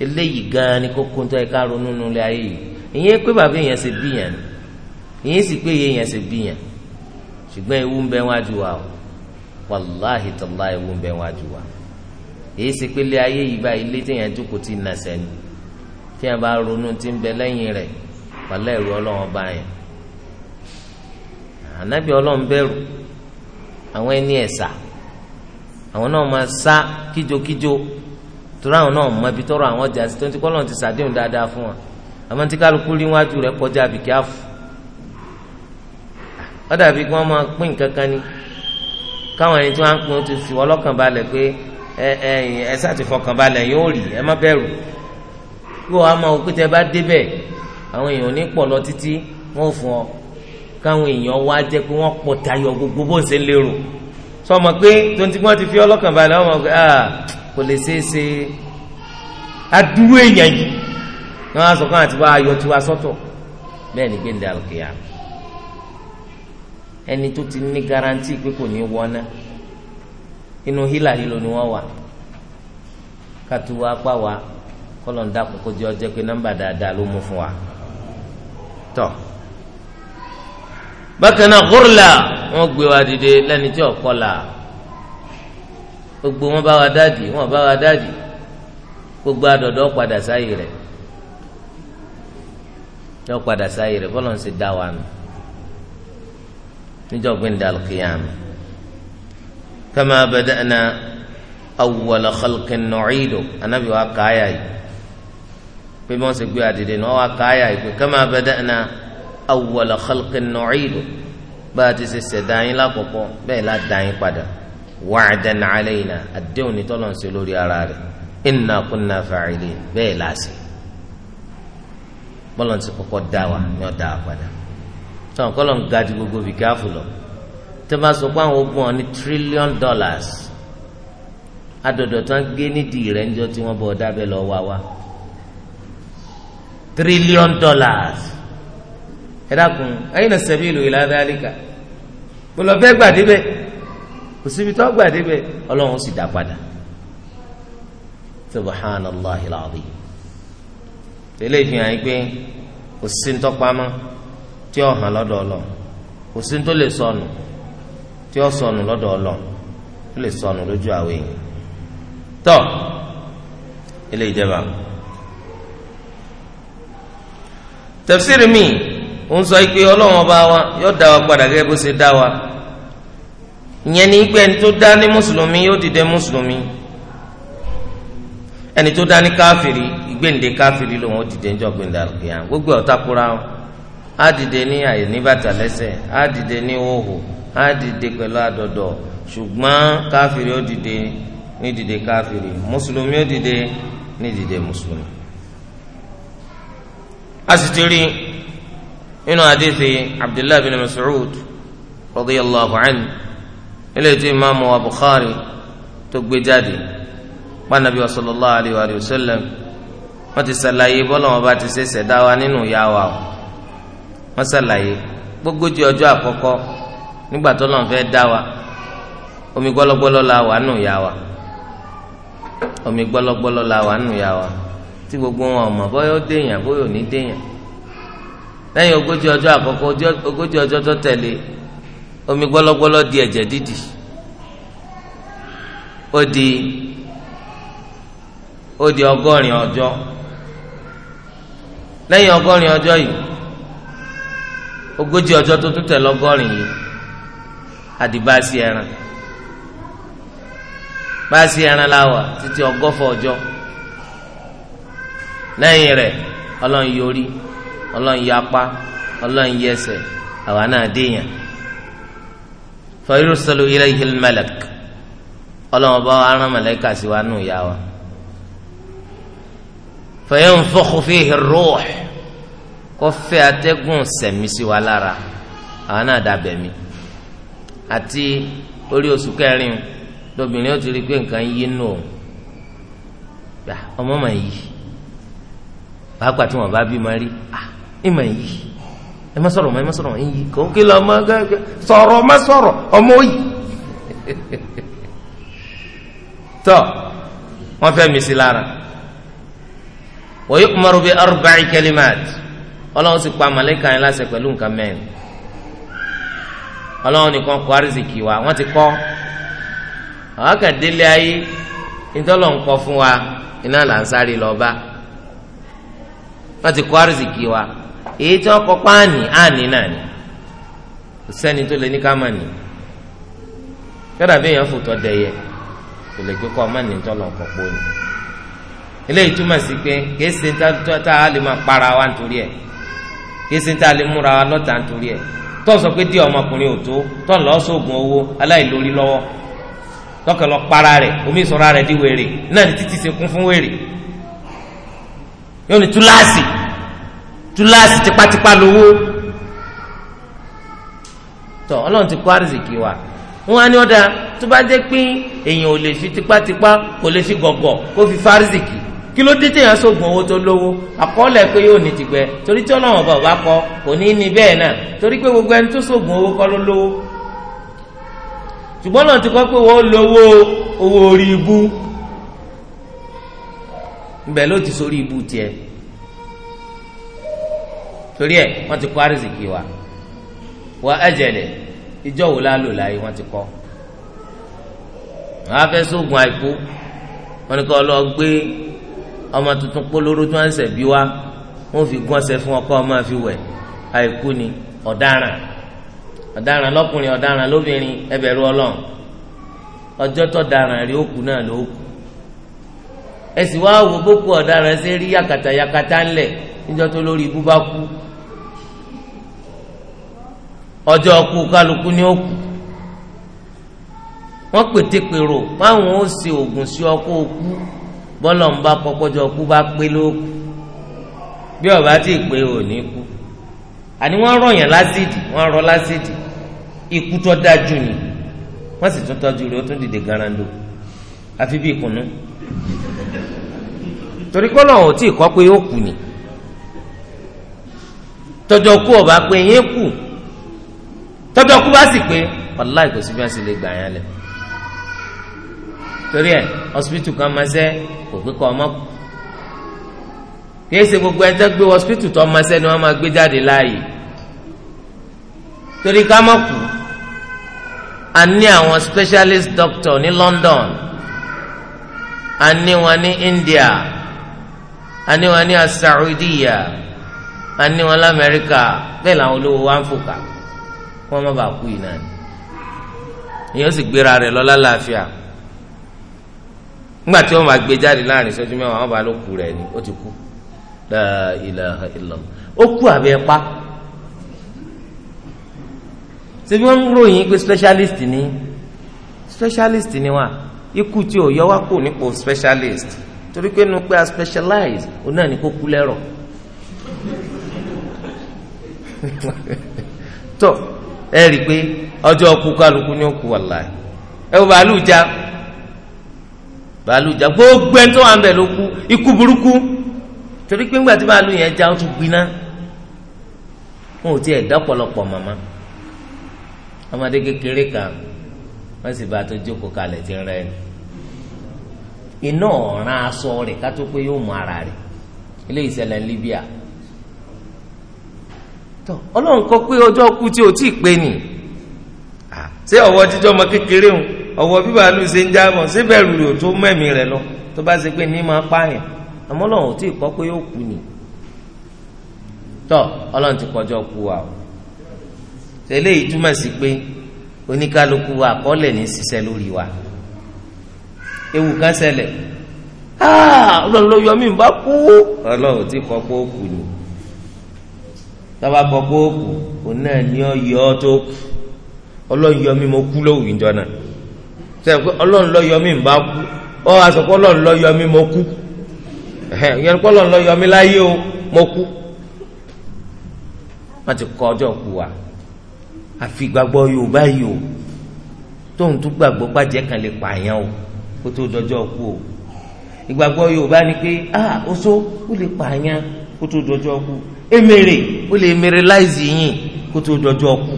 eléyìí gan-an ni kókó ká ronú nulẹ̀ ìyẹn pé bàbá èèyàn ṣe bíyàn ni ìyẹn sì pé èèyàn ṣe bíyàn ṣùgbọ́n ewu ń bẹ wájú wa o wàláhì tọ́lá ewu ń bẹ wájú wa èyí ṣe pé ilé ayé yìí bá ilé ti nà sẹ́ni téèyàn bá ronú ti ń bẹ lẹ́yìn rẹ̀ ọlọ́run bá yẹn ànábì ọlọ́run bẹ̀rù àwọn ẹni ẹ̀sà àwọn náà máa sá kíjokíjo torí àwọn náà mọ àwọn ọjà ti kọ́ àmọ́ tí kálukú rí wájú rẹ̀ kọjá àbíkí àfọ̀ ó dàbí kí wọ́n máa pín nǹkan kan ni káwọn ẹni tí wọ́n á pín ó ti fi ọlọ́kàn balẹ̀ pé ẹ ẹ ẹ sá ti fọkàn balẹ̀ yóò rí ẹ má bẹ̀rù kí wọ́n á máa wò pé tẹ bá débẹ̀ àwọn èèyàn ní pọ̀ lọ títí wọ́n fún ọ káwọn èèyàn wá jẹ́ pé wọ́n pọ̀ tayọ gbogbo bó ń ṣe lérò sọmọ pé tonti wọ́n ti fi ọlọ́kàn balẹ̀ wọ́n mọ̀ pé ah, kò lè ṣeé ṣe adúrú èèyàn yìí wọn á sọ fún àti bá ayọ tiwa sọ́tọ̀ bẹ́ẹ̀ ni gbẹndé àlùkìyà ẹni tó ti ní garanti pé kò ní wọná inú hílà lílo ni wọn wà kátó wa pa wa kọlọ ń dàpọ̀ kó jẹ́ ọjọ́ pé nọ́mbà dáadáa ló mú fún wa tọ́ bákan náà gúrúlà wọn gbé wa dìde lẹ́ni tí ọ̀kọ́ la gbogbo wọn bá wa dáàdì wọn bá wa dáàdì gbogbo àdọ̀dọ̀ padà sáyé rẹ̀ yóò padà sáyé rẹ̀ bọ́lọ̀ ń ṣe dá wa nù níjọ́ gbẹ̀ndé alqiyam kama bada'na awwala khalqin nu'idu anabi wa kaaya yìí pé wọ́n sì gbé àdìdì náà wa kaaya yìí pé kama bada'na awwala khalqin nu'idu bá a ti ṣe ṣẹ̀dá yín la dá padà wa'dan alayna àdéhùn ní tọ́lọ̀ ń lórí ara rẹ̀ inna kunna fa'ilin bẹ́ẹ̀ la bọ́lọ̀ ti kọ́kọ́ dá wa ni ọ̀ dá wa padà tọ́wọ́n kọ́ ló ń ga ju gbogbo fi káfù lọ tó bá sọ pé àwọn ogun ọ̀ ní tírílíọ̀n dọ́làs adọ̀dọ̀ tó ń gé nídìí rẹ̀ níjọ́ tí wọ́n bọ̀ dábẹ́ lọ wá wa tírílíọ̀n dọ́làs ẹ dákun ẹ̀yin náà sẹ́bi ìlú ìlànà àríkà mo lọ kò síbi tó gbàdébẹ̀ ọlọ́run sì dá padà subhanallah ilaahi tẹ́lẹ̀ fi hàn yín pé òsín tó pamọ́ tí ó hàn lọ́dọ̀ ọlọ òsín tó lè sọnù tí ó sọnù lọ́dọ̀ ọlọ ó lè sọnù lójú àwọn èèyàn tọ ilé ìjẹba tafsir mi ń sọ pé ọlọ́run ọba wa yóò dá wa padà gẹ́gẹ́ bó ṣe dá wa ìyẹn ni pé ẹni tó dá ní mùsùlùmí yóò dìde mùsùlùmí ẹni tó dá ní káfìrí gbẹ̀ǹde káfíìrì lòun ó dìde ńjọ́ gbẹ̀ǹde àlùkìyàn gbogbo ọ̀tá kura wọn á dìde ní àyè ní bàtà lẹ́sẹ̀ á dìde ní òhò á dìde pẹ̀lú àdọ̀dọ̀ ṣùgbọ́n káfíìrì ó dìde ní dìde káfíìrì mùsùlùmí ó dìde ní dìde mùsùlùmí. a sì ti rí inú hadithi abdullahi bin mas'ud radiyallahu anhu ilé tí imaamu wa bukhari tó gbé jáde pa nabi wa sallallahu alayhi wa sallam wọ́n ti ṣàlàyé bọ́lá bá ti ṣe ṣẹ̀dá wa nínú ìyá wa o wọ́n ṣàlàyé gbógójì ọjọ́ àkọ́kọ́ nígbà tó lọ́n fẹ́ dá wa omi gbọ́lọ́gbọ́lọ́ la wà nù ìyá wa omi gbọ́lọ́gbọ́lọ́ la wà nù ìyá wa tí gbogbo wọn ò mọ̀ bóyá ó déyàn bóyá ò ní déyàn lẹ́yìn ogójì ọjọ́ àkọ́kọ́ ogójì ọjọ́ tó tẹ̀lé omi gbọ́lọ́gbọ́lọ́ di ẹ̀jẹ̀ dídì ó di ó di ọgọ́rin ọjọ́. lẹ́yìn ọgọ́rin ọjọ́ yìí ogójì ọjọ́ tó tún tẹ̀lé ọgọ́rin yìí àdìbáàsì ẹran báàsì ẹran láwà títí ọgọ́fọ̀ ọjọ́ lẹ́yìn rẹ̀ ọlọ́run yorí ọlọ́run yapá ọlọ́run yẹsẹ̀ àwa náà déèyàn ọlọ́run sí wa nù yá wa. fayanfukhu fihi ruh kó fẹ́ atẹ́gùn sẹ̀mí sí wa lára àwọn náà dàbẹ̀ mí àti orí oṣù kẹrin lóbìnrin ó ti rí i pé nǹkan yí nù òun gbà ọmọ mà yí pàápàá tí wọn bá bí ma rí à ẹ mà yí ẹ má sọ̀rọ̀ mọ́ ẹ má sọ̀rọ̀ mọ́ ẹ yí kò kí lọ ọmọ gẹ́gẹ́ sọ̀rọ̀ má sọ̀rọ̀ ọmọ òyì tọ́ wọ́n fẹ́ mi sí lára. wa yu'maru bi arba'i kalimat ọlọ́run sì pa màlẹ́kà yẹn láṣẹ pẹ̀lú nǹkan mẹ́rin ọlọ́run nìkan kọ àrísìkì wa wọ́n ti kọ́ àwọn akadélé ayé nítọ́lọ̀ ń kọ́ fún wa iná là ń sáré lọ bá ti àrísìkì wa èyí tí àní náà ni kò sẹ́ni tó ní ká ní bí èèyàn kò lè gbé kọ́ ní ń eléyìí túmọ̀ sí pé kìí ṣe tá a lè máa para wa nítorí ẹ̀ kìí ṣe tá a lè múra wa lọ́tà nítorí ẹ̀ tó sọ pé díẹ̀ ọmọkùnrin ò tó tó ń lọ sóògùn owó aláìlórí lọ́wọ́ tọkẹlọ para rẹ̀ omi ìsọra rẹ̀ di wèrè náà ní títí ṣe kún fún wèrè yóò ní túláàsì túláàsì tipátipá lówó tọ ọlọ́run ti kó àrísìkì wa wọn á ní ọ̀dà tó bá dé pín èèyàn ò lè fi tipátipá kò lè fi gọ̀gọ̀ kó fi fárísìkì kí ló dé téèyàn sógun owó tó lówó àkọọ́lẹ̀ pé yóò torí tí ọba kọ kò ní ní bẹ́ẹ̀ náà torí pé gbogbo ẹni tó sógun owó kọ́ ló lówó ṣùgbọ́n náà ti kọ́ pé wọ́n lówó owó orí ibú ọmọ tuntun polówó tó ń sẹ̀bi wá fi gbọ́nsẹ̀ fún ọkọ ọmọ fi wẹ àìkú ni ọ̀daràn ọdaràn lọkùnrin ọ̀daràn lóbìnrin ẹ bẹ̀rù ọjọ tó daràn rí náà ló ẹ wá wo boko ọdaràn ṣe rí yakata yakata tó lórí ibú bá kú ọkú kálukú pètè pèrò ó ṣe bọ́lọ̀ ń bá pọ́pọ́jọ kú bá pé lóòkù bí ọba tí ì pé òní kú àní wọ́n rọ̀ yẹn lásìdì wọ́n rọ lásìdì ikú tó dájú ni wọ́n sì tún tọ́jú rẹ̀ ó tún dìde garando àfi bí ìkùnnú torí kọ́ lọ́wọ́ tí ì kọ́ pé ó kù ni tọ́jọ́ kú ọba pé yín kù tọ́jọ́ kú bá sì pé wàláì bí wọ́n sì lè gbà yẹn lẹ́nu torí ẹ hospital kan máa ṣe kò pé kọ ọmọ kù kìí ṣe gbogbo ẹni tó gbé hospital tó máa ṣe ni wọ́n máa gbé jáde láàyè torí ká mọ̀ kù a ní àwọn specialist doctor ní London a ní wọn ní India a ní wọn ní asaudiya a ní wọn lamẹ́ríkà bẹ́ẹ̀ làwọn olówó wa ń fòkà wọ́n má bàa kú yìí náà ni èèyàn sì gbéra rẹ̀ lọ lálàáfíà. ngba tí wọ́n máa gbé jáde láàrin ìṣẹ́jú mẹ́wàá wọ́n bá ló kú rẹ̀ ni ó ti kú la ilaha illallah ó ku àbí pa ròyìn pé specialist ni specialist ni wa ikú tí ò yọ wá nípò specialist torí pé nu pé a specialize òun náà ní kó kú lẹ́rọ̀ tó ẹ rí kú kálukú ni ó kú wàláì ẹ bàálù já gbogbo ẹni tó wà ń bẹ̀ ló kú ikú burúkú torí pé ńgbà tí bàálù yẹn já ó tún gbiná wọn ò tiẹ̀ dọ́pọ̀lọpọ̀ màmá ọmọdé kékeré kan wọ́n sì bá tó jókòó kalẹ̀ tí ń rẹ́ iná ọ̀ràn aṣọ rẹ̀ kátó pé yóò mú ara rẹ̀ Libya tó ọlọ́run kọ pé ọjọ́ o tí ì pé nì ṣé ọwọ́ jíjọ́ ọmọ kékeré ọ̀wọ́ bí bàálù ṣe ń jábọ̀ síbẹ̀rù rẹ̀ tó mẹ́mí rẹ̀ lọ tó bá ṣe pé ní máa pààyàn àmọ́ lọ́wọ́ tí ì kọ́ pé yóò kú ni tọ́ ọlọ́run ti kọjọ́ kú wa o tẹ́lẹ̀ yìí túmọ̀ sí pé oníkálukú wa àkọọ́lẹ̀ ní ṣiṣẹ́ lórí wa ewu kan ṣẹlẹ̀ ọlọ́run ló bá kú ọlọ́run tí kọ́ pé ó kú ni tọ́ba kọ́ pé òun náà ni ọ yọ ọ tó kú ọlọ́run mo kú lówùú ìjọ náà sẹ́yìn pé ọlọ́run lọ́ọ́ yọmí ń bá kú ọ àṣọ pé ọlọ́run lọ́ọ́ yọmí mo kú ìyẹn pé ọlọ́run lọ́ọ́ yọmí láyé o mo kú wọ́n ti kọ́ ọjọ́ kú wa àfi gbàgbọ́ yorùbá yìí o tóun tún gbàgbọ́ pàjẹ́ kan lè pààyàn o kó tó dọjọ́ kú o ìgbàgbọ́ yorùbá ni pé ah oṣó ó lè pààyàn kó tó dọjọ́ kú emèrè ó lè emèrè láìsí yìn kó tó dọjọ́ kú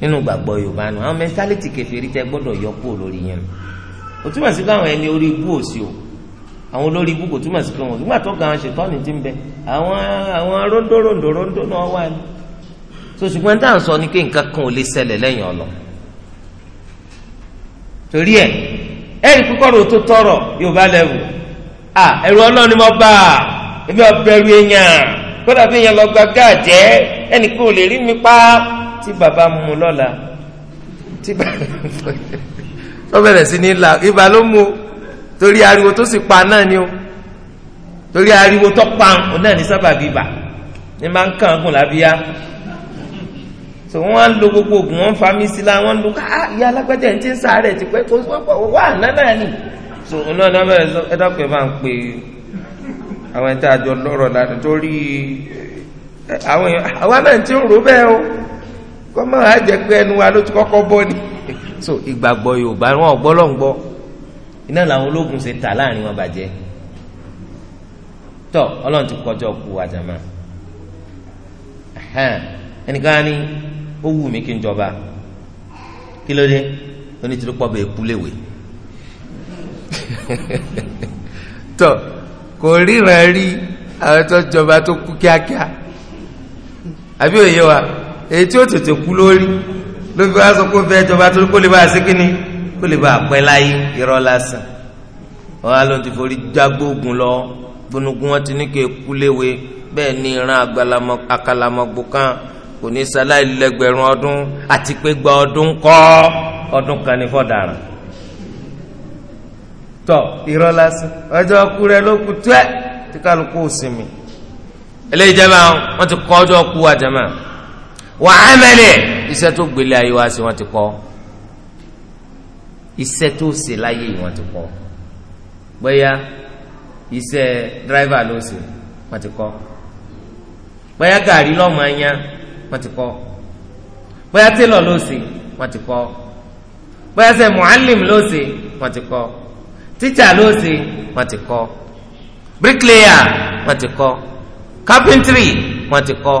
nínú gbàgbọ́ yorùbá nù àwọn mẹntálítì kẹfìrí tẹ gbọ́dọ̀ yọ kúrò lórí yẹn o túmọ̀ sí pé àwọn ẹni orí ibú òsì o àwọn olórí ibú kò túmọ̀ sí pé wọn nígbà tó ga àwọn ṣètọ́ni ti ń bẹ àwọn àwọn rondórondó rondó náà wà ní. so ṣùgbọ́n tá à ń sọ ni pé nǹkan kan ò lè ṣẹlẹ̀ lẹ́yìn ọ̀nà torí ẹ ẹ̀rí kíkọ́rọ̀ tó tọrọ yorùbá lẹ́wù à ẹ̀rù ọlọ́ni mọ́ bá a èmi èèyàn kódà tí bàbá mu lọ́la tí bàbá tó bẹ̀rẹ̀ sí ní là ibà ló mu torí ariwo tó sì pa náà ni o torí ariwo tó pa òun náà ní sábàbí ibà ní máa ń kàn án gùn lábíyá so wọn ń lo gbogbo oògùn wọn ń fa mísí la wọn ń lo ah ìyá alágbẹ́jẹ̀ ń ti ń sáré ti pẹ́ kó wà nánà ni so òun náà ní wọn bẹ̀rẹ̀ sọ ẹ dákun ẹ máa ń pè àwọn ẹ̀ta àjọ lọ́rọ̀ lánàá torí àwọn àwa náà ti ń rò bẹ́ẹ̀ o. kọ́ mọ́ á jẹ́ pé ẹnu wa ló ti kọ́kọ́ ni so ìgbàgbọ́ yorùbá wọn ọ̀gbọ́ lọ́n gbọ́ iná làwọn ológun ṣe láàrin wọn bàjẹ́ tọ ọlọ́run ti kọjọ ku àjàmá ẹnìkan á ó wù mí kí n jọba kí ló dé ó ní bẹ́ẹ̀ kú kò ríran rí àwọn tó jọba èyí tí ó tètè kú lórí ló fi wá sọ pé fẹ́ jọba tó kó lè bá a sí kínní kó lè bá a pẹ́ láyé irọ́ lásán ọ̀hán ló ti forí jágbóògùn lọ gbónúgún wọn ti ní kí ekú léwe bẹ́ẹ̀ ni ìran àkàlàmọ̀gbò kan kò ní sáláì lẹ́gbẹ̀rún ọdún àti pé gba ọdún kọ́ ọdún kan ní fọ́daràn tọ irọ́ lásán ọjọ́ ku rẹ ló ku tẹ́ tí kálukú ò sinmi eléyìí jẹ́ bá wọn ti kọ́ ọjọ́ ku àjẹmọ́ wà á mẹ́lẹ̀ iṣẹ́ tó gbélé ayé wá sí wọn ti kọ́ iṣẹ́ tó ṣe láyé wọn ti kọ́ bóyá iṣẹ́ dírẹ́fà ló ṣe wọn ti kọ́ bóyá gàrí lọ́mọ ẹ̀yán wọn ti kọ́ bóyá télọ̀ ló ṣe wọn ti kọ́ bóyá ṣe muallim ló ṣe wọn ti kọ́ tíṣà ló ṣe wọn ti kọ́ bíríkìlẹ́yà wọn ti kọ́ kápẹ́ntìrì wọn ti kọ́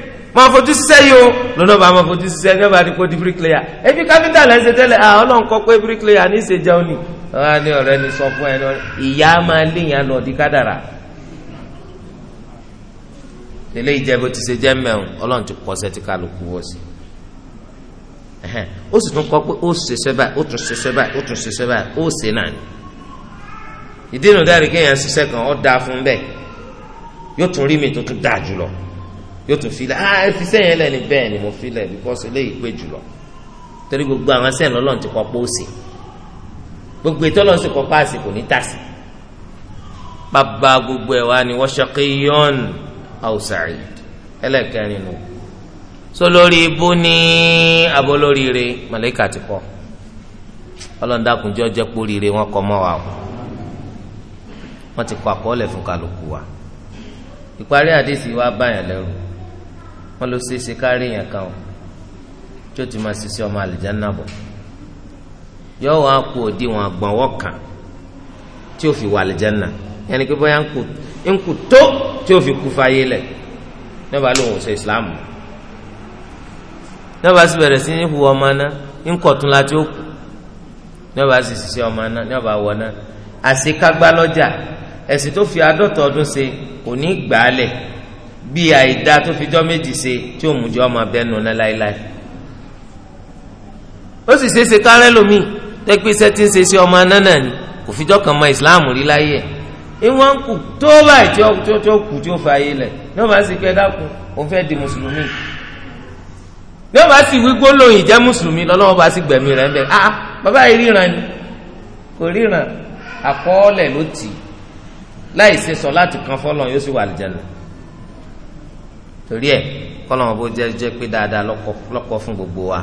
máa fojú síṣẹ́ yìí o lọ́nà bá máa fojú síṣẹ́ ní ọba àdìpọ̀ di bricklayer ẹbí káfíńtà lẹ́ ń ṣe tẹ́lẹ̀ ah ọlọ́run kọ́ pé bricklayer ní ìṣe jẹun ni wọ́n á ní ọ̀rẹ́ ni sọ fún ẹ ìyá máa léèyàn lọ di kádàrà. tẹ́lẹ̀ ìjẹ́bù ti ṣe jẹ́ mẹ́rin ọlọ́run ti kọ́ sẹ́tì kálukú wọ́ sí ó sì tún kọ́ pé ó ṣiṣẹ́ báyìí ó tún ṣiṣẹ́ báyìí ó tún ṣiṣẹ́ báyìí ó ṣe náà ni ìdí ìnù dárí kéèyàn ṣiṣẹ́ kan ó dáa fún bẹ́ẹ̀ yóò tún rí mi tó tún dáa jùlọ yóò tún filẹ̀ ah ẹ fi sẹ́yìn lẹ́ni bẹ́ẹ̀ ni mo filẹ̀ because eléyìí pé jùlọ torí gbogbo àwọn sẹ́yìn lọ́lọ́run ti kọ́ pósì gbogbo ìtọ́lọ́sì kọ́ páàsì kò ní tàsí bàbá gbogbo ẹ̀ wá ni wa shaqiyyun aw sa'id ẹlẹ́kẹrin nù so lórí ibú ní abọ́ lórí ire màlẹ́kà ti kọ́ ọlọ́ndàkùnjọ́ jẹ́ pórí ire wọn kọ́ mọ́ wa o wọ́n ti kọ́ àkọọ́lẹ̀ fún kálukú wa ìparí àdéhìí wa báyàn lẹ́rù wọn ló ṣe é ṣe kárí yẹn kan o tí ó ti máa ṣiṣẹ́ ọmọ àlìjáná bọ̀ yọ wọn kú òdi wọn àgbọ̀nwọ́ kan tí ó fi wà àlìjáná yẹnni pé bóyá ń kú tó tí ó fi kú fáyé lẹ̀ nígbà lóun sọ Islam nígbà sì bẹ̀rẹ̀ sí ní hu ọmọ náà ń kọ̀tún láti ó kú nígbà sì ṣiṣẹ́ ọmọ náà nígbà wọ náà àṣekágbá lọ́jà ẹ̀sìn tó fi àádọ́ta ọdún ṣe kò ní gbàálẹ̀ bí àìdá tó fi jọ́ méjì ṣe tí ò mú jọ́ ọmọ abẹ́nu náà láéláé ó sì ṣeé ṣe kárẹ́ lómi tẹ́gbẹ́ iṣẹ́ tí ń ṣe sí ọmọ anáná ni kò fi jọ́ kan mọ ìsìláàmù rí láyé ẹ̀ ìwọ̀n ń kù tó báyìí tí ó tí ó kù tí ó fa ayé lẹ̀ ní ọba sì pé dákun òun fẹ́ di mùsùlùmí ní ọba sì wí gbólóyìn jẹ́ mùsùlùmí lọ́lọ́wọ́ bá sì gbẹ̀mí rẹ̀ ń ah, ah bàbá yìí ríran ni kò ríran àkọọ́lẹ̀ ló tì í láì ṣe sọ láti kan fọ́lọ́ yóò sì wà àlùjánnà torí ẹ kọlọmọ bó jẹ jẹ pé dáadáa lọkọ fún gbogbo wa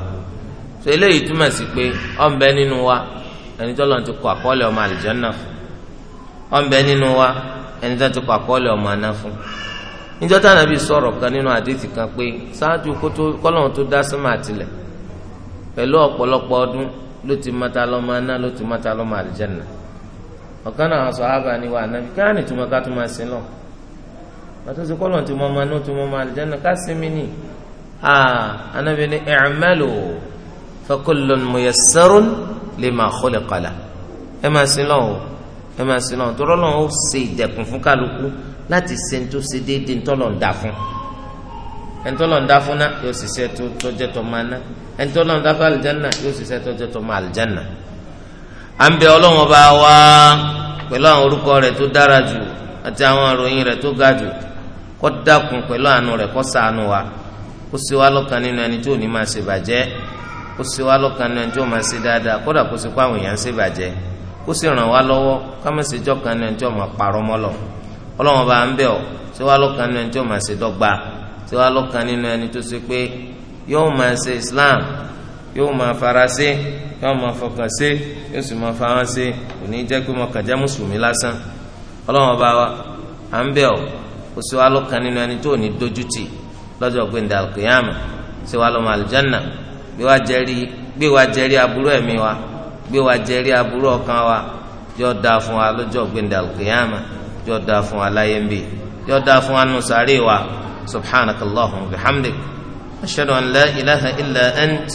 so eléyìí túmọ̀ sí pé ọ̀nbẹ nínú wa ẹni tó lọ́n ti kọ àkọọ́lẹ̀ ọmọ àlìjọ́nà fún ọ̀nbẹ nínú wa ẹni tó ti kọ àkọọ́lẹ̀ ọmọ àná fún sọ̀rọ̀ kan nínú àdéhìí kan pé tó dá àtìlẹ̀ pẹ̀lú ọ̀pọ̀lọpọ̀ ọdún ló ti bàtà sí kọ́lọ̀ tí mo máa nú tí mo máa lè jẹ́nu ká sinmi ni anabi ni i'malu fa kullun muyassarun lima khuliqa lahu ẹ máa sin lọ́wọ́ ẹ máa sin lọ́wọ́ tọ́lọ́ lọ́wọ́ ó ṣe ìdẹ̀kùn fún kálukú láti ṣe tó ṣe déédéé ntọ́lọ̀ ń dá fún ntọ́lọ̀ ń dá fún náà yóò ṣiṣẹ́ tó tọ́jẹ́ tó máa ná ntọ́lọ̀ ń dá fún àlìjánà yóò ṣiṣẹ́ tọ́jẹ́ tó máa àlìjánà kó dákun pẹ̀lú àánú rẹ̀ kó ṣàánú wa kó sì wá lọ́kàn nínú ẹni tí ò ní máa ṣe bàjẹ́ kó sì wá lọ́kàn nínú ẹni tí ò máa ṣe dáadáa kódà kó sì kó àwọn èèyàn ṣe bàjẹ́ kó sì ràn wá lọ́wọ́ ká má ṣe jọ́kan nínú ẹni tí ò máa parọ́ mọ́lọ̀ ọlọ́wọ́n bá ń bẹ̀ ọ́ sì wá lọ́kàn nínú ẹni tí ò máa ṣe dọ́gba sì wá lọ́kàn nínú ẹni tó ṣe pé yóò máa ṣe Islam yóò máa fara ṣe yóò máa fọkàn ṣe yóò sì máa fara ṣe kò ní jẹ́ pé mo kàn jẹ́ mùsùlùmí lásán ọlọ́wọ́n bá wa à ń bẹ̀ ọ́ kò sí wa lọ́kàn nínú ẹni tó ní dojú tì lọ́jọ́ gbẹ̀ndà alqiyama sí wa lọ́mọ aljanna gbé wa jẹ́rí gbé wa jẹ́rí aburú ẹ̀mí wa gbé wa jẹ́rí aburú ọkàn wa yóò dáa fún wa lọ́jọ́ gbẹ̀ndà alqiyama yóò dáa fún wa láyé ń bì yóò dáa fún wa nù sàárè wa subhanaka allahumma wa bihamdik ashhadu an la ilaha illa ant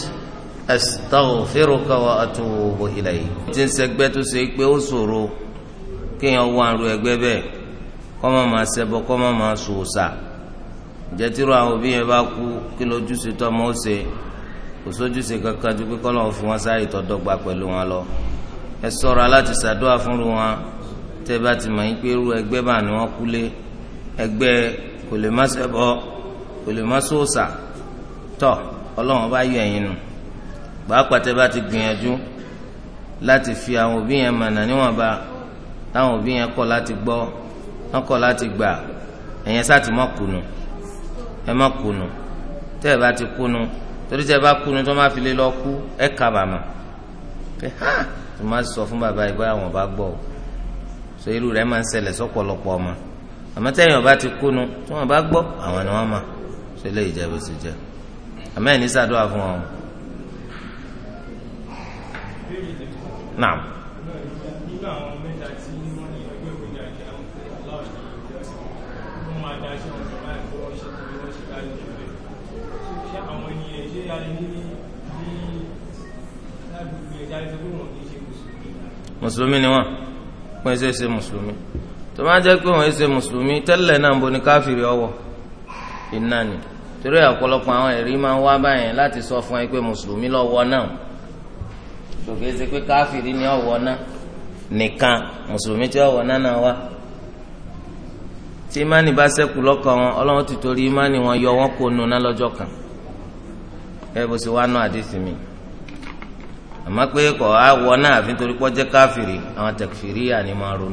astaghfiruka wa atubu ilayk. ti ń sẹgbẹ́ tó ṣe pé ó ṣòro kéèyàn wá àrùn ẹgbẹ́ bẹ́ẹ̀ kọ́mọ máa ṣẹbọ kọ́mọ máa sòòsà ìjẹ́tìrú àwọn òbí yẹn bá kú kí lójúṣe tọ́mọ ó ṣe kò sójúṣe kankan ju pé kọ́lọ́hún fún wọn sáyè tọ́dọ́gba pẹ̀lú wọn lọ ẹ sọ̀rọ̀ aláti ṣàdúrà fúnru wọn tẹ́ bá ti mọ̀ yín pé irú ẹgbẹ́ bá ní wọ́n kúlé ẹgbẹ́ kò lè má ṣẹbọ kò lè má sòòsà tọ́ ọlọ́run bá yọ ẹ̀yin nù pàápàá tẹ́ bá ti gbìyànjú láti fi àwọn òbí yẹn mọ̀nà níwọ̀nba táwọn òbí yẹn kọ̀ láti gbọ́ wọn kọ̀ láti gbà ẹ̀yẹn sáà ti mọ̀ kùnú ẹ mọ̀ kùnú tẹ́ ẹ bá ti kùnú torí tẹ́ ẹ bá kùnú tó má fi lé lọ kú ẹ kábàámọ̀ pé ha tó má sọ fún bàbá yìí báyà wọn bá gbọ́ ọ so irú rẹ̀ máa ń ṣẹlẹ̀ sọ́pọ̀lọpọ̀ ọmọ àmọ́ tẹ́yìn ọba ti kùnú tó wọn bá gbọ́ àwọn ni wọ́n mọ̀ ṣe lè jẹ́ bó ṣe jẹ́ àmọ́ ẹ̀ ní sàdúrà fún ọ. Naam. mùsùlùmí ni wọn pé ẹ ṣe ṣe mùsùlùmí tó máa jẹ́ pé wọ́n ṣe mùsùlùmí tẹ́lẹ̀ náà bo ni káfíìrì ọwọ́ iná ni torí ọ̀pọ̀lọpọ̀ àwọn ẹ̀rí máa ń wá báyẹn láti sọ fún ẹ pé mùsùlùmí lọ́wọ́ náà kò ṣe pé káfíìrì ni ọ̀wọ́ náà nìkan mùsùlùmí tí ọ̀wọ́ náà náà wá. tí imáni bá ṣẹ́kù lọ́kàn wọn ọlọ́run ti torí imáni wọn yọ wọn kó nuná lọ́jọ́ kan ẹ bó ṣe wá nù àdéhùn mi àmọ́ pé á wọ náà àfi káfìrí àwọn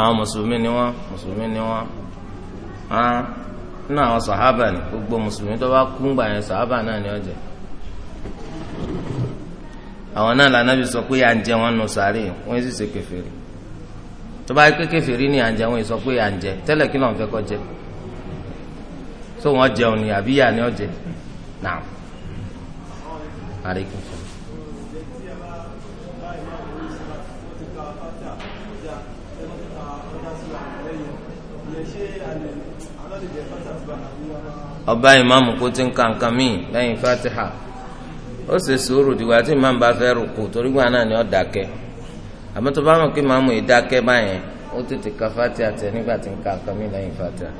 àwọn mùsùlùmí ni wọ́n mùsùlùmí ni wọ́n hàn nínú àwọn sàhábà ni gbogbo mùsùlùmí tó bá kú yẹn sàhábà náà ni àwọn náà lànàbí sọ pé ya wọn nù sàárè wọn sì ṣe kèfèrí tó bá pé kèfèrí ni sọ pé ya ń kí ló ń jẹ tó wọn ọba ìmáàmù kó ti ń ka nǹkan míì lẹ́yìn fatiha ó sì sùúrù dìgbà tí ìmáàmù bá fẹ́ rùkù torí gbà náà ni ó dákẹ́ àmọ́ tó bá mọ̀ kí ìmáàmù yìí dákẹ́ báyẹn ó ka fatiha tẹ̀ nígbà tí ń ka nǹkan míì lẹ́yìn fatiha.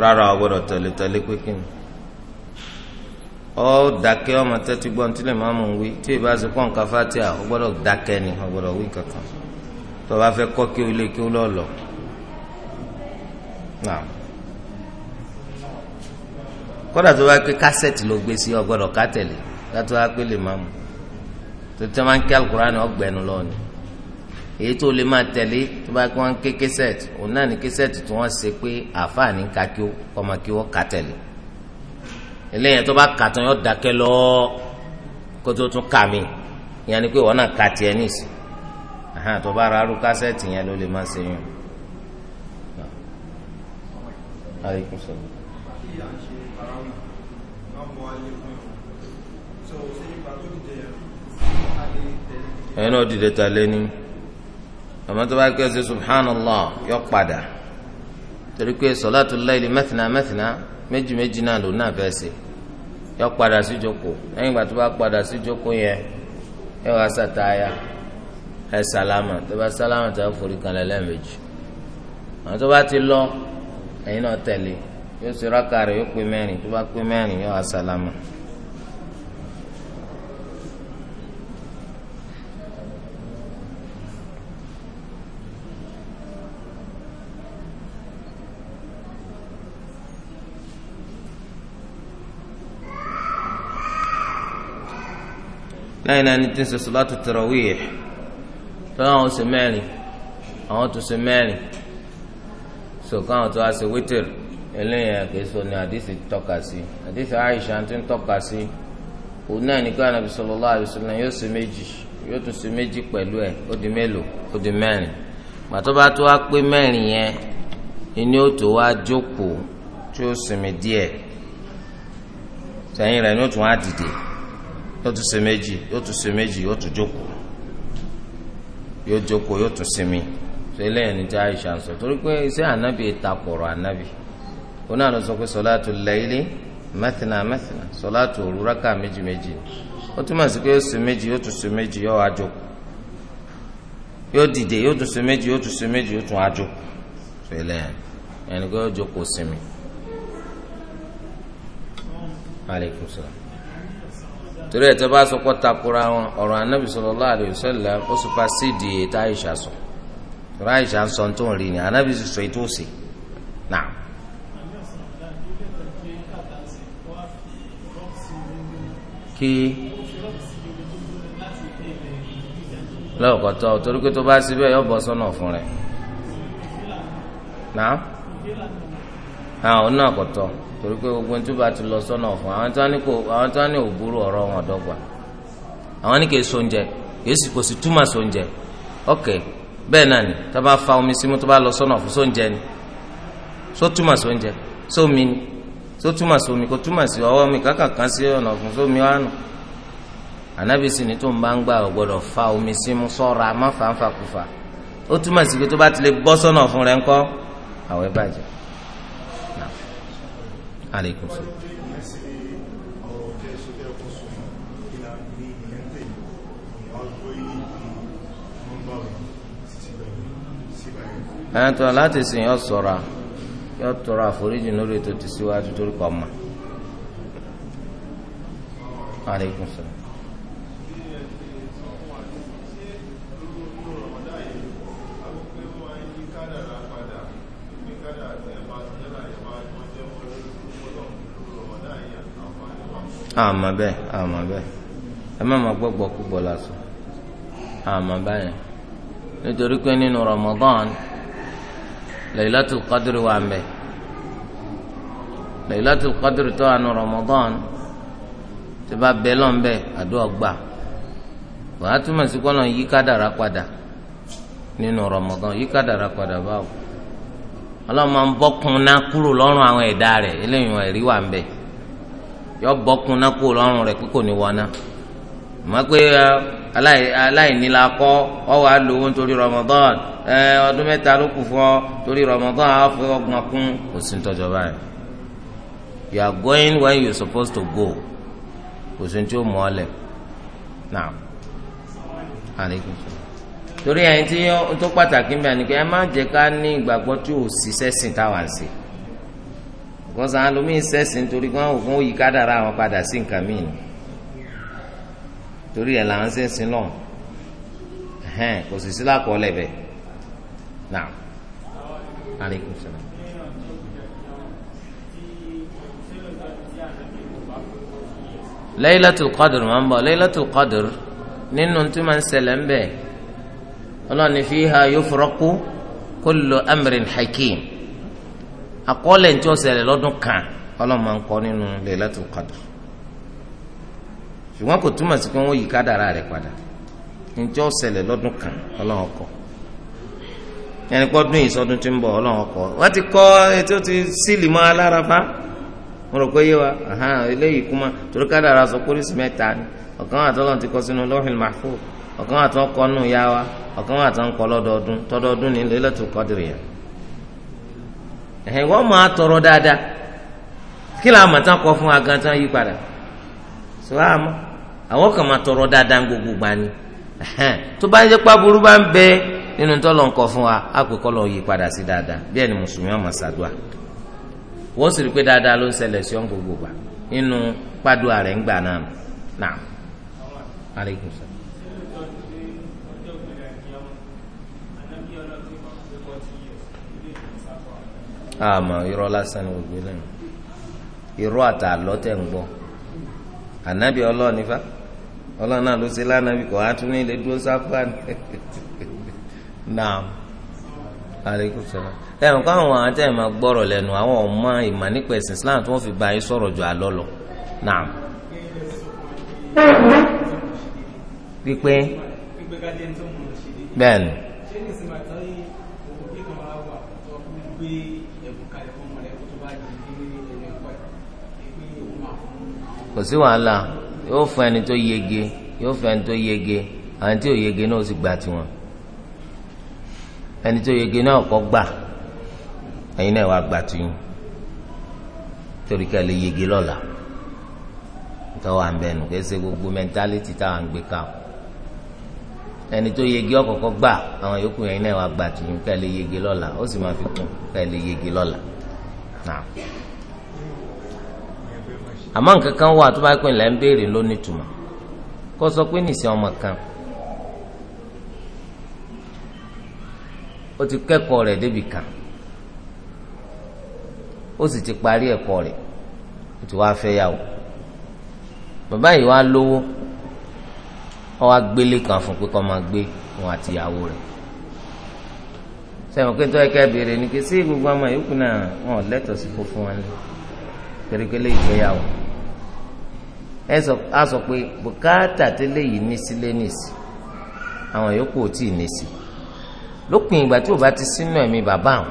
rárá o ọ dákẹ́ ọmọ tẹ́tí gbọ́n tí lè má mú un wí tí ìbá ṣe pọ́n ká fatia ọ gbọ́dọ̀ dákẹ́ ni ọ gbọ́dọ̀ wí kankan tó o bá fẹ́ kọ́ kí o lè kí o lọ lọ. kódà tó bá pé kásẹ̀tì ló gbé sí ọ gbọ́dọ̀ ká tẹ̀lé látọ́ wá pé lè má mú tó tẹ́ máa ń kí alukóra ni ọgbẹ́nu lọ ni èyí tó lè máa tẹ̀lé tó bá pé wọ́n ń ké késẹ̀tì òun náà ní késẹ̀tì tí wọ́n ṣe pé àáfàá eléyìí tó bá kà tán yọ dákẹ́ lọ kó tó tún kà mí ìyẹn ni pé wọn náà kà tiẹ̀ níìsì tó bá ra arú kásẹ̀tì yẹn ló lè má ṣe yún. ẹ̀yin náà dìde ta lé àmọ́ tó bá kí ẹ ṣe subhanallah yọ padà torí pé salatul layli mẹ́tìnà mẹ́tìnà méjì méjì náà ló náà fẹ́ ṣe yọ padà sí jókòó lẹ́yìn ìgbà tó bá padà sí jókòó yẹn ẹ wá sàtáyà ẹ sàlámà tó bá sàlámà tó bá forí kanlẹ̀ lẹ́ẹ̀mejì àwọn tó bá ti lọ ẹ̀yin náà tẹ̀lé yóò ṣe rákà yóò pé mẹ́rin tó bá pé mẹ́rin yóò wá sàlámà. lẹ́yìn náà ní tí ń ṣe sọláàtù tarawih tọ́lá àwọn ṣe mẹ́rin àwọn tó ṣe mẹ́rin sọ̀kọ́ àwọn tó wá ṣe wítìrì eléyìí àkẹ́sọ̀ ni àdìsí tọ́ka sí àdìsí Àìṣà ti ń tọ́ka sí òun náà ní káwọn Ànábì sallallahu alaihi wasallam yóò ṣe méjì yóò tún ṣe méjì pẹ̀lú ẹ̀ ó di mélòó ó di mẹ́rin gbàtọ́ bá tó wá pé mẹ́rin yẹn ni ó tó wá jókòó tí ó sinmi díẹ̀ sẹ́yìn rẹ̀ ni ó tún wá dìde. yotu tún meji otu yóò tún yotu méjì yóò tún yóò tún sinmi ṣe eléyìí ní Aisha ń sọ torí pé iṣẹ́ ànábì ìtakùrọ̀ e ànábì ó náà sọ pé sọláàtù láìlì mẹ́tìnà mẹ́tìnà sọláàtù òru méjì méjì ó túmọ̀ sí pé yóò ṣe méjì yóò tún ṣe méjì yóò wá yóò dìde yóò tún méjì yóò tún méjì yóò tún torí ẹ̀ tó bá sọ pé takora wọn ọ̀rọ̀ anabi sallallahu alaihi wasallam ó sọ pa sídìí ètò àyíṣà sọ torí àyíṣà ń sọ tó ń rí ni anabi sì sọ ètò òsè náà. kí lọ́ọ̀kọ̀tọ̀ torí pé tó bá síbẹ̀ yọ bọ́ sọ́nà fún rẹ̀ náà àwọn ah, náà kọ̀tọ̀ torí pé gbogbo ní tó bá ti lọ sọ́nà ọ̀fun àwọn tó wá ní òbúrò ọ̀rọ̀ wọn dọ́gba àwọn ní kì í so oúnjẹ kì í sì kò sì túmọ̀ so oúnjẹ ok bẹ́ẹ̀ náà ni tó bá fa omi símú tó bá lọ sọ́nà ọ̀fun so oúnjẹ ni so túmọ̀ so oúnjẹ so omi ni so túmọ̀ so omi kò túmọ̀ sí ọwọ́ mi kàkà kan sí ọ̀nà ọ̀fun so omi wánu ànábì sì ni tó ń bá ń gbà gbọdọ̀ fa omi símú sọ́ra má fàǹfà kùfà ó túmọ̀ sí pé tó bá ti lè bọ́ sọ́nà ọ̀fun rẹ̀ ńkọ́ àwẹ̀ bàjẹ́ aleykum sọ. àwọn tó láti sìn yọ sọ̀ra yọ tọrọ àforíjì lórí ètò tìsíwájú torí kọ́ ma. aleykum sọ. àmọ́ bẹ́ẹ̀ àmọ́ bẹ́ẹ̀ ẹ má má gbọ́gbọ́ kú lásán àmọ́ báyẹn nítorí pé nínú Ramadan Laylatul Qadr wà mbẹ Laylatul Qadr tó àánú Ramadan tó bá bẹ lọ́n bẹ àdúrà gbà wàá túmọ̀ sí kọ́nà yí padà nínú Ramadan yí padà báwò ọlọ́mọ ń kúrò lọ́rùn àwọn ẹ̀dá rẹ̀ eléyìí wọn wà yọ bọkun náà kó lọ́rùn rẹ̀ ní mọ pé aláìní kọ ọ wà nítorí Ramadan ẹ ọdún mẹ́ta ló kù fún ọ torí Ramadan á ọgbọn you are going where you are to go kò sí tí ó mọ ọ lẹ torí ẹni tí tó pàtàkì ni wọ́n sàn án lómi ìsẹ́sìn torí wọ́n ò fún òyì kádàrá àwọn padà sí nǹkan míì ni torí ẹ̀ là ń sẹ́sìn lọ kò sì sí lákọọ́lẹ̀ bẹ́ẹ̀ náà aleykum salaam. Laylatul Qadr máa ń bọ̀ Laylatul Qadr nínú tí máa ń ṣẹlẹ̀ ń bẹ̀ ọlọ́ni fiha yufraqu kullu amrin hakim. àkọọ́lẹ̀ ní tí ó kan ọlọ́run máa ń kọ nínú Lailatul Qadr ṣùgbọ́n kò túmọ̀ sí pé wọ́n yí kádàrá rẹ̀ padà kan ọlọ́run ọkọ̀ yẹn kọ́ dún ìsọdún tí ń wọ́n ti kọ́ etí ó ti sílì mọ́ alára fa rò yé wa eléyìí torí sọ mẹ́ta ni ọ̀kan ti sínú ọ̀kan kọ́ ẹ̀ wọ́n máa tọrọ dáadáa kí làwọn àmọ̀tán kọ fún wa gan tán yí padà sọ àwọn kan máa tọrọ dáadáa gbogbo gbà ni tó bá ń jẹ́ pàbùrú bá ń bẹ nínú tọ́lọ̀ ń kọ fún wa á pè kọ́ lọ yí padà sí dáadáa bí ẹni mùsùlùmí ọmọ sàdúà wọ́n sì rí pé dáadáa ló ń ṣẹlẹ̀ gbogbo gbà nínú pàdúà rẹ̀ ń gbà náà nà àmọ́ irọ́ lásán ni gbogbo iro irọ́ àtàlọ́ tẹ̀ ń gbọ́ ànábì ọlọ́ọ̀ na náà ló ṣe lánàbì kọ́ àtúní ilé dúró sáfà náà aleykum salaam ẹ̀rùn káwọn àti ẹ̀ máa gbọ́rọ̀ lẹnu àwọn ọmọ ìmọ̀ nípa Islam tí fi gba yín sọ̀rọ̀ jù àlọ́ lọ náà. pípé kò sí wàhálà yóò fún ẹni tó yege yóò fún ẹni tó yege àwọn tí ò yege náà ó sì gbà tiwọn ẹni tó yege náà kọ́ gbà ẹ̀yin náà wàá gbà tiwọn torí ká lè yege lọ́la tọ́wọ́ àbẹ̀nù kò ṣe gbogbo mẹ́ntálítì táwọn gbé ká ẹni tó yege ọ̀kọ̀ọ̀kọ̀ gbà àwọn yòókù yẹn náà wàá gbà tiwọn ká lè yege lọ́la ó sì máa fi kún ká lè yege lọ́la náà àmọ́ nǹkan kan wà tó bá pè lẹ́ ń béèrè lónìí tùmọ̀ kó sọ pé nìṣẹ́ ọmọ kan ó ti kẹ́kọ̀ọ́ rẹ̀ débi kan ó sì ti parí ẹ̀kọ́ rẹ̀ ó ti wá fẹ́ yàwó bàbá yìí wá lówó ó wá gbélé kan fún pé kó máa gbé òun àti ìyàwó rẹ̀ sẹ́wọ̀n pé ẹ̀kẹ́ béèrè ni kí sí gbogbo ọmọ yòókù náà wọn ò lẹ́tọ̀ọ́ sí kó fún wọn lé pèrèkélé ìgbéyàwó a sọ pé bùkátà tẹ́lẹ̀ yìí ní sílé nìsí àwọn yòókù ò tí ì nìsí lópin ìgbà tí ò bá ti sínú ẹ̀mí bàbá àwọn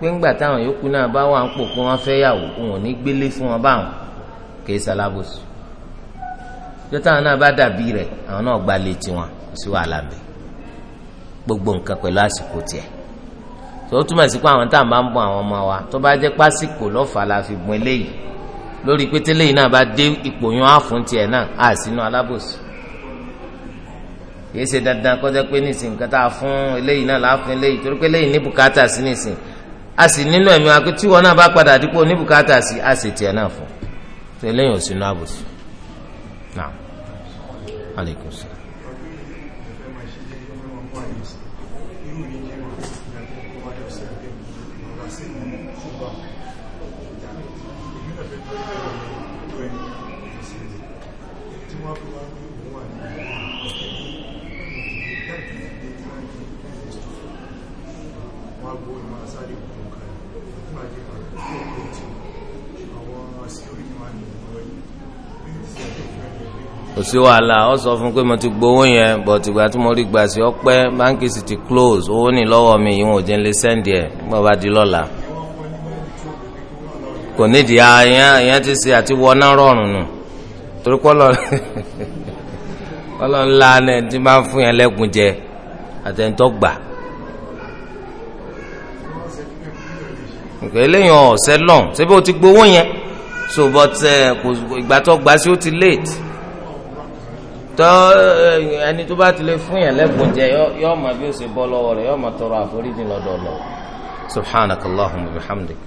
pé ńgbà táwọn yòókù náà bá wà ń pò pé wọ́n fẹ́ yàwó òun ò ní gbélé fún wọn báwọn kì í salábòsù tó táwọn náà bá dàbí rẹ̀ àwọn náà gba létí wọn sí wàhálà ń gbogbo nǹkan pẹ̀lú àsìkò tiẹ̀ tó túmọ̀ sí pé àwọn táwọn bá ń bọ àwọn ọmọ wa tó bá jẹ́ pásìkò lọ́fà la fi bùn lórí pé tẹ́lẹ̀ yìí náà bá dé ipò yún àfún tiẹ̀ náà á sínú alábòsí kìí ṣe dandan kọjá pé nísìn nǹkan tá a fún eléyìí náà láàfin eléyìí torí pé eléyìí ní bùkátà sí nísìn a sì nínú ẹ̀mí wa pé tíwọ́ náà bá padà dípò ní bùkátà sí á sì tiẹ̀ náà fún tẹ́lẹ̀ yìí ò sínú àbòsí. Naam. Alaikum salaam. kò sí wàhálà ọ sọ fún pé mo ti gbowó yẹn but ìgbà tí mo rí gbà sí ọpẹ́ báńkì sì ti close owó ní lọ́wọ́ mi ìwọ̀n òjì lè sẹ́ndì mo bá di lọ́la kò nídìí ah, àyàn àyàn ti ṣe àti wọná rọrùn nù torí pọ́lọ́ pọ́lọ́ ńlá ni ti máa fún yẹn lẹ́kùn jẹ àtẹ̀ntọ́ gbà. nǹkan eléyìí ọ̀sẹ̀ lọ́n ṣé o ti gbowó yẹn so eh, ìgbà tó gbà sí o ti late. tọ́ ẹni tó bá ti lè fún yàn lẹ́bùn jẹ yọ́ọ́ ma bí ó ṣe bọ́ lọ́wọ́ rẹ̀ yọ́ọ́ ma tọrọ àforíjì lọ́dọ̀ lọ. subhanakallahumma wa bihamdik.